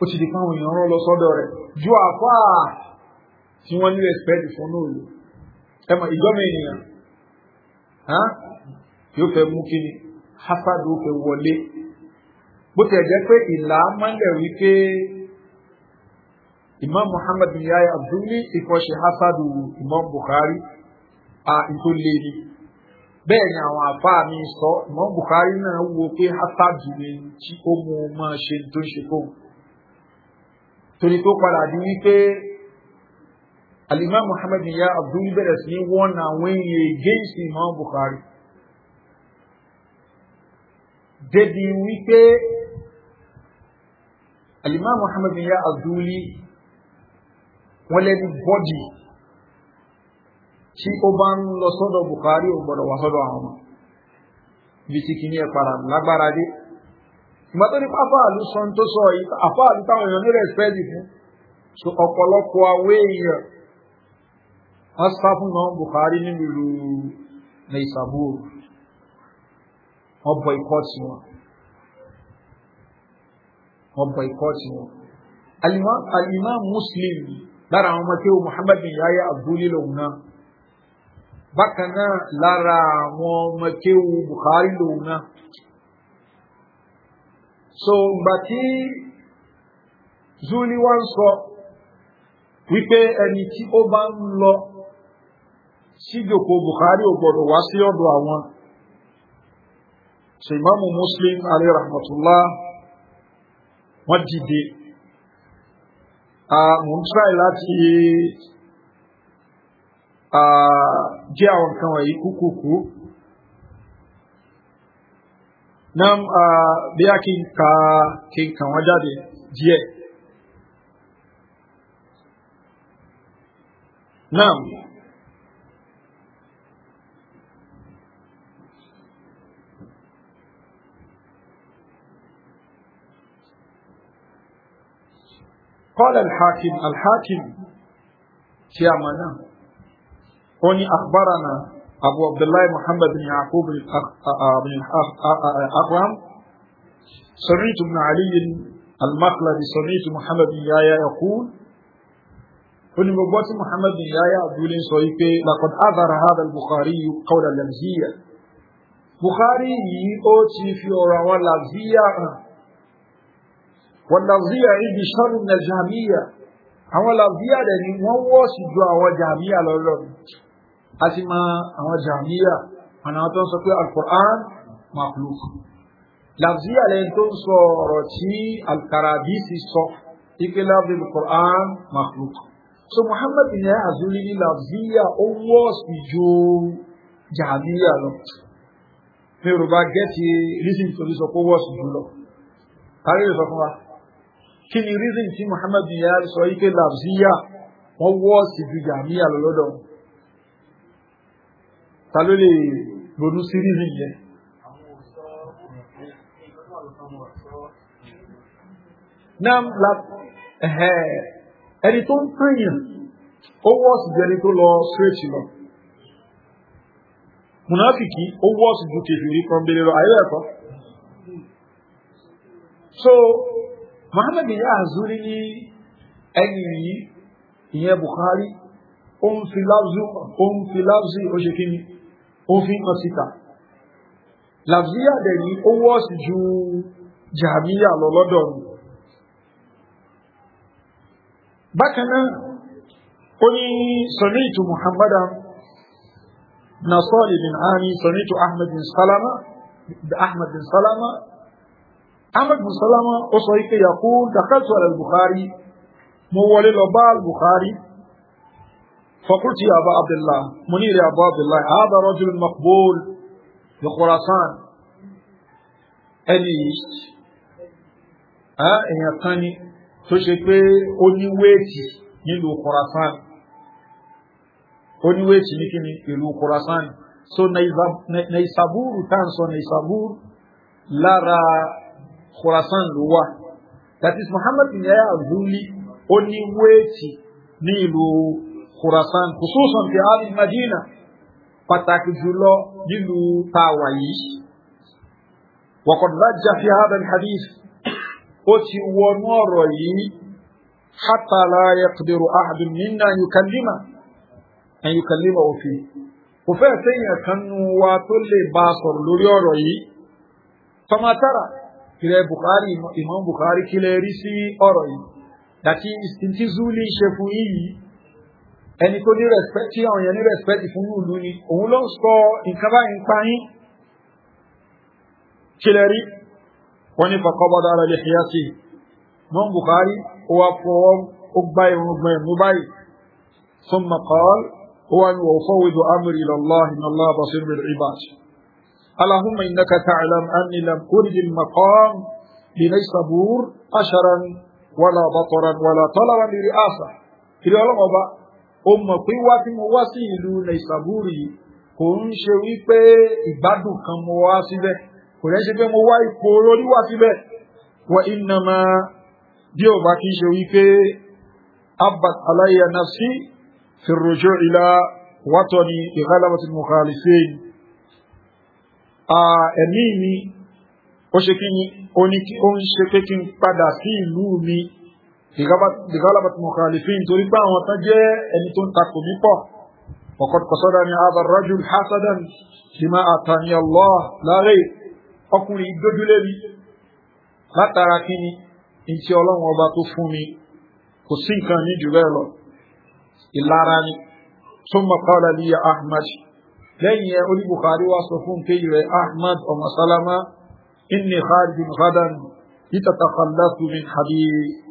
ó ti di pé àwọn èèyàn rán lọ sọ́dọ̀ rẹ̀ ju àfáà tí wọ́n ní respect fún náà lò ẹ mọ̀ ìjọba ènìyàn yóò fẹ́ mú kí ni hasad ó fẹ́ wọlé. bó tẹ̀ jẹ́ pé ìlà ike wípé imam muhammad bin yahya abdulli ìkọ́ṣe hasadu imam buhari a ìtò lé ní bẹ́ẹ̀ ni àwọn mi sọ imam buhari náà wo pé hasadu ni tí ó mú un máa ṣe tó ń ṣe torí tó padà di alimam muhammad bin yahya abdulli bẹ̀rẹ̀ sí ní wọ́n imam buhari. débi wípé Alimam Muhammad bin Yaa Azuli wale ni body lọsọdọ buhari ban wasọdọ sodo Bukhari o bodo n'agbara sodo amma bi ci kini e para la baradi ma to ni papa lu son to so yi afa lu ni respect di fu so opolo ko awe yi asfafu no ni lu ne sabur o boycott wọn bọ̀ìkọ́tì wọn. alimam muslim lára àwọn ọmọ tí ó muhammad bin yahya abdulli lòun náà bákan náà lára àwọn ọmọ tí ó buhari lòun náà. so ìgbà tí zuli wá ń sọ wípé ẹni tí ó bá ń lọ síjòkó buhari ò gbọdọ̀ wá sí ọ̀dọ̀ àwọn. so muslim alayhi rahmatullah wọ́n dìde mò ń try láti jẹ́ àwọn nǹkan wọ̀nyí kúkúkú nam bí a kì ń ka kì ń kà wọ́n jáde díẹ̀. Nam. قال الحاكم الحاكم شيامنا هوني أخبرنا أبو عبد الله محمد بن يعقوب بن الأقرم سمعت بن علي المخلدي سمعت محمد بن يايا يقول كل مبوس محمد بن يايا عبد سويكي لقد أظهر هذا البخاري قول اللمزية بخاري أوتي في أورا لمزية wọ̀làzíyà ibi sọ́rùn na jàmíyà àwọn làzíyà rẹ̀ ni wọ́n wọ́ sí ju àwọn jàmíyà lọ́lọ́ a sì máa àwọn jàmíyà àwọn tó ń sọ pé alukur'an makluk làzíyà rẹ̀ tó ń sọ ọ̀rọ̀ tí alukarabi sì sọ ipe lábẹ́ alukur'an makluk so muhammad ní azuli ní làzíyà ó wọ́ sí ju jàmíyà lọ mi ò gẹ́tì rísìn tó ti sọ pé ó wọ́ sí ju lọ. Parí ìsọfún kí ni reason tí Muhammad Niyal sọ yìí pé làbíyà wọ́n wọ́ sí ju jàmíyà lọ lọ́dọ̀ ta ló lè ronú sí reason yẹn. nam la ẹni tó ń pèèyàn ó wọ́ sí ju ẹni tó lọ straight lọ munafiki ó wọ́ sí kejì rí kan bẹ́ẹ̀ lọ ayé ẹ̀kọ́ so muhammed yaazuri ní ẹni yìí ìyẹn buhari ó ń fi láwùzí ó ń fi láwùzí ó ṣe kí ni ó fi hàn síta làbíyà dẹ̀ ní ó wọ́ọ̀sì ju jàmíyà lọ lọ́dọ̀ mi bákan náà ó ní sọ̀nìtù muhammadu nasọ́ọ̀lì bin ami sọ̀nìtù ahmed bin salama ahmed musalama ó sọ ike yàkú dakaltu alal bukhari mo wọlé lọ bá al bukhari fakulti abu abdullah mo ní ilé abu abdullah hada rajul makbul ní khurasan ẹni yìí èèyàn kan ni tó ṣe pé ó ní wéètì nílùú khurasan ó ní wéètì ní kíni ìlú khurasan so naisaburu tá à ń sọ naisaburu lára. Khurasan ló that is Muhammad bin Yahya Azuli ó ní wéètì ní ìlú Khurasan khususan fi ali Madina pàtàkì jùlọ nílùú tàwa yìí wa qad rajja fi hadha al-hadith ó ti wọnú ọ̀rọ̀ yìí hatta la yaqdiru ahadun minna an yukallima an yukallima òfin kò fẹ́ sẹ́yìn ẹ̀kan nu wa tó lè bá a sọ̀rọ̀ lórí ọ̀rọ̀ yìí famatara ìrẹ́ buhari imam buhari kí lè rí sí ọ̀rọ̀ yìí dàtí ìsìntí zuli ṣe fún yìí ẹni tó ní rẹ̀spẹ̀tì àwọn yẹn ní rẹ̀spẹ̀tì fún ìlú ni òun ló ń sọ nǹkan báyìí ń pa yín kí lè rí wọ́n ní fàkọ́bọ́dá ara lè fìyà sí imam buhari ó wá fọwọ́ ó gbá irun gbọ́n ẹ̀mú báyìí ثم قال هو أن أفوض أمري إلى الله إن الله بصير بالعباد اللهم انك تعلم اني لم ارد المقام ليس بور اشرا ولا بطرا ولا طلبا لرئاسه كي الله ام في وقت مواسي لو ليس بوري كون شوي ابادو كم به كون شوي مواي كورو واسي به وانما ديو باكي شوي ابت علي نفسي في الرجوع الى وطني بغلبه المخالفين ẹ̀mí mi ó ṣe kí ni ó ní kí ó ń ṣe pé kí n padà sí ìlú mi ìgbàlábàtí mọ̀kàlìfín torí pé àwọn tán jẹ́ ẹni tó ń takò mí pọ̀ ọ̀kọ̀kọ̀sọ́dá ni abarajul hasadan ti máa àtàní ọlọ́ láàrẹ ọkùnrin ìgbójúlé mi látara kí ni in ti ọlọ́run ọba tó fún mi kò sí nǹkan ní jù bẹ́ẹ̀ lọ ìlara ni tó mọ̀kàlà ní ahmad lẹ́yìn yẹn oní buhari wá sọ fún pé ìrẹ ahmad ọmọ sálámà inni kharijun ghadan yítatakhallasu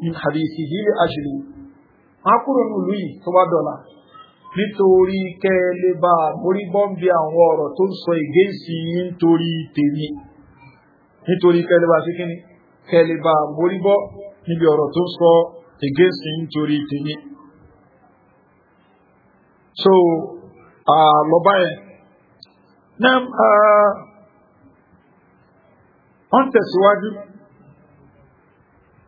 min hadithihi li ajli wọn kúrò nílùú yìí tó bá dọ̀la nítorí kẹ́lẹ́ bá borí bọ́m̀bì àwọn ọ̀rọ̀ tó ń sọ ìgéǹsì yín torí tèmi nítorí kẹ́lẹ́ bá síkíní kẹ́lẹ́ bá borí bọ́ níbi ọ̀rọ̀ tó ń sọ ìgéǹsì yín torí tèmi. so àlọ́bá yẹn Nam wọ́n tẹ̀síwájú.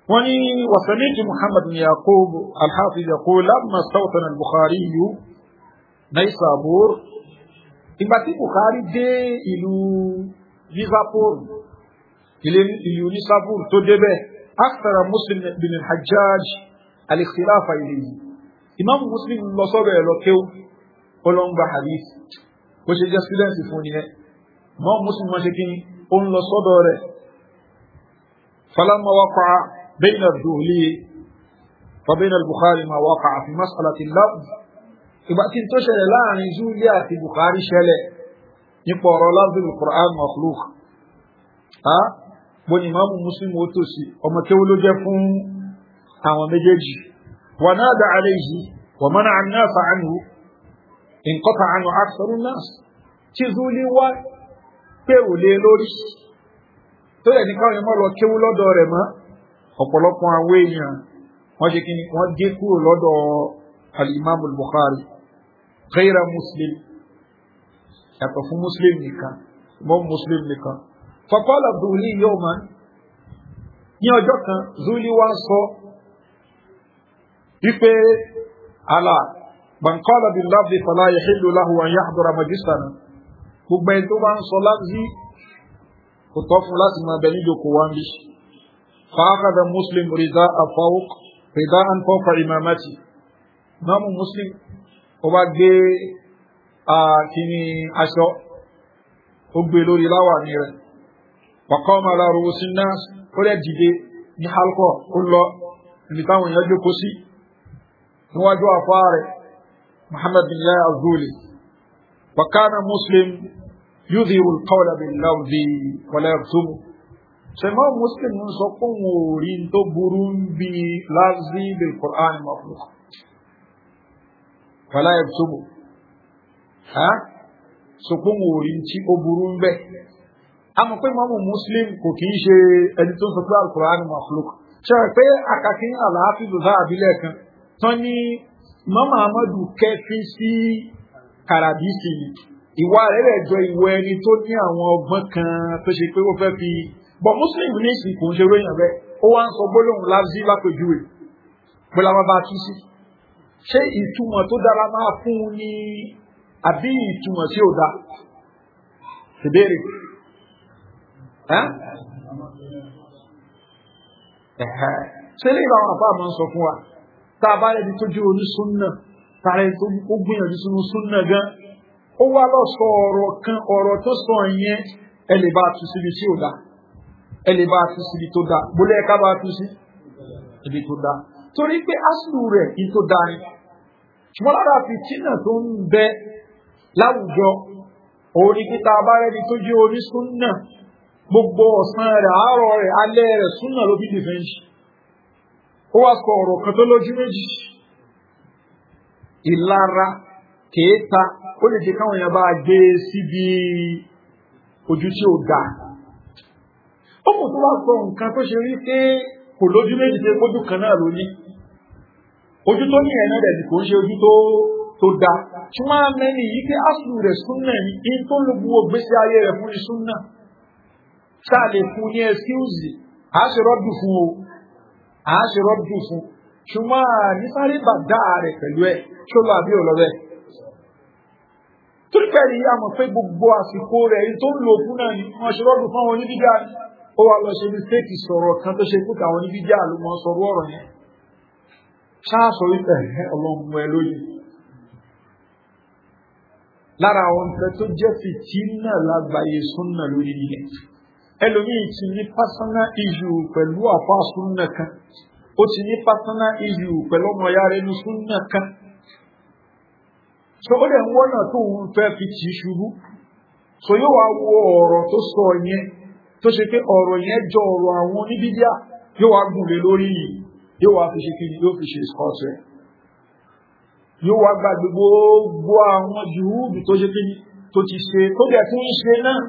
Wọ́n ní wàsàmẹ́jì Muhammad Yaqub Alhafiz Yaqub Lamma Sautan al-Bukhari yu Naisabur. Ìgbà tí Bukhari dé ìlú Liverpool, ìlú Nisabur tó débẹ̀, Aksara Muslim bin Hajjaj Al-Ikhtilafa ilayhi. Imam Muslim lọ sọ́dọ̀ lọ kéw, ó hadith bó ṣe jẹ́ student fún nìyẹn mọ́ muslim máa ṣe kí ni ó ń lọ sọ́dọ̀ rẹ̀ falamma waqa'a bayna ad-duhli wa bayna al-bukhari ma waqa'a fi mas'alati al-lafz ìgbà tí n tó ṣẹlẹ̀ láàrin zulia àti bukhari ṣẹlẹ̀ nípa ọ̀rọ̀ lafzul qur'an makhluq ha bó ni imaamu muslim ó tó sí ọmọ tí ó ló jẹ́ fún àwọn méjèèjì wa nada alayhi wa mana'a an-nasa anhu انقطع عنه أكثر الناس تزولي و pẹ̀wòlé lórí tó yẹ nìkan yẹn mọ́ lọ kéwú lọ́dọ̀ rẹ̀ mọ́ ọ̀pọ̀lọpọ̀ àwọn èèyàn wọ́n ṣe kí ni wọ́n gé kúrò lọ́dọ̀ alimami buhari kéèrà muslim yàtọ̀ fún muslim nìkan mọ́ muslim nìkan fọkọ́lá zuli yóò máa ní ọjọ́ kan zuli sọ wípé allah bàǹkọ́lá bí láfi fọlá yẹ hílù láhùn àyà àdúrà màjísànà gbogbo ẹni tó bá ń sọ láti kò tọ́ fún láti máa bẹ níjókòó wá ń bí fàákàdà muslim rìdá àfọwọ́k rìdá àǹfọ̀fà ìmàmátì náàmù muslim ó bá gbé kíni aṣọ ó gbé lórí láwàní rẹ̀ wàkọ́ọ̀mà láàrú sí náà ó lẹ́ dìde ní halkọ́ ó lọ níbi táwọn èèyàn jókòó sí níwájú àfáà rẹ̀ محمد بن الله الزولي وكان مسلم يظهر القول باللوذ ولا يكتمه ṣẹ̀mọ́ muslim ń sọ pé wọn ò rí tó burú ń bi láàzí bí quran mafluk fàlà ẹ̀tọ́bù ha sọ pé wọn ò rí tí ó burú ń bẹ̀ àmọ́ pé mọ́mù muslim kò kì í ṣe ẹni tó sọ pé alukuran mafluk ṣe rẹ̀ pé àkàkí aláàfin ló dáàbí lẹ́ẹ̀kan tán ní mama amadu kẹfín sí karabisi ìwà rẹ̀ rẹ̀ jọ ìwọ ẹni tó ní àwọn ọgbọ́n kan tó ṣe pé ó fẹ́ fi bọ̀ muslim ní ìsìnkú ṣe ròyìn rẹ̀ ó wá ń sọ gbólóhùn lábí lápèjúwe pẹ̀lú àwọn bá tú sí ṣé ìtumọ̀ tó dára máa fún un ní àbí ìtumọ̀ tí ò dá ìbéèrè ṣe lè ra àwọn àpá àmọ́ ń sọ fún wa tá a bá rẹ̀ di tójú onísúnnà tààrà tó ó gbìyànjú sínú súnnà gan ó wá lọ sọ ọ̀rọ̀ kan ọ̀rọ̀ tó sọ yẹn ẹ lè bá a tu síbi tí ò dá ẹ lè bá a tu síbi tó dá bólẹ̀ ká bá a tu sí ibi tó dá torí pé aṣọ rẹ̀ kí tó dá ni ṣùgbọ́n lára fìtínà tó ń bẹ láwùjọ òun ni kí tá a bá rẹ̀ di gbogbo ọ̀sán rẹ̀ àárọ̀ rẹ̀ alẹ́ rẹ̀ súnnà ló fi dìfẹ́ǹsì ó wá sọ ọ̀rọ̀ kan tó lójú méjì ìlara kèéta ó lè jẹ́ káwọn èèyàn bá gbé síbi ojú tí ó ga ó kò tó wá sọ nǹkan tó ṣe rí pé kò lójú méjì pé ojú kan náà ló ní ojú tó ní ẹ̀nà rẹ̀ kò ń ṣe ojú tó da tí wọ́n yìí pé áṣù rẹ̀ súnà ní in tó ló gbogbo gbèsè ayé rẹ̀ fún ní súnà lè fún ní ẹsíùsì á ṣe fún o a ṣe rọ́bì fún ṣùgbọ́n nísàlẹ̀ bàdá rẹ̀ pẹ̀lú ẹ̀ ṣó lọ àbí ọ̀lọ́ rẹ̀. torí pẹ̀lú yìí a mọ̀ pé gbogbo àsìkò rẹ̀ èyí tó ń lo òkú náà ni wọ́n ṣe rọ́bì fún àwọn oníbíjà ó wà lọ ṣe mistéèkì sọ̀rọ̀ kan tó ṣe kúta àwọn oníbíjà ló mọ sọ̀rọ̀ ọ̀rọ̀ yẹn ṣáàsọ wípé ọlọ́run ẹ lóye lára àwọn nǹkan tó jẹ́ fìtínà lágbàáyé súnà lórí ilẹ̀ ẹlòmíì ti ní personal issue pẹ̀lú àfa súnà kan ó ti ní personal issue pẹ̀lú ọmọ ìyá rẹ̀ ní súnà kan so ó lè ń wọ́nà tó ń fẹ́ fi tì í ṣubú so yóò wá wo ọ̀rọ̀ tó sọ yẹn tó ṣe pé ọ̀rọ̀ yẹn jọ ọ̀rọ̀ àwọn oníbídíà yóò wá gùn lé lórí yìí yóò wá fi ṣe kí yóò fi ṣe ìṣọ́ọ̀ṣẹ́ yóò wá gba gbogbo àwọn jùúbù tó ṣe kí tó ti ṣe tó dẹ̀ tún ṣe náà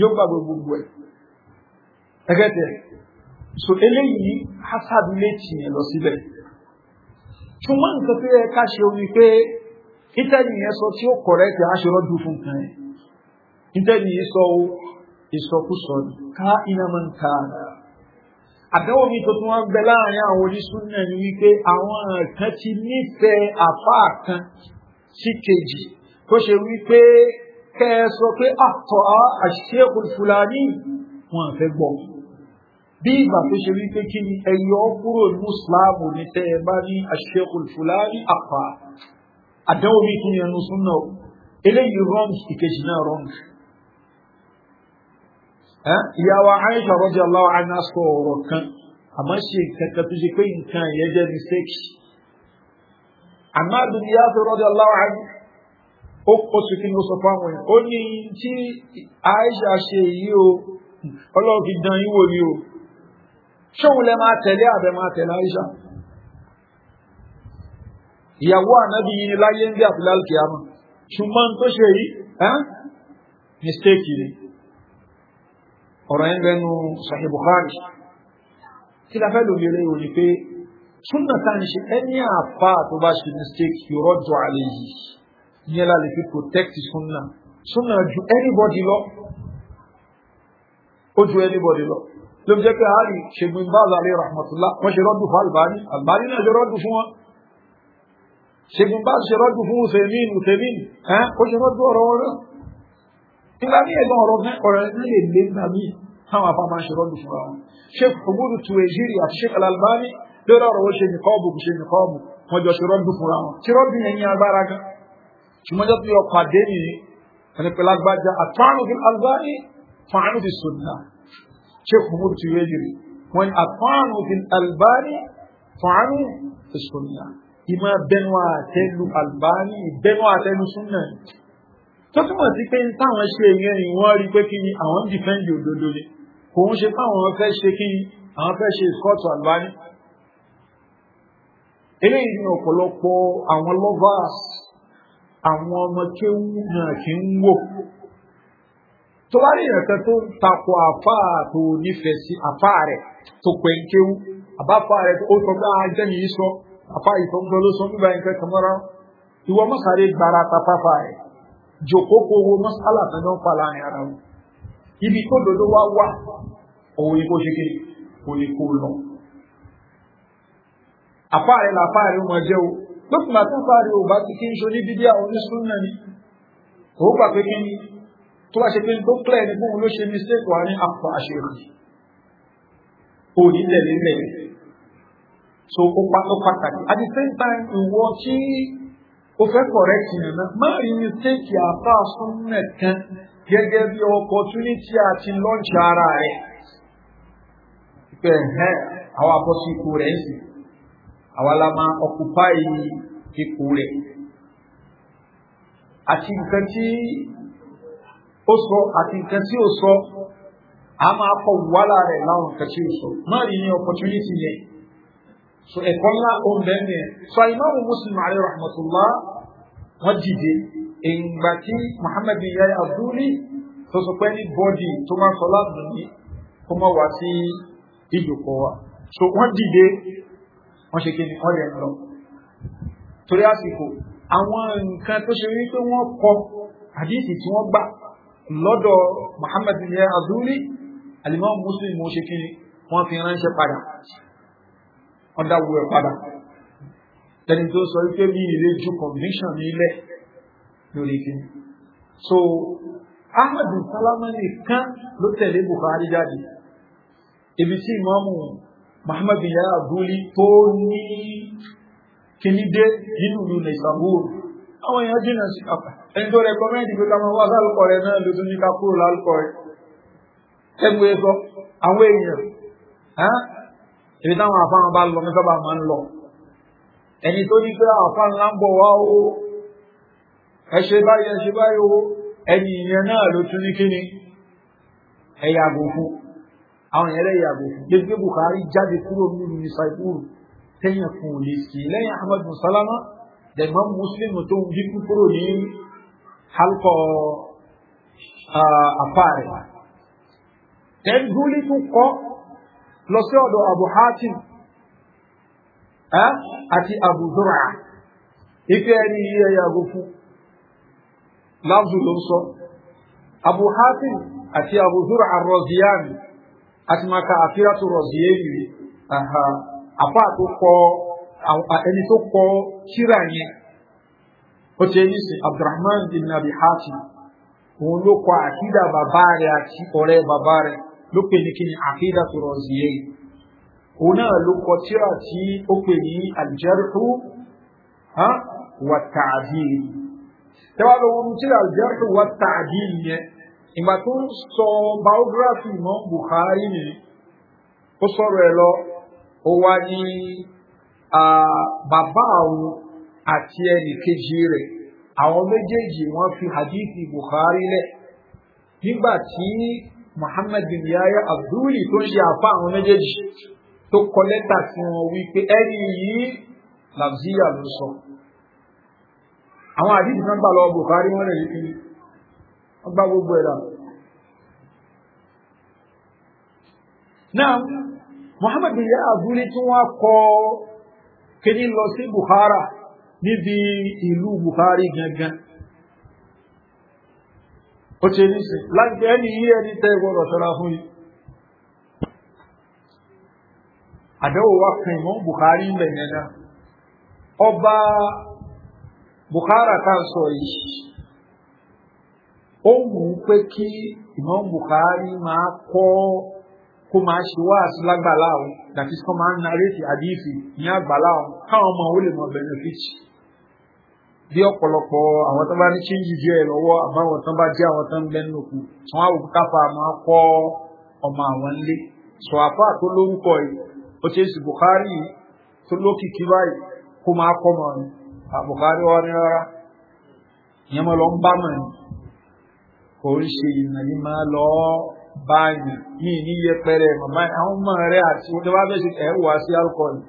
yóò gba gbogbo ẹ̀ ẹgẹ́tẹ̀ so eléyìí hasad méjì yẹn lọ síbẹ̀ ṣùgbọ́n nǹkan tó yẹ ká ṣe omi pé ìtẹ́ni yẹn sọ tí ó kọ̀rẹ́tì aṣọ́rọ́dù fún kan yẹn ìtẹ́ni yìí sọ ìsọkúsọ ká iná máa ń ka àdánwò mi tó tún wá láàrin àwọn onísúnnà ni wípé àwọn kan ti nífẹ̀ẹ́ àfáà kan sí kejì tó ṣe wípé kẹ́ ẹ sọ pé àtọ̀ ah, àṣekùn fúlàní wọn fẹ́ gbọ́ bí ìgbà tó ṣe wípé kí ni ẹyọ kúrò ní mùsùlùmù ní tẹ ẹ bá ní aṣẹ́kùn fúláàrí àpá àdánwò mi tún yẹnu súnà o eléyìí wrong ìkejì náà wrong. ìyàwó Aisha radiyallahu anha sọ ọ̀rọ̀ kan àmọ́ ṣe nǹkan kan tó ṣe pé nǹkan yẹn jẹ́ mistake. Ammar bin Yasir radiyallahu anhu ó kó kí ni ó sọ fáwọn yẹn ó ní tí Aisha ṣe yìí o ọlọ́run ṣóun lẹ máa tẹ̀lé àbẹ máa tẹ̀lé àìṣà ìyàwó ànábì yìí láyé ń bí àfilàl kìámà ṣùgbọ́n tó ṣe yìí mistake ni ọ̀rọ̀ yẹn bẹnu sahih bukhari tí la fẹ́ lómi rẹ̀ òní pé súnà tá ń ṣe ẹni àfa tó bá ṣe mistake yọrọ jọ àlè yìí ìyẹn la lè fi protect súnà súnà ju anybody lọ ó ju anybody lọ ló jẹ́ pé àárí ṣègùn ìbáàlà alẹ́ rahmatullah wọ́n ṣe rọ́dù fún albani albani náà ṣe rọ́dù fún wọn ṣègùn bá ṣe rọ́dù fún usemin usemin ẹ́ ó ṣe rọ́dù ọ̀rọ̀ ọ̀rọ̀ nígbà ní ẹ̀gbọ́n ọ̀rọ̀ ọ̀rọ̀ ẹ̀ lè lé nígbà míì táwọn afá máa ṣe rọ́dù fún wa ṣe fògbúdù tu èjìrì àti ṣe kalalbani lórí ọ̀rọ̀ ó ṣe nìkọ́ọ̀bù ṣe nìkọ́ọ̀bù wọ́n jọ ṣe rọ́dù fún wa ṣe rọ́dù yẹn ní agbára gan ṣùgbọ́n jẹ́ pé ọkọ̀ àdé nìyí ẹni pẹ̀lú agbájá àtúwánù fi albani fàánù fi sùn náà شيخ محمود سويجري وان اطعنوا في الالبان طعنوا في السنه ìmọ̀ bẹnu àtẹ́lu albani bẹnu àtẹ́lu súnà tó túnmọ̀ sí pé ń táwọn ṣe ìyẹn ni wọ́n rí pé kí ni àwọn dìfẹ́ǹdì òdodo ni kò ń ṣe fáwọn fẹ́ ṣe kí àwọn fẹ́ ṣe ìskọ́tù albani eléyìí ni ọ̀pọ̀lọpọ̀ àwọn lovers àwọn ọmọ kéwù náà kì ń wò tó bá rí ìrẹ̀kẹ́ tó ń takò àfa tó nífẹ̀ẹ́ sí àfa rẹ̀ tó pẹ̀ ń kéwú àbáfa rẹ̀ tó sọ pé ajẹ́ ah, mi sọ àfa ìfọ̀ngbọ́n ló sọ nígbà yẹn kẹ́kẹ́ mọ́ra ìwọ mọ́sàárẹ̀ gbára tapáfa rẹ̀ jòkókò owó mọ́sálà tó náà fà láàrin ara wọn ibi tó dodo wá wá òun ni kò ṣe kí kò ní kó lọ. àfa rẹ̀ làfa rẹ̀ mọ̀ jẹ́ o lókùnrin àtúfà rẹ̀ ò bá ti kí ń ṣe oníbíbí àwọn oníṣúná ni òun gbà pé kí ni tó bá ṣe pé tó clear ní fún ló mistake wà ní apá ah, àṣírí kò ní tẹ̀lé lẹ̀ so ó pátó pàtàkì at the same time ìwọ tí ó fẹ́ correct yẹn náà má rí mistake àbá súnmọ̀ kan gẹ́gẹ́ bí opportunity àti launch ara rẹ̀ pé ẹ̀hẹ́ àwọn àbọ̀sí ipò rẹ̀ ń sìn àwa la máa occupy ipò rẹ̀ àti nǹkan tí ó sọ àti nǹkan tí ó sọ a máa kọ wàhálà rẹ̀ láwọn nǹkan tí ó sọ má rí ní opportunity yẹn so ẹ̀kọ́ ńlá ó ń bẹ́ẹ̀ nìyẹn so àìmáwò Muslim alayhi rahmatullah wọ́n dìde ìgbà tí Muhammad bin Yahya Al-Dhuli tó sọ pé ní bọ́dì tó máa sọ láàbù ní kó má wá sí ìjòkó wa so wọ́n dìde wọ́n ṣe kí ni wọ́n lè ń lọ torí àsìkò àwọn nǹkan tó ṣe wípé wọ́n kọ àdéhìí tí wọ́n gbà lọ́dọ̀ Muhammadu ibn Azuli alimọ́ Muslim mo ṣe kíni wọ́n fi ránṣẹ́ padà wọ́n dáwọ́ ẹ̀ padà tẹni tó sọ wípé mi ìlé ju convention mi lẹ̀ lórí kíni so Ahmad Salamani kan ló tẹ̀lé Bukhari jáde ibi tí ìmọ̀ọ́mù Muhammad ibn Azuli tó ní kíní dé nínú ìlú Nàìjíríà àwọn èèyàn jìnà sí kàfà ẹni tó rẹkọmẹ́ndì pé káwọn wá sálùkọ rẹ náà ló tún ní ká kúrò lálùkọ rẹ ẹgbẹ ẹgbọ e àwọn èèyàn ibi táwọn àfáàn bá lọ mẹfà bá máa ń lọ ẹni tó ní pé àfáàn ńlá ń bọ̀ wá o ẹ ṣe báyìí ẹ ṣe báyìí o ẹni ìyẹn náà ló tún ní kíni ẹ yàgò àwọn èèyàn lẹ́yìn yàgò gbégbé Buhari jáde kúrò nínú ìsàkúrò tẹ́yìn fún òlìsì lẹ́yìn Ahmed Musalama dẹ̀gbọ́n muslim tó bí kúrò ní halkọ afárẹ tẹ́gbúlì tún kọ́ lọ sí ọ̀dọ̀ abu hatim eh, àti abu zura ife ẹni yíyẹ yàgò fún láàzù ló ń sọ abu hatim àti abu zura arọziyani àti maka àfíratù rọziyani àpá àtúkọ́ ẹni tó kọ tírà yẹn ó ti ẹni sìn abdulrahman ibn abi hatim òun ló kọ àkídà bàbá rẹ̀ àti ọ̀rẹ́ bàbá rẹ̀ ló pè ní kíni àkídà tó rọ sí yẹn òun náà ló kọ tírà tí ó pè ní aljarhu wa ta'dil tẹ́wá lọ wọn tírà aljarhu wa ta'dil yẹn ìgbà tó ń sọ biography Imam Bukhari ni ó sọ̀rọ̀ ẹ̀ lọ ó wá ní. bàbá àwọn àti ẹnì kejì rẹ̀ àwọn méjèèjì wọn fi hadithi buhari lẹ nígbà tí Muhammad bin Yahya Abduli tó ṣe àfa àwọn méjèèjì tó kọ lẹ́tà sí wọn wípé ẹni yìí làbíyà ló sọ àwọn hadithi náà gbà lọ Bukhari wọn rẹ̀ ní kiri wọ́n gbogbo ẹ̀ dànù. náà Muhammad bin Yahya Abduli tí wọ́n kọ́ kíní lọ sí buhara níbi ìlú buhari gangan ó ti ní sè láti ẹni yí ẹni tẹ gbọdọ ṣọra fún yìí àdéhùn wa kan ìmọ̀ buhari ń bẹ̀ yẹn ọba buhara kan sọ yìí ó wù ú pé kí ìmọ̀ buhari máa kọ́ kó máa ṣe wáàsí lágbàlá o that is kó máa narrate àdìsí ní àgbàlá o káwọn ọmọ ò lè mọ benefit bí ọ̀pọ̀lọpọ̀ àwọn tó bá ní change díẹ̀ lọ́wọ́ àbáwọn tó bá jẹ́ àwọn tó ń bẹ́ nínú kù tí wọ́n á wò káfa máa kọ́ ọmọ àwọn ńlé sọ àfa tó lórúkọ yìí ó ṣe é sì Bukhari tó lókìkí báyìí kó máa kọ́ mọ̀ ní àbùkárí wa ní rárá ìyẹn mo lọ ń bá mọ̀ ní kò ń ṣe ìrìnàjò máa lọ́ọ́. báyìí mi ní yẹpẹrẹ màmá àwọn ọmọ rẹ àti wọn tó bá fẹ́ ṣe ẹ̀ sí alukọ́ọ̀lù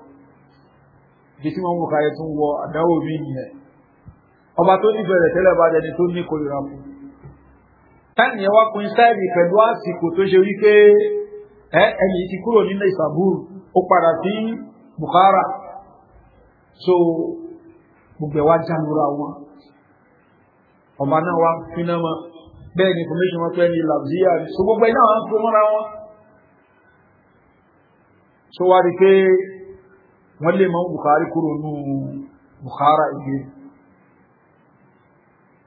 bí tí wọn mú kalẹ̀ tún wọ àdáwò mi nìyẹn ọba tó ní bẹ̀rẹ̀ tẹ́lẹ̀ bá dẹni tó ní kórìíra fún táyì yẹn wá pin sáìdì pẹ̀lú àsìkò tó ṣe wípé ẹ ẹni ti kúrò ó padà so gbogbo ẹ̀ wá jánura wọn ọba náà wá fínà máa. bẹ́ẹ̀ ni information wọn pẹ́ ní labzia ni so gbogbo iná wọn fún mọ́ra wọn so wá di pé wọ́n lè mọ́ Bukhari kúrò nù Bukhara ìgbé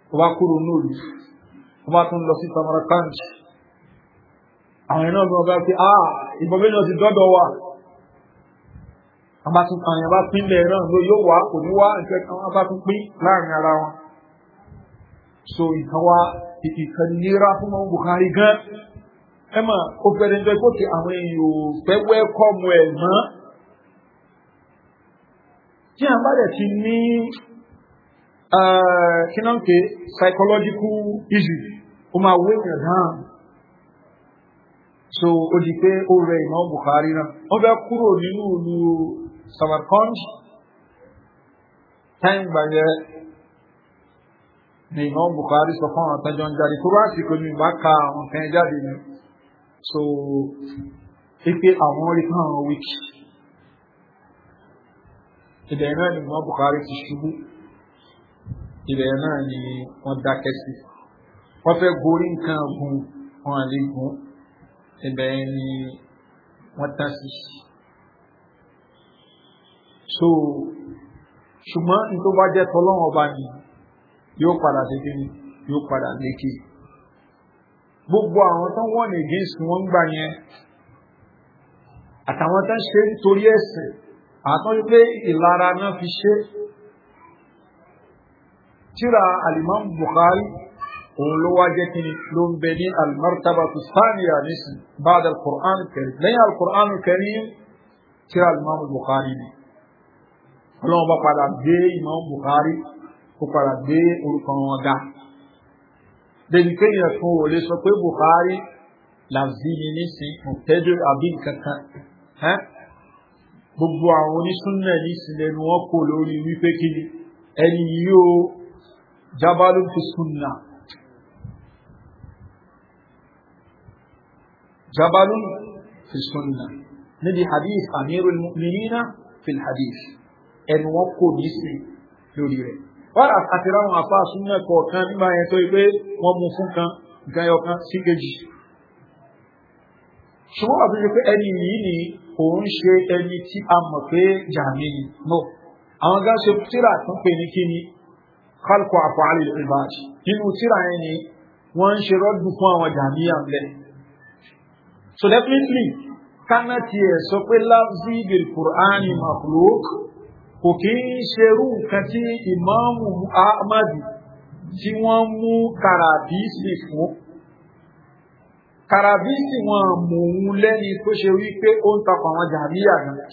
wọ́n bá kúrò nù lù wọ́n bá tún lọ sí Samarkand àwọn iná mi wọ́n bá pé ah information ti dọ́dọ̀ wa wọ́n bá tún àwọn yẹn bá pín lẹ̀ náà ló yóò wá kò ní wá nǹkan kan wọ́n bá tún pín láàrin ara wọn so ìkan wá ìkan nira fún wọn Buhari gan ẹ mọ̀ ó fẹ́rẹ̀ ń bẹ gòkè àwọn èèyàn ò fẹ́ wẹ́kọ̀mù ẹ̀ mọ́ tí a bá dẹ̀ ti ní eh, kí náà ń pè psychological issue ó máa wé èèyàn dáhùn so ó di pé ó rẹ Imam Bukhari náà wọ́n fẹ́ kúrò nínú ìlú Samarkand táyìn gbàyẹ ni imam buhari sọ fún àwọn àtàjọ ń jáde kúrò àsìkò ní ìbá ka àwọn kan jáde ni so pípé àwọn rí fún àwọn wíkì ilẹ̀ náà ni imam buhari ti ṣubú ilẹ̀ náà ni wọ́n dákẹ́ sí wọ́n fẹ́ gorí nǹkan gun wọn àlè gun ibẹ̀ ni wọ́n tán sí so ṣùgbọ́n nítorí wá jẹ́ tọ́lọ́wọ́n ọba nìyí yóò padà sí kíni yóò padà lékè gbogbo àwọn tó wọ́n ní against wọn ń gbà yẹn àtàwọn tó ń ṣe nítorí ẹ̀sìn àtọ́jú pé ìlara náà fi ṣe tíra alimam Bukhari òun ló wá jẹ́ kíni ló ń bẹ ní almartabatu thaniya nísìn ba'da al-Qur'an lẹ́yìn al-Qur'an tíra alimam Bukhari ni ọlọ́run bá padà gbé imam Bukhari. kó padà gbé orúkọ wọn ga débi kéèyàn fún òòlè sọ pé buhari làzíni nísìn mọ̀tẹ́dọ̀ àbí nǹkankan gbogbo àwọn onísúnnà nísìn lẹ́nu wọn kò lórí wípé kí ni ẹni yóò jábálù fi súnnà jábálù fi súnnà níbi hadith amirul mu'minina fi hadith ẹnu wọn kò nísìn lórí rẹ̀ kọ́ra àtìrá àwọn àfa súnmọ́ kọ̀ọ̀kan nígbà yẹn tó pé wọ́n mú fún kan nǹkan ẹyọ kan sí kejì ṣùgbọ́n wà fífi pé ẹni yìí ni òun ṣe ẹni tí a mọ̀ pé jàmí ni no àwọn gan ṣe tíra tó ń pè ní kíni kálkọ̀ àfààlì ìbáàjì nínú tíra yẹn ni wọ́n ń ṣe rọ́dù fún àwọn jàmí àmlẹ̀ so definitely kánà tiẹ̀ sọ pé láfíìdì kùránì màkúlóòkù kò kí ń ṣerú nǹkan tí ìmáàmù ahmadu tí wọ́n mú karabisi fún karabisi wọn mò ń lẹ́ni tó ṣe wípé ó ń takò àwọn jàmíyà náà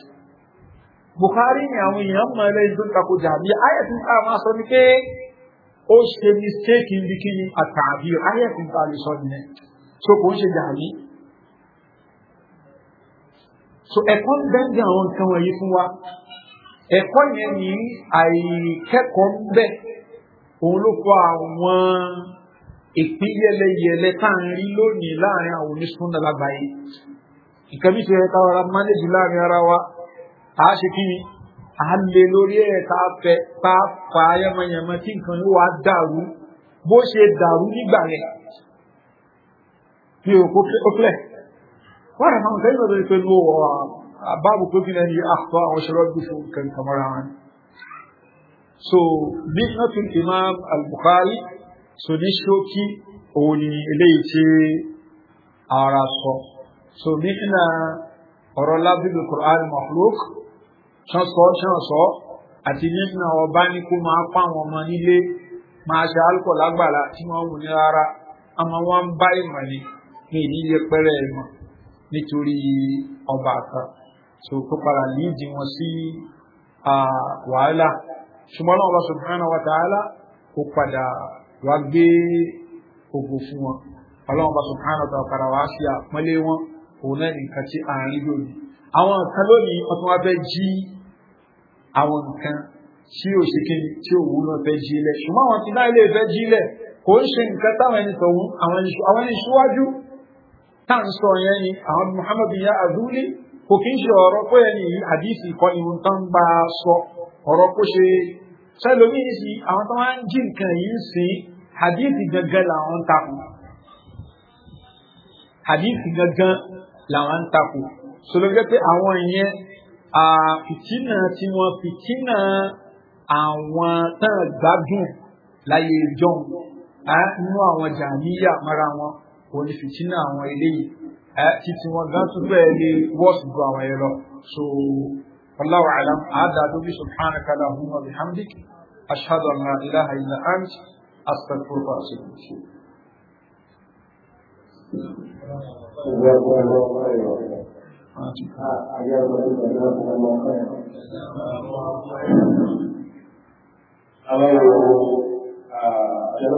buhari ni àwọn èèyàn mọ ẹlẹ́yìn tó ń takò jàmíyà ayé tí a máa sọ ni pé ó ṣe mistake níbi kí ni àtàbí ayé tí a lè sọ nìyẹn so kò ń ṣe jàmí so ẹ̀kọ́ ń bẹ́ẹ̀ àwọn nǹkan wọ̀nyí fún wa ẹ̀kọ́ yẹn ní àìkẹ́kọ̀ọ́ ń bẹ̀ òun ló kọ àwọn ìpín yẹlẹyẹlẹ tá à ń rí lónìí láàrin àwọn onísùnà lágbàáyé nǹkan bí ti yẹ ká rọra mánéjì láàrin ara wa a ṣe kí ni a lè lórí ẹ̀ ká fẹ́ pàápàá yamayama tí nǹkan yóò wá dàrú bó ṣe dàrú nígbà yẹn mi ò ó kílẹ̀ wọ́n rẹ̀ máa ń kẹ́yìn lọ́dọ̀ ìpinnu ọ̀rọ̀ àwọn báàbù tó fi lẹ́yìn àpá àwọn ṣọlọ́dún fún kẹ̀kẹ́ mọ́ra so bí wọ́n tún imam al-bukhari so ní ṣókí òun ni ara sọ so bí nínú ọ̀rọ̀ lábílù qur'an mahluk ṣansọ ṣansọ àti nínú ọba ní kó máa pa àwọn ọmọ nílé máa ṣe alkọ lágbàlá tí wọ́n wù ní rárá àmọ́ wọ́n ń bá ìmọ̀ ni ní ìníyẹpẹrẹ ìmọ̀ nítorí ọba so tó padà líìdì wọn sí wàhálà ṣùgbọ́n náà Allah subhanahu wa ta'ala ó padà wá gbé ògbó fún wọn ọlọ́run bá subhanahu wa ta'ala padà wá sí àpọ́nlé wọn òun náà nìkan tí à ń rí lónìí àwọn nǹkan lónìí wọn tún wá fẹ́ jí àwọn nǹkan tí ò ṣe kíni tí ò wúlò fẹ́ jí lẹ̀ ṣùgbọ́n àwọn tí náà ilé fẹ́ jí lẹ̀ kò ń ṣe nǹkan táwọn ẹni tọ̀hún àwọn ẹni ṣíwájú táà ń sọ yẹn ni àwọn Muhammadu ya azuli kò kí ń ṣe ọ̀rọ̀ pé ẹni yìí àdìsí kọ́ irun tán ń bá a sọ ọ̀rọ̀ kó ṣe sẹ́lómi ní sí àwọn tó máa ń jí nǹkan yìí sìn àdìsí gangan làwọn ń takò àdìsí gangan làwọn ń takò sọlọ́jọ́ pé àwọn ìyẹn fìtínà tí wọ́n fìtínà àwọn tán gbádùn láyé ìjọ́un nínú àwọn jàmíyà mara wọn òní fìtínà àwọn eléyìí títí wọn gan tún bẹ́ẹ̀ lé wọ́ọ̀sì ju àwọn yẹn lọ so wallahu alam àádáa lórí subhanaka allahumma wa bihamdik ashhadu an la ilaha illa ant astaghfiruka wa atubu ilayk. Àwọn ìwòwò àjọ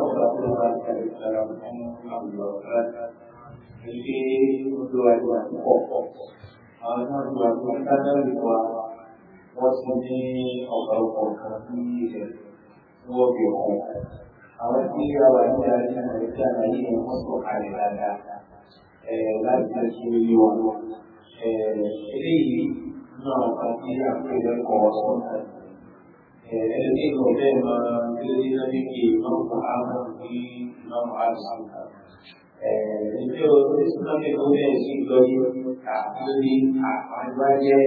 ọ̀gá tó ń bá ìkàlẹ̀ ìjọba ń bá ìlú ọ̀gá. Jadi berdua dua pokok. Karena dua dua karena dua bos ini atau kopi dua biok. Awak dia awak dia ni mereka ni yang masuk hari ada. Eh, lagi lagi orang. Eh, ini nak pasti yang kita kosong. Eh, ini problem jadi lagi kita faham di nomor satu. ဒီလိုသစ္စာကိုယ်နဲ့ရှိလို့ဒါအဒီအာဘာဝရဲ့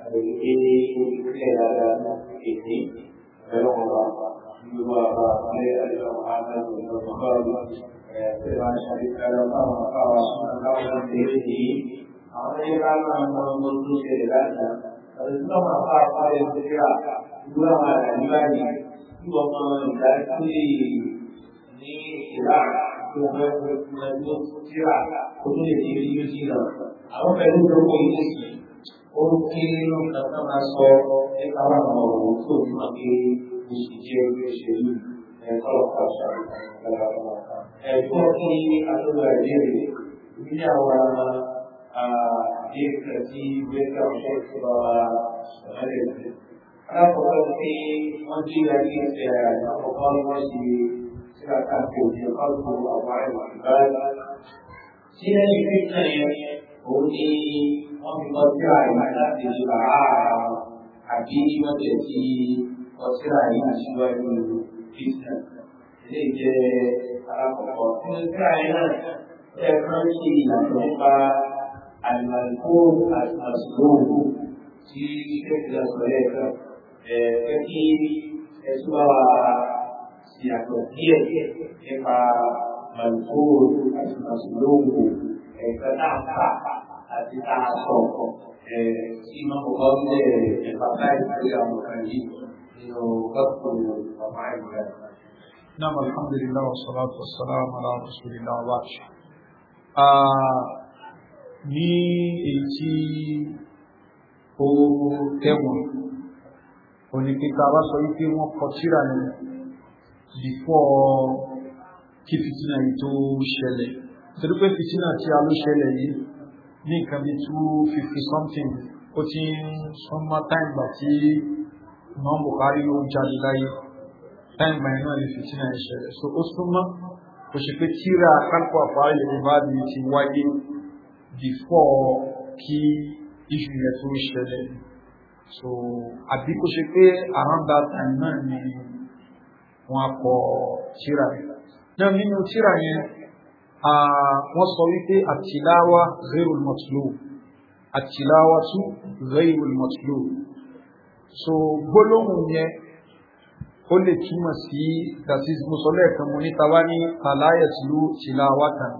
အဲဒီဒီကိုခေလာတာဒီဒီဘယ်လိုလဲဒီဘာသာနဲ့အလောဟာနကိုဘာလို့အဲဒီဘာသာရေးကလည်းဘာသာဝါစနာကိုဒီဒီအာရေကမန်ကိုဘုသူစေလာတာအဲဒီတော့အပါပါရဲ့ဒီကဒီမှာဒီလိုဒီဘောမှာဒါကြီးဒီဒီလာကိုယ်ပဲကိုယ်မှန်လို့ကြရတာကိုယ်ရဲ့ဒီလိုကြီးတာအောင်ပဲလို့လုပ်ကိုရှိ Porque não canta mais só, é para não, sobre uma lei, os dias de é colocar a chave, é porque a tua dele, minha hora, a dica de ver o jeito da maneira. Para poder ter onde a gente é, na proposta de تأكد في قلبه وأضعاف العباد سنة الفتنة òní wọ́n fi kọjá ìmọ̀ láti ìjọba àárọ̀ àbí mọ́tẹ̀ tí ọtíra yìí síwájú kristian lè jẹ́ alákọ̀ọ́kọ́. nínú tíra yìí náà ẹ kàn sí ìlànà nípa àlùmọ̀lùkó àti àṣùgbòògùn tí kẹ́kẹ́ lọ sọ lẹ́ẹ̀kan ẹ̀ kí ẹ tún bá wa Siapa dia? nípa màlúkúrò àti màsùlùmù ẹ̀ka náà fà àti tá a sọ tí máa kọ́ bá wílẹ̀ nípa báyìí lórí àwọn ọ̀kan yìí nínú gbọ́dọ̀ ọmọ àìgbà. نعم الحمد لله والصلاة والسلام على رسول الله وبعد ní èyí tí ó tẹ́wọ̀n òní kíkà wá sọ wípé wọ́n kọ síra nìyẹn before kí fitina yìí tó ṣẹlẹ̀ torí pé fitina tí a ló ṣẹlẹ̀ yìí ní nǹkan bíi two fifty something ó ti ń sọmọ táìgbà tí Imam Bukhari ó jáde láyé táìgbà yẹn náà ní fitina yìí ṣẹlẹ̀ so ó súnmọ́ kò ṣe pé tíra kálkọ àfáàrí yorùbá mi ti wáyé before kí iṣu yẹn tó ṣẹlẹ̀ so àbí kò ṣe pé around that time náà ni wọn kọ tíra náà nínú tíra yẹn wọ́n sọ wípé àtìláwá ghayrul matlub àtìláwá tún ghayrul matlub so gbólóhùn yẹn ó lè túmọ̀ sí dàtí mùsọ̀lẹ́ kan mo níta wá ní àláyẹ̀tìlú tìláwá kan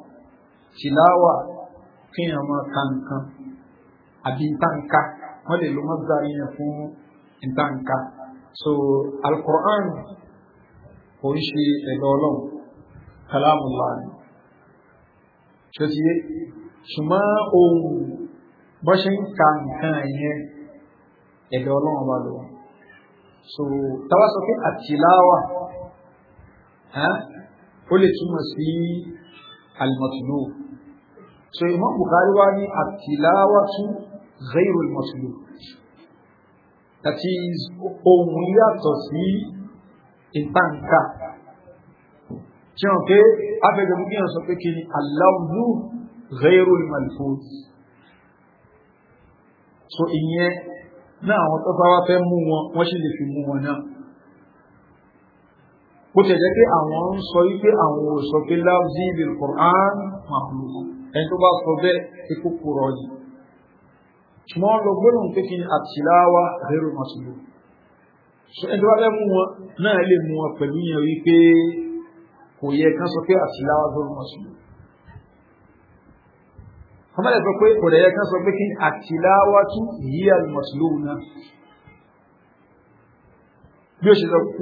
tìláwá kéèyàn máa ka nǹkan àbí ntànká wọ́n lè lo mọ́tàrí yẹn fún ntànká so alukur'an kò ń ṣe ẹ̀dọ̀ ọlọ́run kalamullah ni ṣe ti yé ṣùgbọ́n ohun bọ́ ṣe ń ka nǹkan yẹn ẹ̀dọ̀ ọlọ́run bá lọ so táwa sọ pé àtìláwà ó lè túmọ̀ sí alimọ̀tìlú so Imam Bukhari wá ní àtìláwà tún ghayru alimọ̀tìlú that is ohun yàtọ̀ sí. Si, ìtànkà tí wọ́n pé afẹ́gbẹ̀mú kí wọ́n sọ pé kí ni aláwùdú ghairu malfuz so ìyẹn náà àwọn tó fáwá fẹ́ mú wọn wọ́n sì lè fi mú wọn náà bó ti jẹ́ pé àwọn ń sọ wípé àwọn ò sọ pé láwùdí ìbìrì Qur'an makhluq ẹni tó bá sọ bẹ́ẹ̀ ikú kúrọ̀ yìí ṣùgbọ́n lọ gbọ́dọ̀ pé kí ni àtìláwà ghairu malfuz ẹni wá fẹ́ mú wọn náà lè mú wọn pẹ̀lú yẹn wípé kò yẹ ká sọ pé àtìláwá gbọ́dọ̀ wọn sùn. kọ́mọ́lẹ̀ sọ pé kò yẹ ká sọ pé kí àtìláwá tún yí àlùmọ̀sùlùm náà.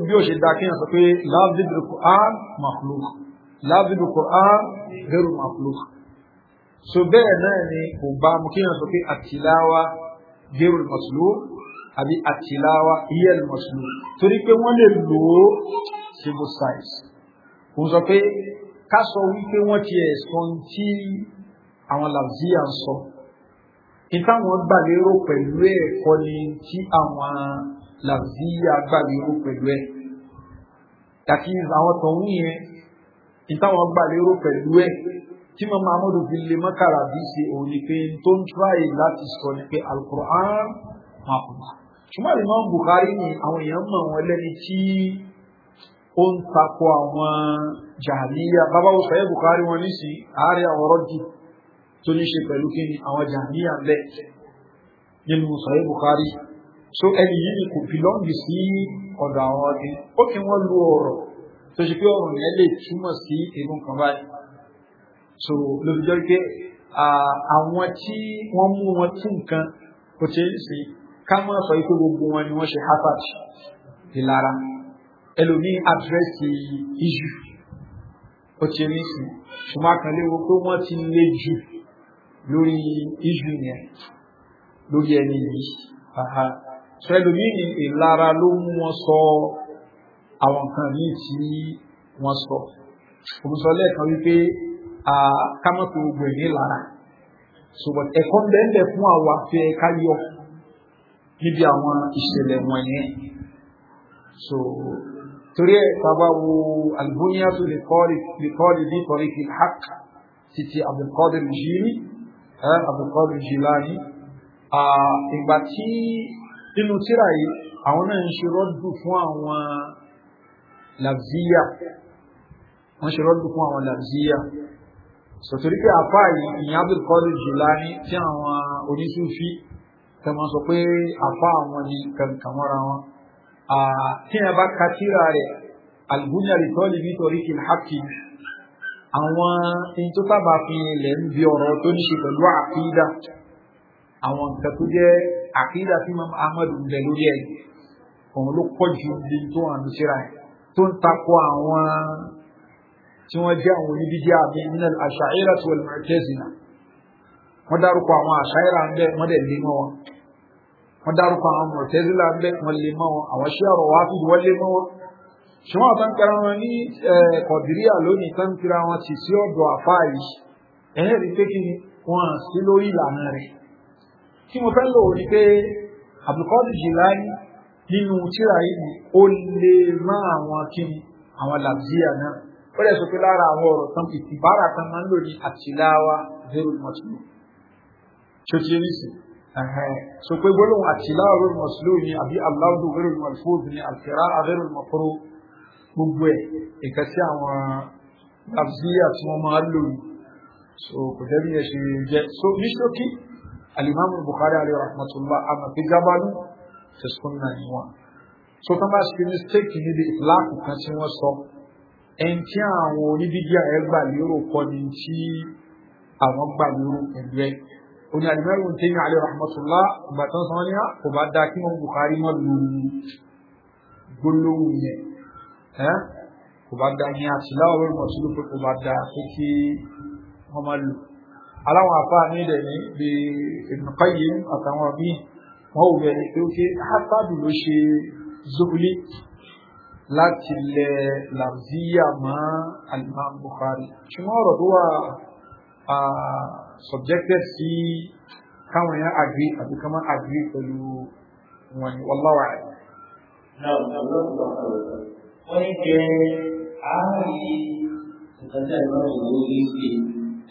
bí ó ṣe dá kéèyàn sọ pé láàbìdì Qur'an makhluk láàbìdì Qur'an gẹ́rù makhluk. so bẹ́ẹ̀ náà ni kò bá mú kéèyàn sọ pé àtìláwá gẹ́rù makhluk àbí àtìláwa el mọ̀sùlù torí pé wọ́n lè lò ó civil size òun sọ pé ká sọ wípé wọ́n ti ẹ̀ sọ tí àwọn làbíyà ń sọ ìtàwọn gbàlérò pẹ̀lú ẹ̀kọ́ ni tí àwọn làbíyà gbàlérò pẹ̀lú ẹ̀ yàtí àwọn tó ń yẹn ìtàwọn gbàlérò pẹ̀lú ẹ̀ tí mo máa mọ́dún fi lè mọ́kàrà bí ṣe òun ni pé tó ń tíráyè láti sọ ni pé alukur'an máa kú náà ṣùgbọ́n Imam Bukhari ni àwọn èèyàn mọ̀ wọn lẹ́ni tí ó ń takò àwọn jàmíyà bàbá sọ̀yẹ́ Bukhari wọn nísìn àárẹ̀ àwọn rọ́jì tó ní ṣe pẹ̀lú kí ni àwọn jàmíyà lẹ̀ nínú sọ̀yẹ́ Bukhari so ẹni yìí kò bìlọ́ǹgì sí ọ̀dọ̀ àwọn ọdún ó kí wọ́n lu ọ̀rọ̀ tó ṣe pé ọ̀rọ̀ yẹn lè túmọ̀ sí irú nǹkan báyìí so lóbi jọ́ pé àwọn tí wọ́n mú wọn tún nǹkan kò ṣe é Kama má sọ pé gbogbo wọn ni wọ́n ṣe harvard ìlara ẹlòmíín àdírẹ́sì iṣu ó ti ní sùn ṣùgbọ́n àkànléwò pé wọ́n ti lé jù lórí iṣu yẹn lórí ẹni yìí sọ ẹlòmíín ni ìlara ló mú wọn sọ àwọn nǹkan míì tí wọ́n sọ òmùsọ lẹ́ẹ̀kan wípé ká má fi gbogbo ẹ̀ ní ìlara ṣùgbọ́n ẹ̀kọ́ ń bẹ́ẹ̀ fún àwa fẹ́ ká níbi àwọn ìṣẹ̀lẹ̀ wọ̀nyẹn so torí ẹ̀ tábà wo albuniatu likọ́ọ̀lì bí tọ́ríkì haq títí abdulkadir jìlì abdulkadir jìlani ìgbà tí nínú tíra yìí àwọn náà ń ṣe rọ́dù fún àwọn làbíyà wọ́n ṣe rọ́dù fún àwọn làbíyà sọ̀tòrí pé àpá yìí ìyá abdulkadir jìlani tí àwọn onísúfí tẹ máa sọ pé àfa àwọn ni kankan mọ́ra wọn tí ẹ bá ka tíra rẹ̀ alìbúnyà lè tọ́ lè nítorí kí n hákì àwọn ẹni tó sábà fi ilẹ̀ ń bi ọ̀rọ̀ tó ní ṣe pẹ̀lú àkídà àwọn nǹkan tó jẹ́ àkídà tí mama ń bẹ lórí ẹ̀ òun ló pọ̀ ju ibi tó wà ní tíra ẹ̀ tó ń takò àwọn tí wọ́n jẹ́ àwọn oníbíjẹ́ àbí nínú àṣà ìrẹsì wọlé mọ̀tẹ́sì náà wọ́n dárúkọ àwọn àṣà ìrà ń bẹ wọ́n lé wọn wọ́n dárúkọ àwọn mọ̀tẹ́sílà ń bẹ́ wọ́n lè mọ́ wọn àwọn ṣé ọ̀rọ̀ wá fi wọ́n lè mọ́ wọn ṣùgbọ́n àwọn táǹkìra wọn ní kọ̀dìríà lónìí táǹkìra wọn sì sí ọ̀dọ̀ àfáà yìí ẹ̀yẹ́ rí pé kí ni wọ́n sí lórí ìlànà rẹ̀ tí mo fẹ́ lò ó ni pé Abdulkadir Jilani nínú tíra yìí ó lè má àwọn kí àwọn làbíyà náà ó lè sọ pé lára àwọn ọ̀rọ̀ tán ìtìbára kan máa ń lò ní àtìláwa zero mọ̀tìmọ̀ tí ó ti rí sí i so pé gbólóhùn àtìláwà rẹ̀ mọ̀sílùú ni àbí aláwùdó rẹ̀ mọ̀fóòdù ni àtìrá rẹ̀ mọ̀fóró gbogbo ẹ̀ ìkà sí àwọn abzíyà tí wọ́n máa lò so kò dẹ́bí ẹ̀ ṣe jẹ́ so ní ṣókí alimami Bukhari alayhi rahmatullah ama fi jabalu ti sunna ni wọn so tó bá ṣe mistake níbi ìfìlàkù kan tí wọ́n sọ ẹni tí àwọn onídíjà ẹ̀ gbà lérò kọ́ ni tí àwọn gbà lérò pẹ̀lú ẹ̀ oní alimẹ́rù tẹ́yìn alẹ́ rahmatullah gbàtán sọ́nìyà kò bá dá kí wọ́n Bukhari mọ́ lu gbólóhùn yẹn kò bá dá ní àtìláwọ̀ lórí mọ̀sílù pé kò bá dá pé kí wọ́n máa lù aláwọn afá ní ilẹ̀ ní bí Ibn Qayyim àtàwọn míì wọ́n ò bẹ̀rẹ̀ pé ó ké hátàbí ló ṣe láti lẹ làbíyà mọ́ alimam Bukhari ṣùgbọ́n ọ̀rọ̀ tó wà subjected sí káwọn èèyàn agree àti ká má agree pẹ̀lú wọn ni wọ́n láwà rẹ̀. náà ọ̀rọ̀ wọ́n ní jẹ́ àárí ìtajà ìlànà owó ní ṣe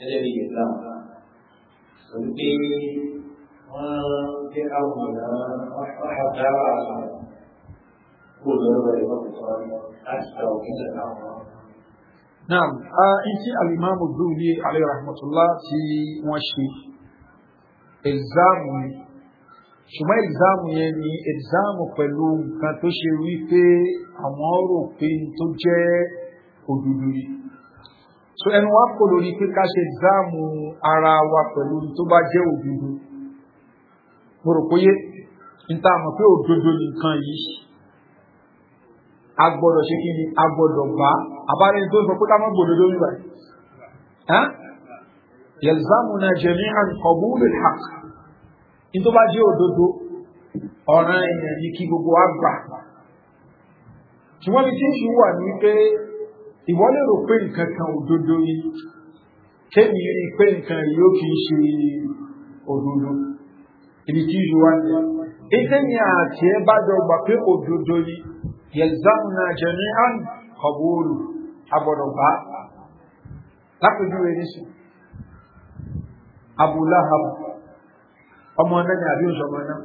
ẹlẹ́ ní ìgbà sọ pé wọ́n jẹ́ àwọn ọ̀dà wọ́n ṣàdáwà àwọn olùdókòwò ìwọ̀n kọ̀ọ̀kan láti gba òkúta àwọn Naam, ẹ̀ntí alìmáàmù Zuhri alayhi rahmatullah tí wọ́n ṣe ẹ̀záàmù ni. Ṣùgbọ́n ẹ̀záàmù yẹn ni ẹ̀záàmù pẹ̀lú nǹkan tó ṣe wípé àwọn rò pé tó jẹ́ òdúdú rí. So ẹnu wá kò lórí pé ká ṣe ẹ̀záàmù ara wa pẹ̀lú tó bá jẹ́ òdúdú. Mo rò pé yé, ní ta mọ̀ pé òdodo nìkan yìí a gbọ́dọ̀ ṣe kí ni a gbọ́dọ̀ gbà àbára ẹni tó sọ pé ká má gbọ́dọ̀ lórí wa yalzamuna jami'an qabulul haqq ní tó bá jẹ́ òdodo ọ̀ràn èèyàn ní kí gbogbo wa gbà ṣùgbọ́n bí tí ń ṣe wà ní pé ìwọ lè rò pé nǹkan kan òdodo yìí kéèmì rí pé nǹkan yóò kì í ṣe òdodo ibi tí ń wà ní ètè ní àti ẹ bá jọ gbà pé òdodo yìí yẹlzamuna jẹmíhàn kọbúlù agbọdọgba lápẹjúwe nísì abúláhab ọmọ náà ni àbí òṣọmọ náà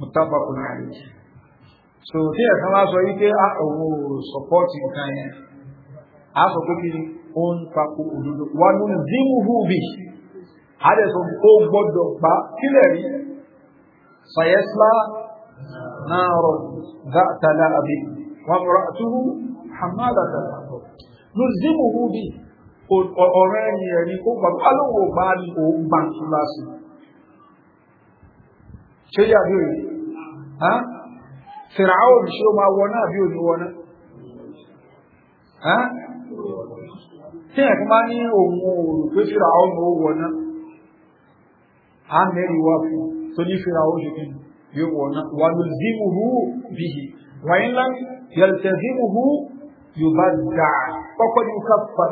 mutabakun náà so tí ẹ̀ kan wá sọ yí pé àwọn ah, sọpọ́ọ̀tì nǹkan yẹn a sọ pé kí ni ó ń tako òdodo wà nínú zimuhu bì a dẹ̀ sọ ó gbọ́dọ̀ gbá kílẹ̀ rí sayesla náírà ذات لهب وامرأته حمالة الحطب نلزمه به ọ̀rẹ́ ẹni ẹni kó gbàgbọ́ alówó bá ní òun bá ń tún lásì ṣe yà bí òye ha fìràwọ̀ ní ṣe ó máa wọ náà bí òní wọná ha tí ẹ̀kú máa ní òun òòrùn pé fìràwọ̀ ní ó wọná a mẹ́rin wá fún tó ní fìràwọ̀ ṣe kí ni yóò wọ̀ náà wà ló zimu hu bihi wàyín lan yàtẹ̀ zimu hu yóò bá dáa kọ́kọ́ ní ká fa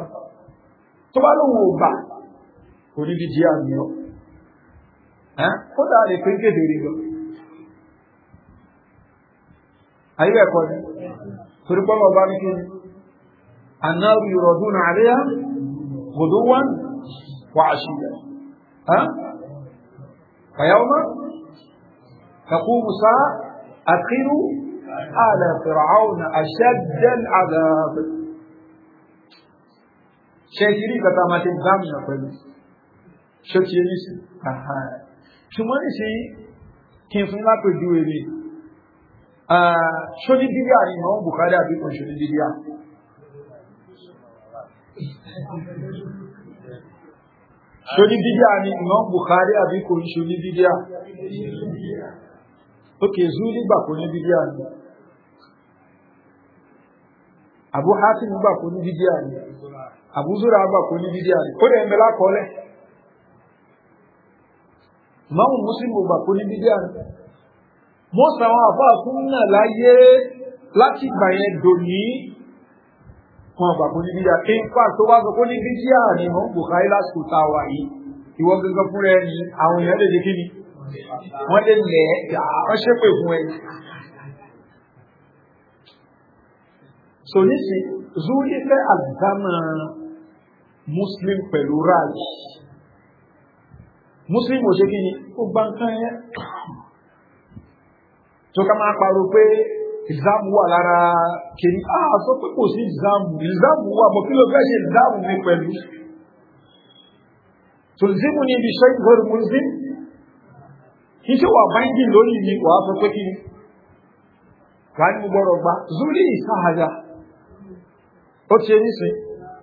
tó bá lóun ò gbà onídìí àmì ọ kódà lè pé kékeré lọ ayé ẹ̀kọ́ ni torí pọ́lọ̀ bá ní kí ni annaru yuraduna alayha ghuduwan wa ashiya ha fa yawma تقوم الساعة أدخلوا آل فرعون أشد العذاب ṣẹ́kiri kata máa ti gbá mi pẹ̀lú ṣọ́tí ẹni sí ṣùgbọ́n ní sí kí n fún lápẹ̀jú èrè ṣọ́dí dídíà ni mọ́ bukari àbí kan ṣọ́dí dídíà ṣọ́dí dídíà ni mọ́ bukari àbí kan ṣọ́dí dídíà ókè zúlì gbà kó ní bídíà ni Abu Hatim gbà kó ní bídíà ni Abu Zura gbà kó ní bídíà ni kó dẹ̀ ń bẹ lákọọ́lẹ̀ ìmáàmù Muslim ò gbà ní bídíà ni mọ́sà àwọn àfáà fún náà láyé láti ìgbà yẹn dòní wọn gbà kó ní bídíà kí n fà tó wá sọ kó ní bídíà ni mọ́ Bukhari lásìkò tá a wà yìí ìwọ gẹ́gẹ́ fúnra ẹni àwọn èèyàn lè dé kí ni wọ́n lè lẹ̀ ẹ́ tà wọ́n ṣépè fún ẹ. so níṣẹ́ zuri fẹ́ àdámà muslim pẹ̀lú raj muslim ò ṣe kí ni ó gbá nǹkan yẹn tó ká máa parọ́ pé exam wà lára kiri ah sọ pé kò sí exam exam wà bọ̀ kí ló fẹ́ ṣe exam mi pẹ̀lú tòlzimu ni ibi ṣe ìwé mulzim iṣẹ́ wà báyìí lónìí ni wàá sọ pé kí ni wàá ní mo gbọ́dọ̀ gba zuri ìsáhàjá ó ti ẹni sìn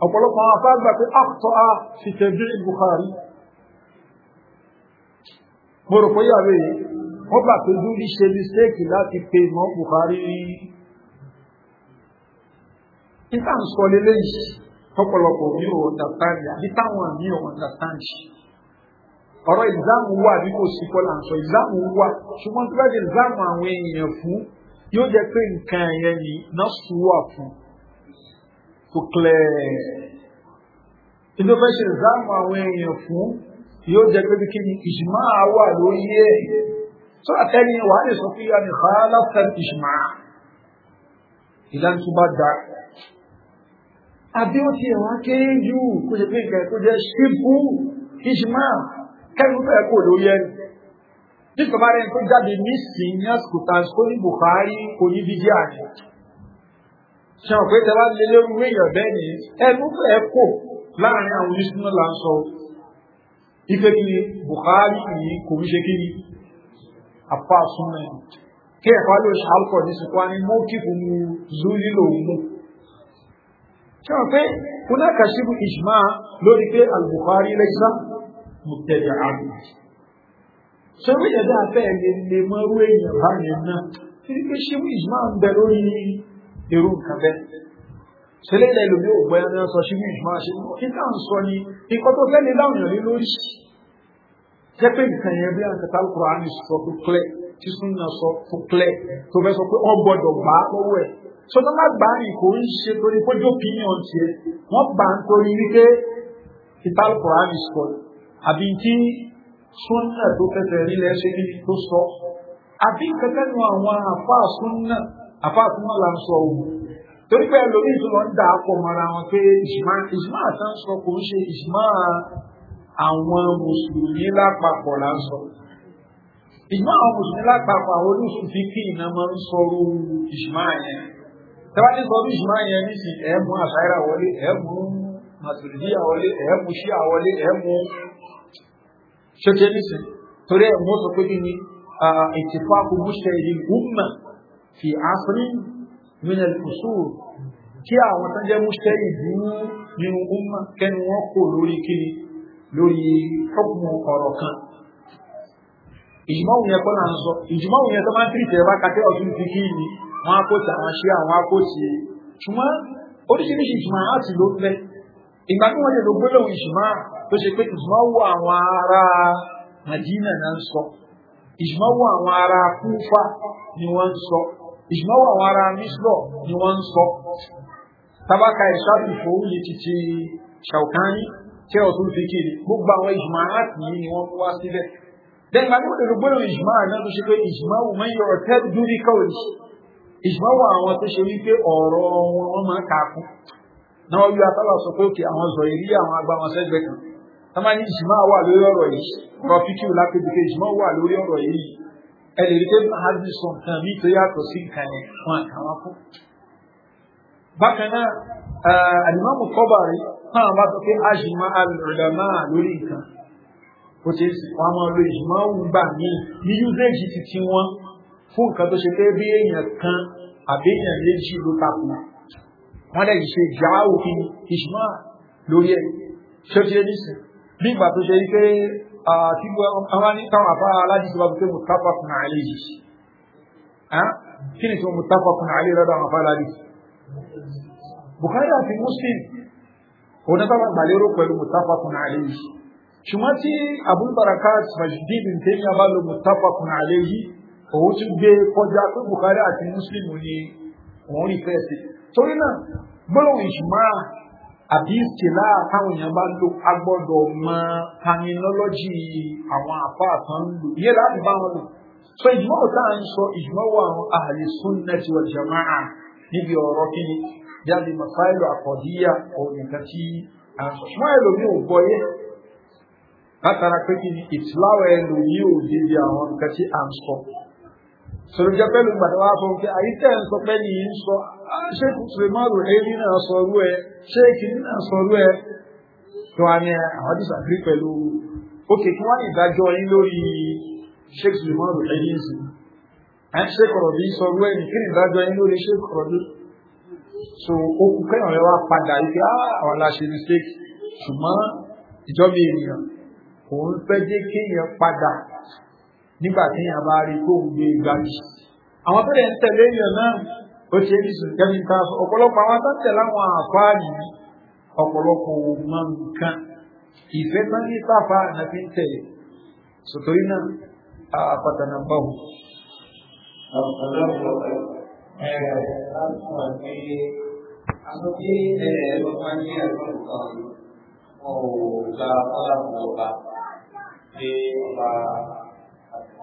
ọ̀pọ̀lọpọ̀ àwọn afáàgbà pé àkùtọ̀ ah, a ah, fi tẹ̀jú Bukhari mo rò pé yàrá yìí wọ́n gbà pé zuri ṣe mistake láti pe mọ́ Bukhari ní ìtàn sọ lélẹ́yìí ọ̀pọ̀lọpọ̀ mi ò understand àbí táwọn mi ò understand yìí ọ̀rọ̀ ìzáàmù wà bí kò sí kọ́lá sọ ìzáàmù wà ṣùgbọ́n tí bá jẹ ìzáàmù àwọn èèyàn fún yóò jẹ pé nǹkan yẹn ni nọ́ọ̀sì wà fún kò clear ìjọba ṣe ìzáàmù àwọn èèyàn fún yóò jẹ pé kí ni ìṣùmá wà lórí ẹ̀ tó àtẹ́ni wà lè sọ pé àmì kàálà fẹ́ ìṣùmá ìlànà tó bá da àbí ó ti ẹ̀wọ̀n kéjù kó jẹ pé nǹkan tó jẹ ṣíbù ìṣùmá kẹ́rù fẹ́ kó lórí ẹni ní tọ́ba rẹ̀ tó jáde nísìnyí ní àsìkò tàǹsì kó ní Buhari kò ní bíbí àná ṣe hàn pé tẹ́lá lé lérú èèyàn bẹ́ẹ̀ ni ẹnu fẹ́ kó láàrin àwọn oníṣúná là ń sọ ife kí ni Buhari yìí kò ń ṣe kí ni àpá súnmọ́ ẹ̀ kí ẹ̀kọ́ ló ṣe alkọ̀ ní sùkú wa ni mo kí fún mu zu lílo mú ṣe hàn pé kúnákàṣíbù ìjìmá lórí pé al-Buhari lẹ́gbẹ̀ẹ́ mùtẹ̀lẹ̀ àrùn. sọ́wọ́ ìyẹ̀dá bẹ́ẹ̀ lè lè mọ irú èèyàn báyẹn náà torí pé ṣé wíìjì máa ń bẹ lórí irú nǹkan bẹ́ẹ̀. sọlẹ́ ilẹ̀ lómi ò gbọ́ ẹran sọ ṣé wíìjì máa ṣe kí ká ń sọ ni nǹkan tó fẹ́ lè láwọn èèyàn lé lórí. jẹ́ pé nǹkan yẹn bí àǹkàtà Kùránì sọ tó clẹ̀ tí súnà sọ tó clẹ̀ tó fẹ́ sọ pé wọ́n gbọ́dọ̀ gbà á lọ́wọ́ ẹ̀ sọdọ má gbà ní kò ń ṣe torí kójú opinion tiẹ̀ wọ́n gbà ń torí wípé ìtàlùkùránì sọ àbí tí súnà tó fẹsẹ̀ nílẹ̀ ṣe ní tó sọ àbí kankan nu àwọn àfa súnà àfa súnà là ń sọ òun torí pé ẹlòmíì tó lọ ń dà á pọ̀ mọ́ra wọn pé ìṣmá ìṣmá àtà ń sọ kò ń ṣe ìṣmá àwọn mùsùlùmí lápapọ̀ là ń sọ ìṣmá àwọn mùsùlùmí lápapọ̀ àwọn oníṣùfì kí iná máa ń sọrú ìṣmá yẹn tẹ́wájú sọrú ìṣmá yẹn nísìnyí ẹ̀ mú àṣàyẹ̀rà wọlé ẹ̀ mú màtòlíyà wọlé ẹ̀ mú ṣíà ṣọ́tẹ́ nísìn torí ẹ̀ wọ́n sọ pé kí ni ìtìfáàkù mujtahid al-umma fi asrin min al-usul kí àwọn tó jẹ́ mujtahid nínú umma kẹ́nu wọn kò lórí kí ni lórí hukmu ọ̀rọ̀ kan ìjùmọ̀wò yẹn kọ́ là ń sọ ìjùmọ̀wò yẹn tó máa ń tìrìtì ẹ̀ bá kàtẹ́ ọ̀tún ti kí ni wọ́n á kó ti àwọn ṣé àwọn á kó ti ṣùgbọ́n oríṣiríṣi ìjùmọ̀ àti ló fẹ́ ìgbà tí wọ́n lè lo gbólóhùn ìṣùmá tó ṣe pé ìṣùmáwò àwọn ará Madina náà ń sọ ìṣùmáwò àwọn ará Kúfà ni wọ́n ń sọ ìṣùmáwò àwọn ará Misro ni wọ́n ń sọ tabaka ìṣàfihàn òun yìí ti ti Ṣàwùkání tí ọ̀tún fi kiri gbogbo àwọn ìṣùmá láti yìí ni wọ́n wá síbẹ̀ then ìgbà tí wọ́n lè lo gbólóhùn ìṣùmá náà tó ṣe pé ìṣùmáwò mọ́ yọrọ tẹ́ dúrí kọ́ọ̀lì ìṣùmáwò àwọn tó ṣe wípé ọ̀rọ̀ wọn máa kà á kún Na wọ́n yọ àtàlà sọ pé òkè àwọn zọ ìrí àwọn agbá wọn sẹ́gbẹ́ kan tọ́mọ ní ìjìmọ́ wà lórí ọ̀rọ̀ yìí ọ̀rọ̀ fíkì wò lápẹ́ dùkẹ́ ìjìmọ́ wà lórí ọ̀rọ̀ yìí ẹ lè rí pé mahadi sọ nǹkan mi tó yàtọ̀ sí nǹkan yẹn wọn kà wọn kú. bákan náà eh, alimami kọ́bàrí náà bá sọ pé àjùmọ̀ alùdàmà lórí nǹkan kò tí wọn máa lo ìjìmọ́ gbà mí ní usage ti ti wọn fún nǹkan tó ṣe pé bí èèyàn kan àbí èèyàn méjì ló takùn wọ́n lẹ́yìn ṣe ìyá òfin ìṣúná lórí ẹ̀ ṣé ó ti ẹni sìn bí ìgbà tó ṣe wípé tí wọ́n ní táwọn afárá aládìsí wa pé mùtáfà kùn àlè yìí kí ni tí wọ́n mùtáfà kùn àlè lọ́dọ̀ àwọn afárá aládìsí. Bukhari àti Muslim òun náà táwọn gbàlérò pẹ̀lú mùtáfà kùn àlè yìí ṣùgbọ́n tí abúlbarakat masjid tẹ́yìn abálo mutafakun àléyí òun tún gbé kọjá pé bukari àti muslim ní òun rí fẹ́ sí torí náà gbólóhùn ìṣùmọ́ àbí ìṣẹ̀lá táwọn èèyàn bá lò a gbọ́dọ̀ mọ terminology àwọn àpá àtàn ń lò yé láti bá wọn lò so ìjùmọ̀ tá à ń sọ ìjùmọ̀ wà àwọn ahli sunnati wal jama'a níbi ọ̀rọ̀ kíni jáde masáìlú àkọ́díyà ọ̀nìkan tí à ń sọ ṣùgbọ́n ẹlòmíì ò gbọ́ yé látara pé kíni ìtìláwọ̀ ẹlòmíì ò débi àwọn nǹkan tí à ń sọ sọlọ́jà pẹ̀lú gbàdá wa fọ pé àyíká ẹ̀ ń sọ pé yìí ń sọ ṣé sùlẹ̀mọ́rù ẹ̀rí náà sọ rú ẹ ṣé kìíní náà sọ rú ẹ tó wà ní àwọn disagree pẹ̀lú òkè kí wọ́n ní ìdájọ́ yín lórí ṣé sùlẹ̀mọ́rù ẹ̀rí ń sìn ẹ̀ ṣé kọ̀rọ̀bí sọ rú ẹ ní kí ní ìdájọ́ yín lórí ṣé kọ̀rọ̀bí so okù kẹ́yàn rẹ wá padà yìí pé ah, àwọn aláṣẹ mistake ṣùgbọ́n ìjọba ènìyàn òun fẹ́ jẹ́ kéèyàn padà nígbà tí a bá rí kó ń gbé e gbájì àwọn tó lè ń tẹ̀lé èèyàn náà ó ti rí sùn kẹ́mi ká sọ ọ̀pọ̀lọpọ̀ àwọn tó ń tẹ̀lé àwọn àfáàní ọ̀pọ̀lọpọ̀ ò mọ nǹkan ìfẹ́ tán ní sáfà náà fi ń tẹ̀lé sòtòrí náà àpàtànà bá wù. ọ̀pọ̀lọpọ̀ ẹ̀rọ láti wà pé àwọn tí ẹ̀rọ máa ń ní ẹ̀rọ kan ò gba ọlọ́pàá ọba pé ọba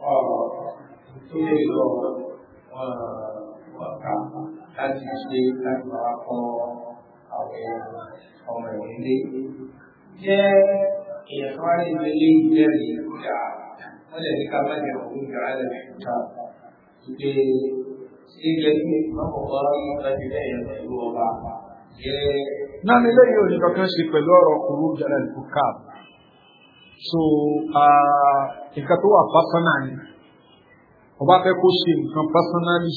အော်သူတွေတော့အာဝကံတတ်ရှိတတ်ပါပေါ်အဝေအော်မင်းဒီကျဲဒီခွားလေးမလေးတဲ့ဒီကြာဟိုဒီကမ္ဘာကဘုရားလည်းထားဒီဒီကိစ္စမှာဘာလို့လဲဒီလိုပါနာမည်လေးကိုဒီကောက်ရှိပလောရောခူရူဂျာလ်ဘူကာဘ so ah, nǹkan tó wà personal ni ọba fẹ́ kó ṣe nǹkan personally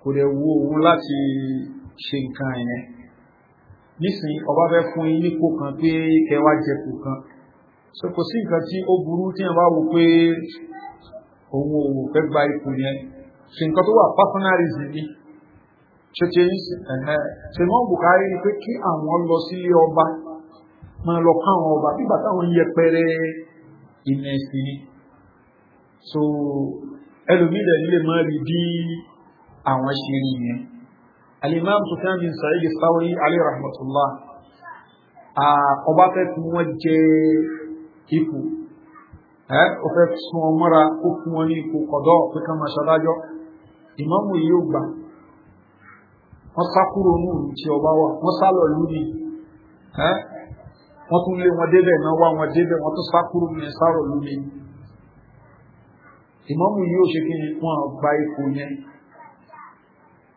kò lè wo òun láti ṣe nǹkan yẹn nísìn ọba fẹ́ fún yín nípò kan pé kẹwàá jẹpò kan so kò sí nǹkan tí ó burú tí wọn bá wò pé òun ò fẹ́ gba ipò yẹn ṣe nǹkan tó wà personalism ni ṣe ti ṣe mọ́ bùkárí ni pé kí àwọn lọ sílé ọba máa lọ ká àwọn ọba bíbà táwọn ń yẹpẹrẹ ìmọ̀ ẹ̀sìn ni so ẹlòmíì rẹ̀ lè má rí bí àwọn ṣe rí yẹn alimami Sufyan bin Sa'id Thawri alayhi rahmatullah ọba fẹ́ fún wọn jẹ ipò ẹ o fẹ́ sun wọn mọ́ra ó fún wọn ní ipò kọ̀dọ́ pé ká máa ṣadájọ́ ìmáàmù yìí yóò gbà wọ́n sá kúrò ní òun tí ọba wà wọ́n sá lọ lórí ẹ wọ́n tún lé wọn débẹ̀ náà wá wọn débẹ̀ wọ́n tún sákúrú ní sáró lómi ìmọ̀mù yìí ó ṣe kí wọ́n gba ipò yẹn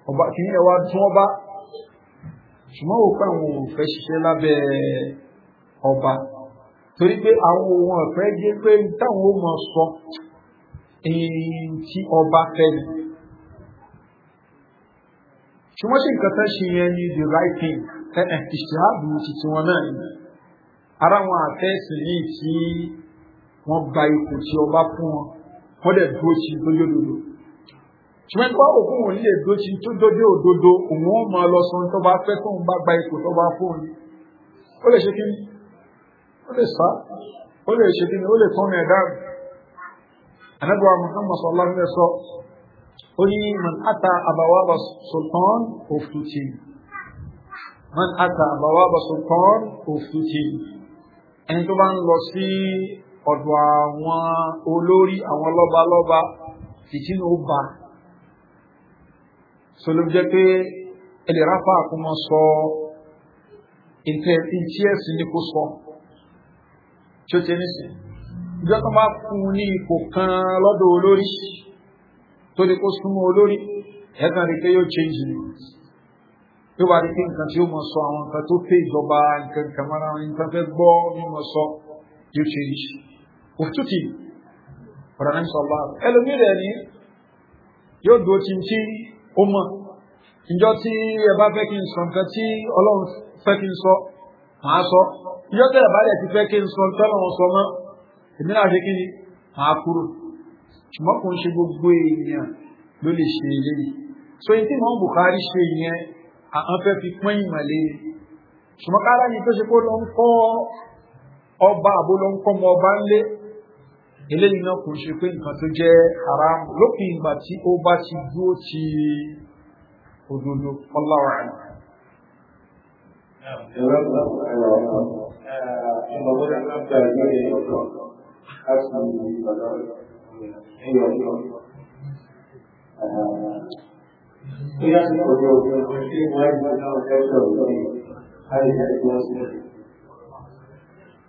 ọba kì í yẹ wá tún ọba ṣùgbọ́n wò pé àwọn ò fẹ́ ṣiṣẹ́ lábẹ́ ọba torí pé àwọn ohun ọ̀fẹ́ jẹ́ pé táwọn ó mọ̀ sọ èyí tí ọba fẹ́ ni ṣùgbọ́n ṣe nǹkan fẹ́ ṣe yẹn ni the right thing ẹ̀ẹ́ ìṣàbù tuntun wọn náà ni ara wọn àfẹ́sì yìí tí wọ́n gba ipò tí ọba fún wọn wọ́n dẹ̀ dúró sí dójú òdodo ṣùgbọ́n nípa òkú wọn lè dúró sí tó dójú òdodo òun ó máa lọ sọ tó bá fẹ́ tóun bá gba ipò tó fún òun ó lè ṣe kíni ó lè sá ó lè ṣe kíni ó lè tán ẹ̀ dáàbò anábíwá muhammad sallallahu alaihi wa sallam ó ní man ata abawaba sultan of tutin man ata abawaba sultan of tutin ẹni tó bá ń lọ sí ọ̀dọ̀ àwọn olórí àwọn lọ́balọ́ba fìtínú ó ba sọlọ́ jẹ́ pé ẹlẹ́ ráfà kó mọ sọ ìtẹ́ ìtí ẹ̀sìn ni kò sọ tí ó ti ní sìn ìjọ tó bá fún ní ipò kan lọ́dọ̀ olórí tó ní kó súnmọ́ olórí ẹ̀kan rí pé yóò change yóò wá rí pé nǹkan tí ó mọ sọ àwọn nǹkan tó fẹ́ ìjọba nǹkan kàmára nǹkan fẹ́ gbọ́ ní mọ sọ yóò ṣe rí òtútì ọ̀rọ̀ náà sọ bá ẹlòmíì rẹ̀ ni yóò dúró tí tí ó mọ̀ ìjọ tí ẹ bá fẹ́ kí n sọ nǹkan tí ọlọ́run fẹ́ kí n sọ màá sọ ìjọ tẹ̀ bá rẹ̀ ti fẹ́ kí n sọ tọ́lọ́run sọ mọ́ èmi náà ṣe kí ni màá kúrò ṣùgbọ́n kò ń ṣe gbogbo èèyàn ló lè ṣe eléyìí so èyí tí mọ́ Buhari ṣe ìyẹn àwọn fẹ́ fi pín ìmọ̀lẹ́ ṣùgbọ́n kára ni tó ṣe kó lọ ń kọ́ ọba àbó ló ń kọ́ ọmọ ọba ńlé eléyìí náà kò ṣe pé nǹkan tó jẹ́ haram lópin ìgbà tí ó bá ti dúró ti òdodo ọláwà rẹ̀. Thank you. Khi đã chúng tôi rồi, tôi khi của anh vẫn đang theo sở thì hay là của anh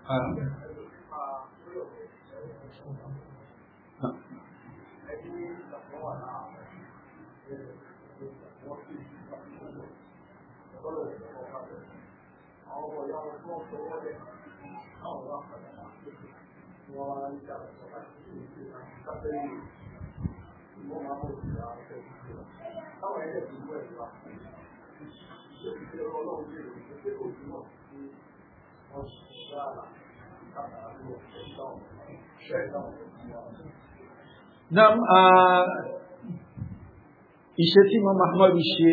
Thank you. táwọn ẹ̀jẹ̀ ti gbọ́ ẹ̀fà yóò fi ṣe ọlọ́run lè rò pé kò sí náà sí wọ́n ṣe àlà Nam ìṣe tí Imam Ahmad ṣe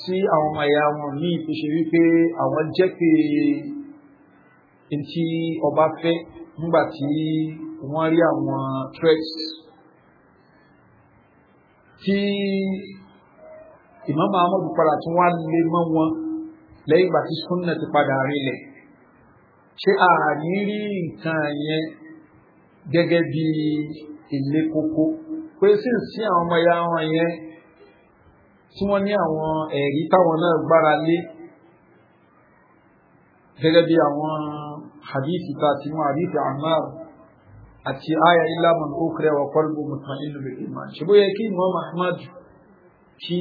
sí àwọn ọmọ ẹ̀yà wọn ní ìpèsè wípé àwọn jẹ́ pé ntí ọba fẹ́ nígbà tí wọ́n rí àwọn threats tí ìmáàmù ahmadu padà tún wá lé mọ́ wọn lẹ́yìn ìgbà tí súnà ti padà rinlẹ̀ ṣé ààrí rí nǹkan yẹn gẹ́gẹ́ bí ilé kókó pé sì ń sí àwọn ọmọ ya wọn yẹn tí wọ́n ní àwọn ẹ̀rí táwọn náà gbára lé gẹ́gẹ́ bí àwọn hadith ta ti mú hadith Ammar àti aya illa man wa qalbuhu mutma'innun bil iman ṣùgbọ́n yẹ kí Imam Ahmad kí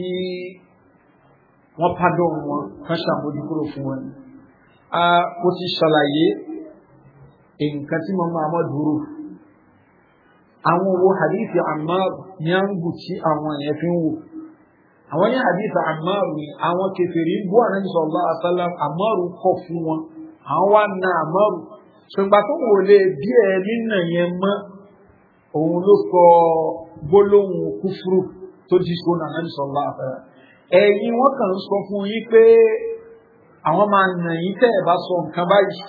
wọ́n pádọ̀ wọn kan ṣàmójúkúrò fún wọn. Mo ti ṣàlàyé nǹkan tí mo máa mọ́ dúró. Àwọn owó hadithi Ammar ní à ń gù tí àwọn èèyàn fi ń wò. Àwọn ní hadithi Ammar ni àwọn kèfèrí bú Ànábì sallallahu alaihi wasallam Ammar kọ̀ fún wọn. Àwọn wá na Ammar. Ṣùgbọ́n tó wò lè bí ẹ nínà yẹn mọ́, òun ló sọ gbólóhùn kúfúrú tó di sọ náà nàbí sọ lọ́wọ́ àfẹ́rẹ́ ẹ̀yin wọ́n kàn ń sọ fún yín pé àwọn máa nà yín tẹ́ ẹ̀ bá sọ nǹkan báyìí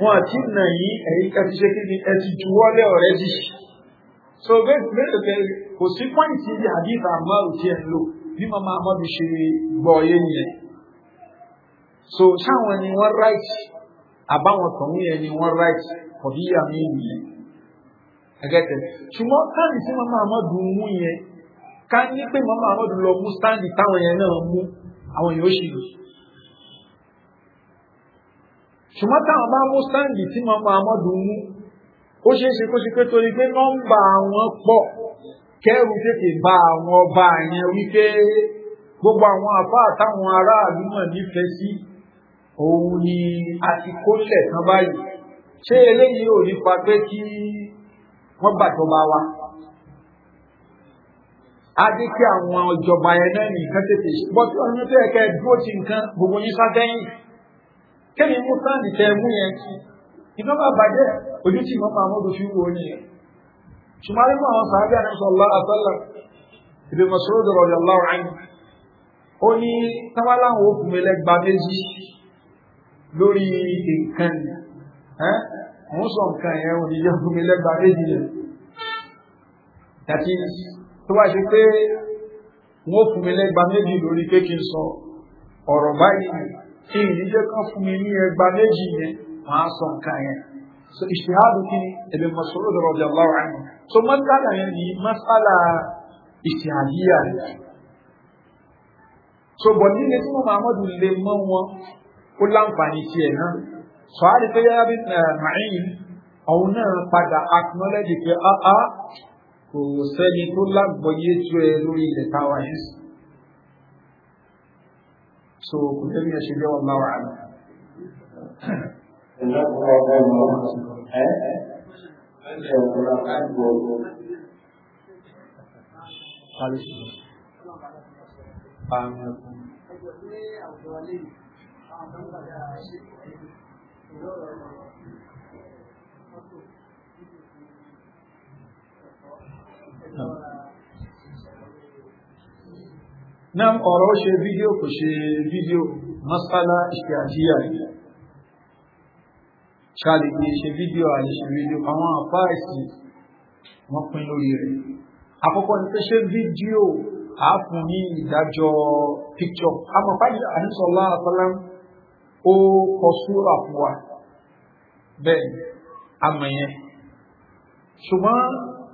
wọn àti nà yín ẹ̀yin ẹ ti ṣe kí ni ẹ ti juwọ́lé ọ̀rẹ́ jì so bẹ́ẹ̀ bẹ́ẹ̀ kò sí pọ́ìntì ibi àdìsá àmọ́ òtí ẹ̀ ń lò bí màmá amadu ṣe gbọ́ ọyẹ́ nìyẹn so sáwọn ni wọ́n right àbáwọn tọ̀hún yẹn ni wọ́n right kọ̀díyà mí nìyẹn ẹgẹtẹ ṣùgbọ́n táàdì tí màmá amadu mú yẹn ká ní pé màmá amadu lọ mú sáàdì táwọn yẹn náà mú àwọn yóò ṣì lò ṣùgbọ́n táwọn bá mú sáàdì tí màmá amadu mú ó ṣeé ṣe kó ṣe pé torí pé nọ́mbà àwọn pọ̀ kẹ́rù tètè bá àwọn ọba yẹn wípé gbogbo àwọn àbá àtàwọn aráàlú náà nífẹ̀ẹ́ sí òun ni àtikólẹ̀ kan báyìí ṣé eléyìí ò ní pa pé kí wọ́n gbàjọba wa adé kí àwọn ọ̀jọ̀ba yẹn náà nìkan tètè ṣe bọ́tú ọ̀nà tó yẹ kẹ́ ẹ dúró ti nǹkan gbogbo yín sátẹ́yìn kéde mú sáàdì tẹ mú yẹn ìtàn bá bàjẹ́ ojú tí mọ́ máa mọ́dún fi wò ó nìyẹn ṣùgbọ́n nínú àwọn sàábẹ́ àdìsọ́lá àtọ́lá ìbí Mas'ud radiyallahu anhu ó ní tábàláwọn òkùnmẹ́lẹ́gba méjì lórí nǹkan mo sọ nǹkan yẹn ò ní yọ fún mi lẹ́gbàá méjì yẹn tàbí tó wá ṣe pé wọ́n fún mi lẹ́gbàá méjì lórí pé kí n sọ ọ̀rọ̀ báyìí kí n níjẹ́ kan fún mi ní ẹgbàá méjì yẹn máa sọ nǹkan yẹn so ìṣèhádù kí ni ẹ̀bẹ̀ mọ̀sọ́rọ̀ dọ̀rọ̀ ọ̀dọ̀ aláwọ̀ àná so mọ́sálà yẹn ni mọ́sálà ìṣèhàdíyà so bọ̀ nílé tí wọ́n máa mọ́dún lè mọ́ wọn ó láǹfààní tiẹ̀ náà sọ á rí pé yára bí eh, màáyìn òun náà padà acknowledge pé áá ah, ah, kò sẹ́ni tó lágbọ́yé tó ẹ lórí ilẹ̀ táwa yìí so kò tẹ́lẹ̀ yẹn ṣe lọ́wọ́ láwà á. Amen náà ọ̀rọ̀ ṣe fídíò kò ṣe fídíò masala ìṣẹ́àjíyà rẹ̀ ṣàlèkè ṣe fídíò àìṣe fídíò àwọn àfáàsì wọ́n pín lórí rẹ̀ àkọ́kọ́ ní ṣe fídíò àáfún ní ìdájọ́ píkṣọ àmọ́ fájì àníṣọ́lá àfọlá ó kọ súrà fún wa bẹ́ẹ̀ àmọ̀ yẹn ṣùgbọ́n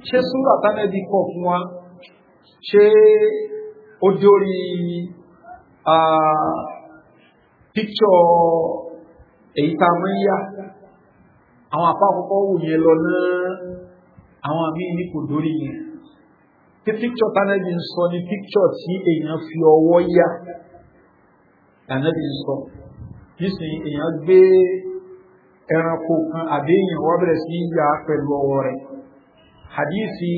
ṣé súrà tánẹ́bí kọ fún wa ṣé ó dórí píkṣọ èyí tá a mọ̀ ń yá àwọn apá àkọ́kọ́ wò yẹn lọ náà àwọn míì ní kò dórí yẹn tí píkṣọ tánẹ́bí ń sọ ní píkṣọ tí èèyàn fi ọwọ́ yá tánẹ́bí ń sọ nísìnyí èèyàn gbé ẹranko kan àbí èèyàn wá bẹ̀rẹ̀ sí yà pẹ̀lú ọwọ́ rẹ̀ hadithi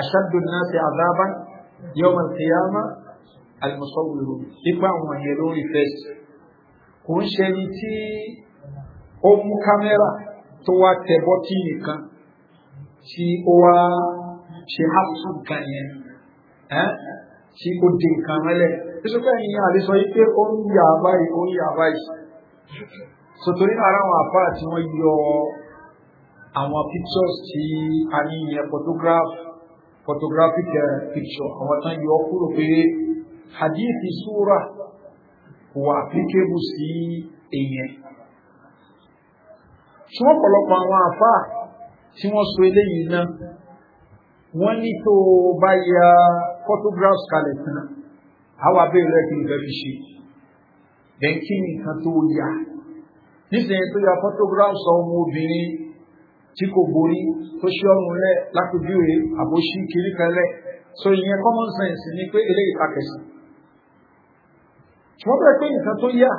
ashaddu nasi azaban yawm al-qiyama al-musawwiru ipa àwọn yẹn lórí fẹsí kò ń ṣe ni tí ó mú kámẹ́rà tó wá tẹ bọ́tì nìkan tí ó wá ṣe hapsun kan yẹn tí ó di nǹkan mẹ́lẹ̀ ìṣúpẹ́ ni a lè sọ yí pé ó ń yà báyìí ó ń yà báyìí sòtòrí ara àwọn àpá àti pictures tí a ní ìyẹn photograph photographic eh, picture àwọn tán yọ kúrò pé hadith sura wà applicable sí èèyàn ṣùgbọ́n ọ̀pọ̀lọpọ̀ àwọn àpá tí wọ́n sọ eléyìí náà wọ́n ní tó bá ya photographs kalẹ̀ tán àwọn abẹ́rẹ́ rẹ̀ kí nǹkan fi ṣe bẹ́ẹ̀ kí nǹkan tó yá nísìnyí tó yá photograph sọ ọmọ obìnrin tí kò borí tó ṣe ọrùn rẹ̀ lápèjúwe àbóṣí kiri kan so ìyẹn common sense ni pé eléyìí takẹsì wọ́n bẹ̀rẹ̀ pé nǹkan tó yá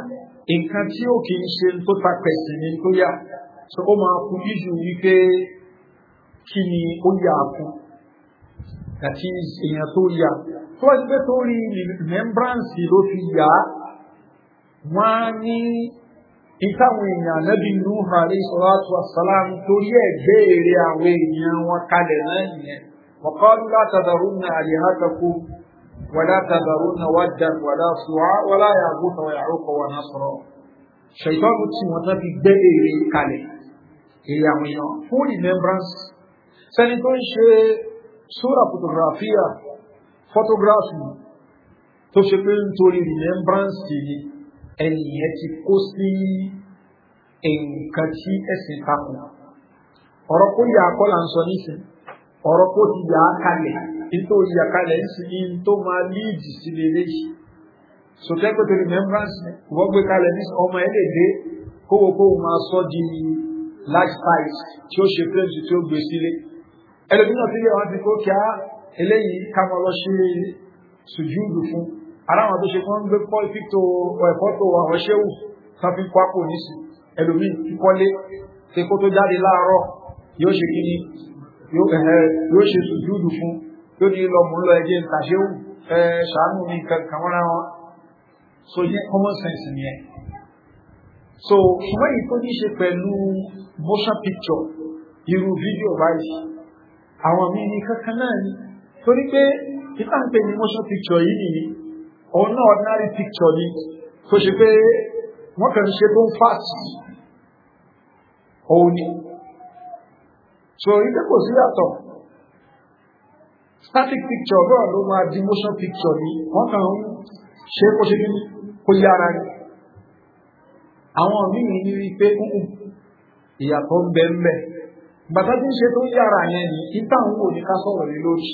nǹkan tí ó kì í ṣe tó takẹsì ni tó yá so ó máa kú jíjù wípé kí ni ó yà á kú àti èèyàn tó yà tó wá sí pé torí remembrance ló fi yá wọn á ní ìtàwọn èèyàn ànábì Nuhu alayhi salatu wassalam torí ẹ̀ béèrè àwọn èèyàn wọn kalẹ̀ náà yẹn وقالوا لا تذرن آلهتكم ولا تذرن ودا ولا سواع ولا يغوث ويعوق ونصر شيطان tí wọ́n tán fi gbé èrè kalẹ̀ èrè àwọn èèyàn fún remembrance sẹ́ni tó ń ṣe sura photographiya photography tó ṣe pé nítorí remembrance ni ẹnìyẹn ti kó sí nǹkan tí ẹ̀sìn takùn ọ̀rọ̀ kó yà á kọ́ là ń sọ nísìn ọ̀rọ̀ kó ti yà á kalẹ̀ nítorí yà kalẹ̀ ń sin ní tó máa líìdì sí lélẹ́yìí sọtẹ́kọ̀ tó remembrance ni wọ́n gbé kalẹ̀ ní ọmọ ẹ̀ lè dé kówókówó máa sọ di large size tí ó ṣe fẹ́ǹsì tí ó gbé sílé ẹlòmíràn tí yẹ wọn ti kó kí eléyìí ká máa lọ ṣe sùjúùdù fún aláwọn tó ṣe kán gbé kọ́ fíto ẹ̀kọ́ tó àwọn ṣéwù tán fi pápò nísì ẹlòmíì kíkọ́lé pé kó tó jáde láàárọ̀ yóò ṣe kí ni yóò ṣe sùjúùdù fún yóò ní lọ mú lọ ẹgbẹ́ ìtàṣéwù ẹ ṣàánú ní kankan wọn ra so yẹ common sense nìyẹn so ṣùgbọ́n èyí tó ní ṣe pẹ̀lú motion picture irú fídíò báyìí àwọn míì ní kankan náà ni torí pé títà ń pè ní motion picture yìí nìyí òun náà ordinary picture ni tó ṣe pé wọ́n kàn ṣe tó ń fàtì òun ni so ibi kò sí yàtọ̀ static picture náà ló máa di motion picture ni wọ́n kàn ń ṣe kó ṣe kíní kó yára ni àwọn míì ní wípé ìyàtọ̀ ń bẹ ń bẹ gbàtà tí ń ṣe tó yára yẹn ni ìtàn wò ní ká sọ̀rọ̀ lé lórí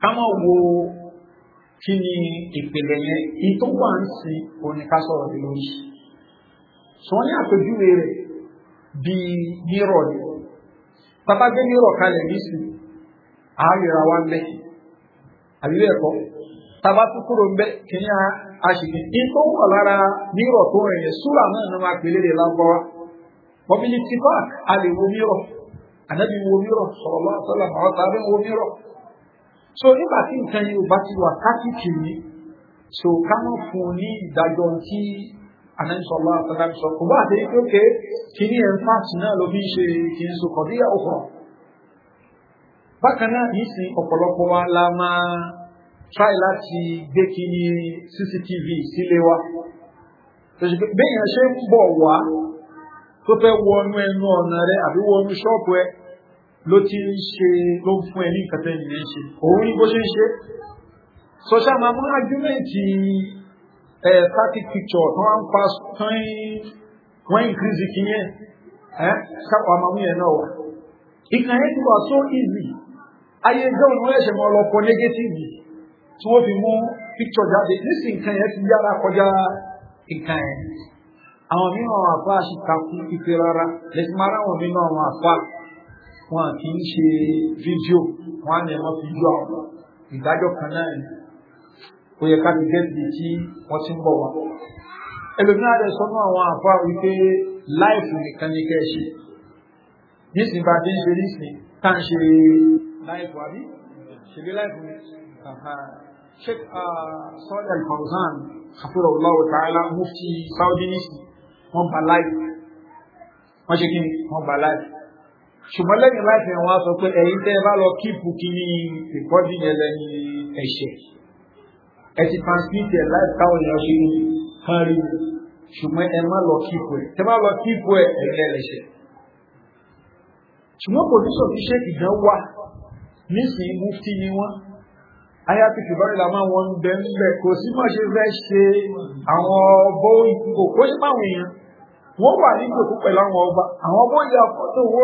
ká má wo kí ni ìpìlẹ̀ yẹn ìtọ́ wà ń sin òní ká sọ̀rọ̀ bí lórí sọ ní àpèjúwe rẹ̀ bíi mírọ̀ ni bàbá gbé mírọ̀ kalẹ̀ nísìn àárẹ̀ra wa ń bẹ̀ àbí bẹ́ẹ̀ kọ́ tàbá tó kúrò ń bẹ́ kí ni a ṣì ní ìtọ́ wà lára mírọ̀ tó rẹ̀ yẹn súrà náà ni wọ́n á pèlè lè lágbọ́wá wọ́n fi ní tìfá a lè wo mírọ̀ ànábi wo mírọ̀ sọ̀rọ̀ lọ́sọ̀lá àwọn tàbí wo mírọ̀ so nígbà tí nǹkan yìí ò bá ti wà kákìkì ni so ká mọ̀ fún un ní ìdájọ́ tí anẹ́sọ̀lá àtàkàṣọ kò bá àti pé pé kí ní ẹ̀ńfàṣì náà ló bí ṣe kì í so kọ̀díyà òkùnrọ̀ bákan náà yìí sin ọ̀pọ̀lọpọ̀ wa la máa try láti gbé kí ní cctv sílé wa bẹ́ẹ̀ yẹn ṣe ń bọ̀ wá tó fẹ́ wọnú ẹnu ọ̀nà rẹ àbí wọnú ṣọ́ọ̀bù ẹ̀ ló ti ń ṣe ló ń fún ẹ ní nǹkan tẹ́yìn ń ṣe òun ní bó ṣe ń ṣe sọ́ṣà máa mú ágúmẹ̀ntì ẹ̀ static picture tó wá ń pa wọ́n increase kìíní ẹ̀ sápò àmàmú yẹn náà wà ìkàn yẹn ti wà so easy ayé ẹgbẹ́ òun wọ́n ẹ̀ṣẹ̀ ọlọ́pọ̀ negative tí wọ́n fi mú picture jáde nísìnyí nǹkan yẹn ti yára kọjá ìkàn yẹn àwọn mìíràn àwọn àfa àṣìkàkú ìpè rárá lẹ́sìn máa ráwọn mìíràn àwọn àfa wọn kì í ṣe fídíò wọn á ní ẹmọ fídíò àwọn ìdájọ́ kan náà ni ó yẹ ká ti gẹ́sì tí wọ́n ti ń bọ̀ wá. ẹlòmíràn rẹ̀ sọ́nà àwọn àfa wípé láìfù nìkan ní kẹ́ ẹ ṣe nísìnyí bá a ti ń ṣe nísìnyí tá à ń ṣe láìfù àbí ṣèlú láìfù ni sheikh sọ́ọ̀dà al àfúrò lọ́wọ́ tààlà mufti saudi nísìnyí wọ́n bá láìfù wọ́n ṣe kí ni wọ́n bá láìfù ṣùgbọ́n lẹ́yìn láti rìn wọ́n sọ pé ẹ̀yin tẹ́ ẹ bá lọ kíìpù ni ìkọ́jú yẹn lẹ́yìn ẹ̀ṣẹ̀ ẹ ti transmit ẹ̀ láì táwọn èèyàn ṣe kán rí ṣùgbọ́n ẹ má lọ kíìpù ẹ̀ tẹ́ má lọ kíìpù ẹ̀ ẹ̀yẹ lẹ̀ṣẹ̀ ṣùgbọ́n pòlíṣọ̀ ti ṣe ìdán wà nísìnyí mufti ni wọ́n ayáti fìbọ́rì la máa wọn bẹ́ẹ̀ kò sí mọ̀ ṣe fẹ́ ṣe àwọn ọbọ̀ wọ́n wà ní ìjòkó pẹ̀lú àwọn ọba àwọn ọmọ ìyá fọ́tò owó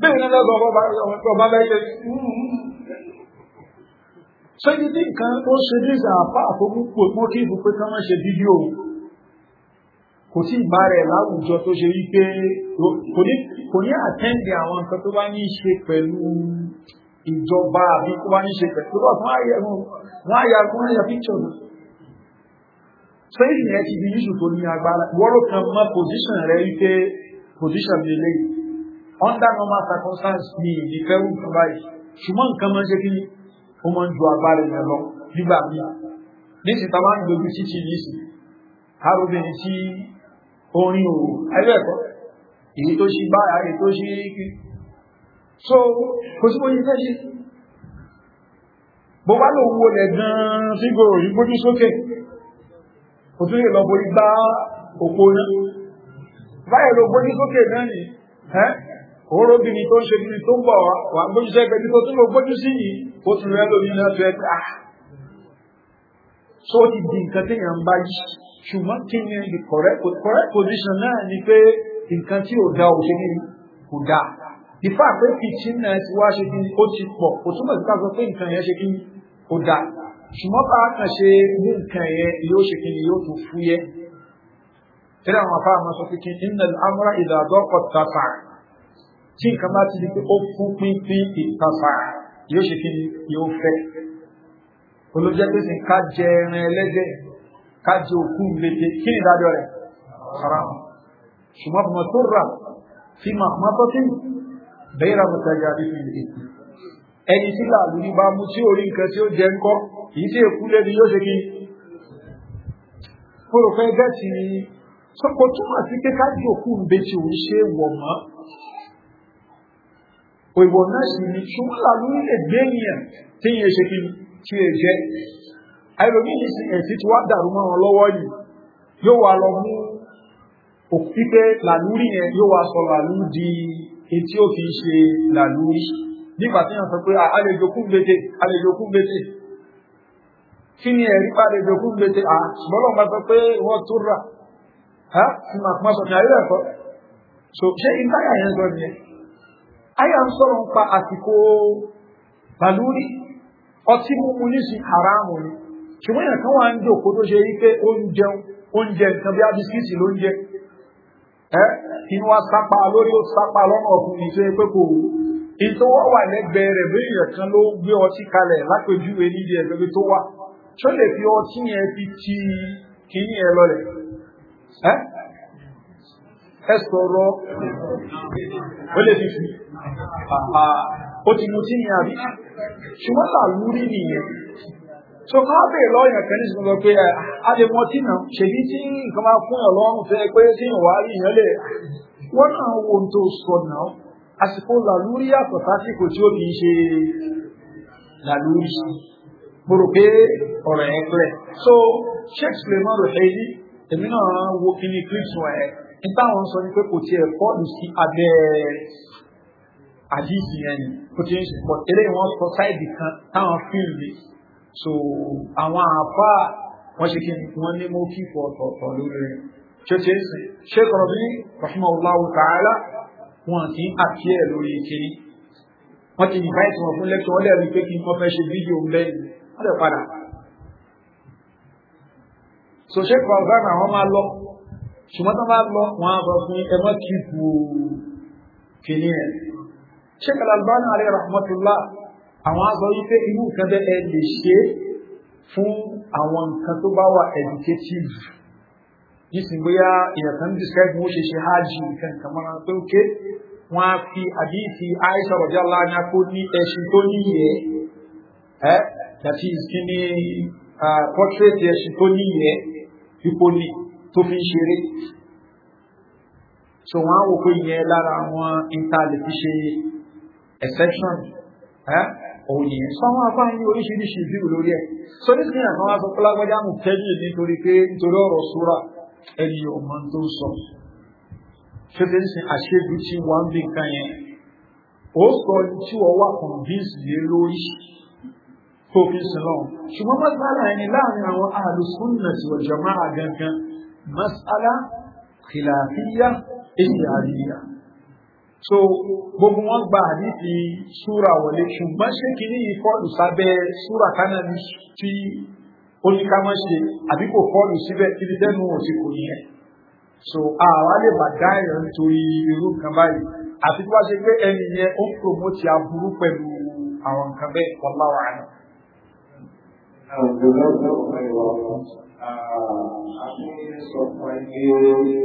bẹ́ẹ̀ ni lọ́dọ̀ ọba ọba bẹ́ẹ̀ sẹ́yìn ní nǹkan tó ń ṣe nígbà àpá àfojúpò mọ́ kí ibùpé kan máa ṣe fídíò kò sí ìgbà rẹ̀ láwùjọ tó ṣe rí pé kò ní àtẹ́ǹdì àwọn nǹkan tó bá ní í ṣe pẹ̀lú ìjọba àbí tó bá ní í ṣe pẹ̀lú tó bá fún àyẹ̀wò wọn àyà fún àyà píkṣọ̀ sẹ́yìn yẹn ti di yíṣù tó ní agbára wọ́rọ̀ kan mọ́ pòsíṣàn rẹ̀ wípé pòsíṣàn mi lé under normal circumstance ni ìdífẹ́rù kan báyìí ṣùgbọ́n nǹkan máa ń ṣe kí ó máa ń ju agbára yẹn lọ nígbà míì nísìsiyìí tá a máa ń gbójú títí yìí sí orin òwò ẹlẹ́ẹ̀kọ́ èyí tó ṣe bá ààrẹ tó ṣe kí so kò sí bóyí fẹ́ ṣe bó bá lò wó lẹ̀ gan-an fígò ìgbójú sókè kò tún lè lọ borí gbá òpó náà báyìí ló gbójú sókè náà nì òórò obìnrin tó ń ṣe obìnrin tó ń bọ̀ wà gbójú sẹ́gbẹ̀ẹ́ bí tó tún lọ gbójú sí yìí ó tún rẹ́ lómi náà fẹ́ gbà ah! so ti di nǹkan téèyàn ń bá yìí ṣùgbọ́n kí ni the correct correct position náà ni pé nǹkan tí ò da ò ṣe ní kò da ìfá pé kìchín náà ti wá ṣe kí ó ti pọ̀ kò túmọ̀ sí sọ pé nǹkan yẹn ṣe kí ó da ṣùgbọ́n bá a kàn ṣe mú nǹkan yẹn yóò ṣe kí ni yóò tún fú yẹ tẹ́lẹ̀ àwọn afá àmọ́ sọ pé kí iná amúra ìdàdọ́ kọ tàfà tí nǹkan bá ti di pé ó fún pínpín ìtàfà yóò ṣe kí ni yóò fẹ́ olójẹ́ pé sì ká jẹ ẹran ẹlẹ́dẹ̀ ká jẹ òkú ìlete kí ni ìdájọ́ rẹ̀ haram ṣùgbọ́n fún ọtún rà fi màmá tọ́tí bẹ́ẹ̀ ra mọ̀tàjà bí fi ìdè ẹni tí làlùrí bá mú tí orí nǹkan tí ó jẹ ńkọ́ kì í ṣe èkú lẹ́nu yóò ṣe kí mo rò pé ẹgbẹ́ ti sọ́kò túmọ̀ sí pé káàdì òkú ń bẹ tí òun ṣe wọ̀ mọ́ òyìnbó náà sì ni ṣùgbọ́n làwọn ilé gbẹ̀yìn tí yẹn ṣe kí tí yẹn jẹ́ àìròmíyìn ẹ̀sìn tí wàá dàrú mọ́ wọn lọ́wọ́ yìí yóò wá lọ mú òpípẹ́ làlúrí yẹn yóò wá sọ làlú di etí ó fi ṣe làlúrí nígbà tí yẹn sọ pé àlejò kún àlejò kún kí ni ẹ̀rí pàdé ìdòkú gbèsè à ṣùgbọ́n bá sọ pé wọ́n tó rà á ti máa sọ ayé ẹ̀kọ́ so ṣé ìtayà yẹn sọ nìyẹn àyà ń sọ̀rọ̀ nípa àsìkò bàlúrí ọtí mímu haramu ni ṣùgbọ́n yẹn kan wà ń tó ṣe wípé oúnjẹ oúnjẹ nǹkan bí abisikíìtì ló ń jẹ ẹ inú wa sápa lórí ó sápa lọ́nà pé kò ìtọ́wọ́ wà lẹ́gbẹ̀ẹ́ rẹ̀ kan ló gbé ọtí kalẹ̀ ẹ̀gbẹ́ tó wà tó lè fi ọtí yẹn fi ti kìíní ẹ lọlẹ̀ ẹ sọ̀rọ̀ ó lè fi fi ó ti mú tí ní àbí ṣùgbọ́n làlúrí nìyẹn so ká bèèrè lọ́yàn kan nísìnyí lọ pé a lè mọ tí náà ṣèbí tí nǹkan máa fún yàn lọ́rùn fẹ́ pé tí yàn wá rí yàn lè wọ́n náà wo ohun tó sọ náà àsìkò làlúrí yàtọ̀ sásìkò tí ó kì í ṣe làlúrí sí mo rò pé ọ̀rọ̀ yẹn clear so sheikh suleiman ruhaili èmi náà wo kíní kírísùn ẹ̀ ní táwọn sọ ni pé kò tiẹ̀ fọ́ọ̀lù sí abẹ́ àdìsí yẹn ni kò tiẹ̀ ń sọ pọ̀ eléyìí wọ́n sọ sáìdì kan táwọn fíìmù so àwọn àáfàá wọ́n ṣe kí wọ́n ní mú kí fọ ọ̀tọ̀ọ̀tọ̀ lórí rẹ̀ tí ó ṣe é sìn ṣé kọ̀rọ̀ bí rahimahullahu ta'ala wọn kì í àkíyè lórí ìkíní wọ́n ti invite wọn fún lẹ́kítọ̀ wọ́n lẹ́rìí pé kí n kọ́ fẹ́ ṣe fídíò lẹ́yìn lè padà so ṣé kọ̀ọ̀kan àwọn máa lọ ṣùgbọ́n tó bá lọ wọn á sọ fún ẹ mọ́ kí kú kìíní ẹ̀ ṣé kàlàlùbá náà rí rahmatulá àwọn á sọ wípé inú nǹkan bẹ́ ẹ lè ṣe fún àwọn nǹkan tó bá wà educative nísìnyí bóyá èèyàn kan describe bó ṣe ṣe hajj nǹkan kan mọ́ra pé ó ké wọn á fi àdíyìí ti Aisha rọ̀jà lánàá kó ní ẹṣin tó níyẹn ẹ́ àti ìsinmi portrait ẹṣin tó ní ìyẹ́ ipò ní tó fi ń ṣeré so wọ́n á wò pé ìyẹn lára àwọn intanet ti ṣe exception òun yẹn so àwọn afá ní oríṣiríṣi view lórí ẹ̀ so ní sí àwọn aṣọ pọlágbọ́dá mú tẹ́lẹ̀ nítorí pé nítorí ọ̀rọ̀ sóra ẹni ọmọ tó ń sọ ṣé fi ń sin àṣejù tí wọ́n ń bí nǹkan yẹn ó sọ tí wọ́n wà convince lé lórí tó fi sin lọ́wọ́ ṣùgbọ́n masala ẹni láàrin àwọn alùsùnà sí wal jama'a gangan masala khilafiyya ijtihadiyya so gbogbo wọn gba àdìsí súra wọlé ṣùgbọ́n ṣé kìíní yìí fọ́ọ̀lù sábẹ́ súra kánà ní tí ó ní ká má ṣe àbí kò fọ́ọ̀lù síbẹ̀ títí dẹ́nu òsì kò yẹn so àwa lè má dá ìran nítorí irú nǹkan báyìí àti tí wọ́n ṣe pé ẹni yẹn ó ń promote aburú pẹ̀lú àwọn nǹkan bẹ́ẹ̀ wallahu a'lam. Àwọn òṣèrè ọ̀pọ̀ ìwọ̀n, àti sọ̀pọ̀ ìgbé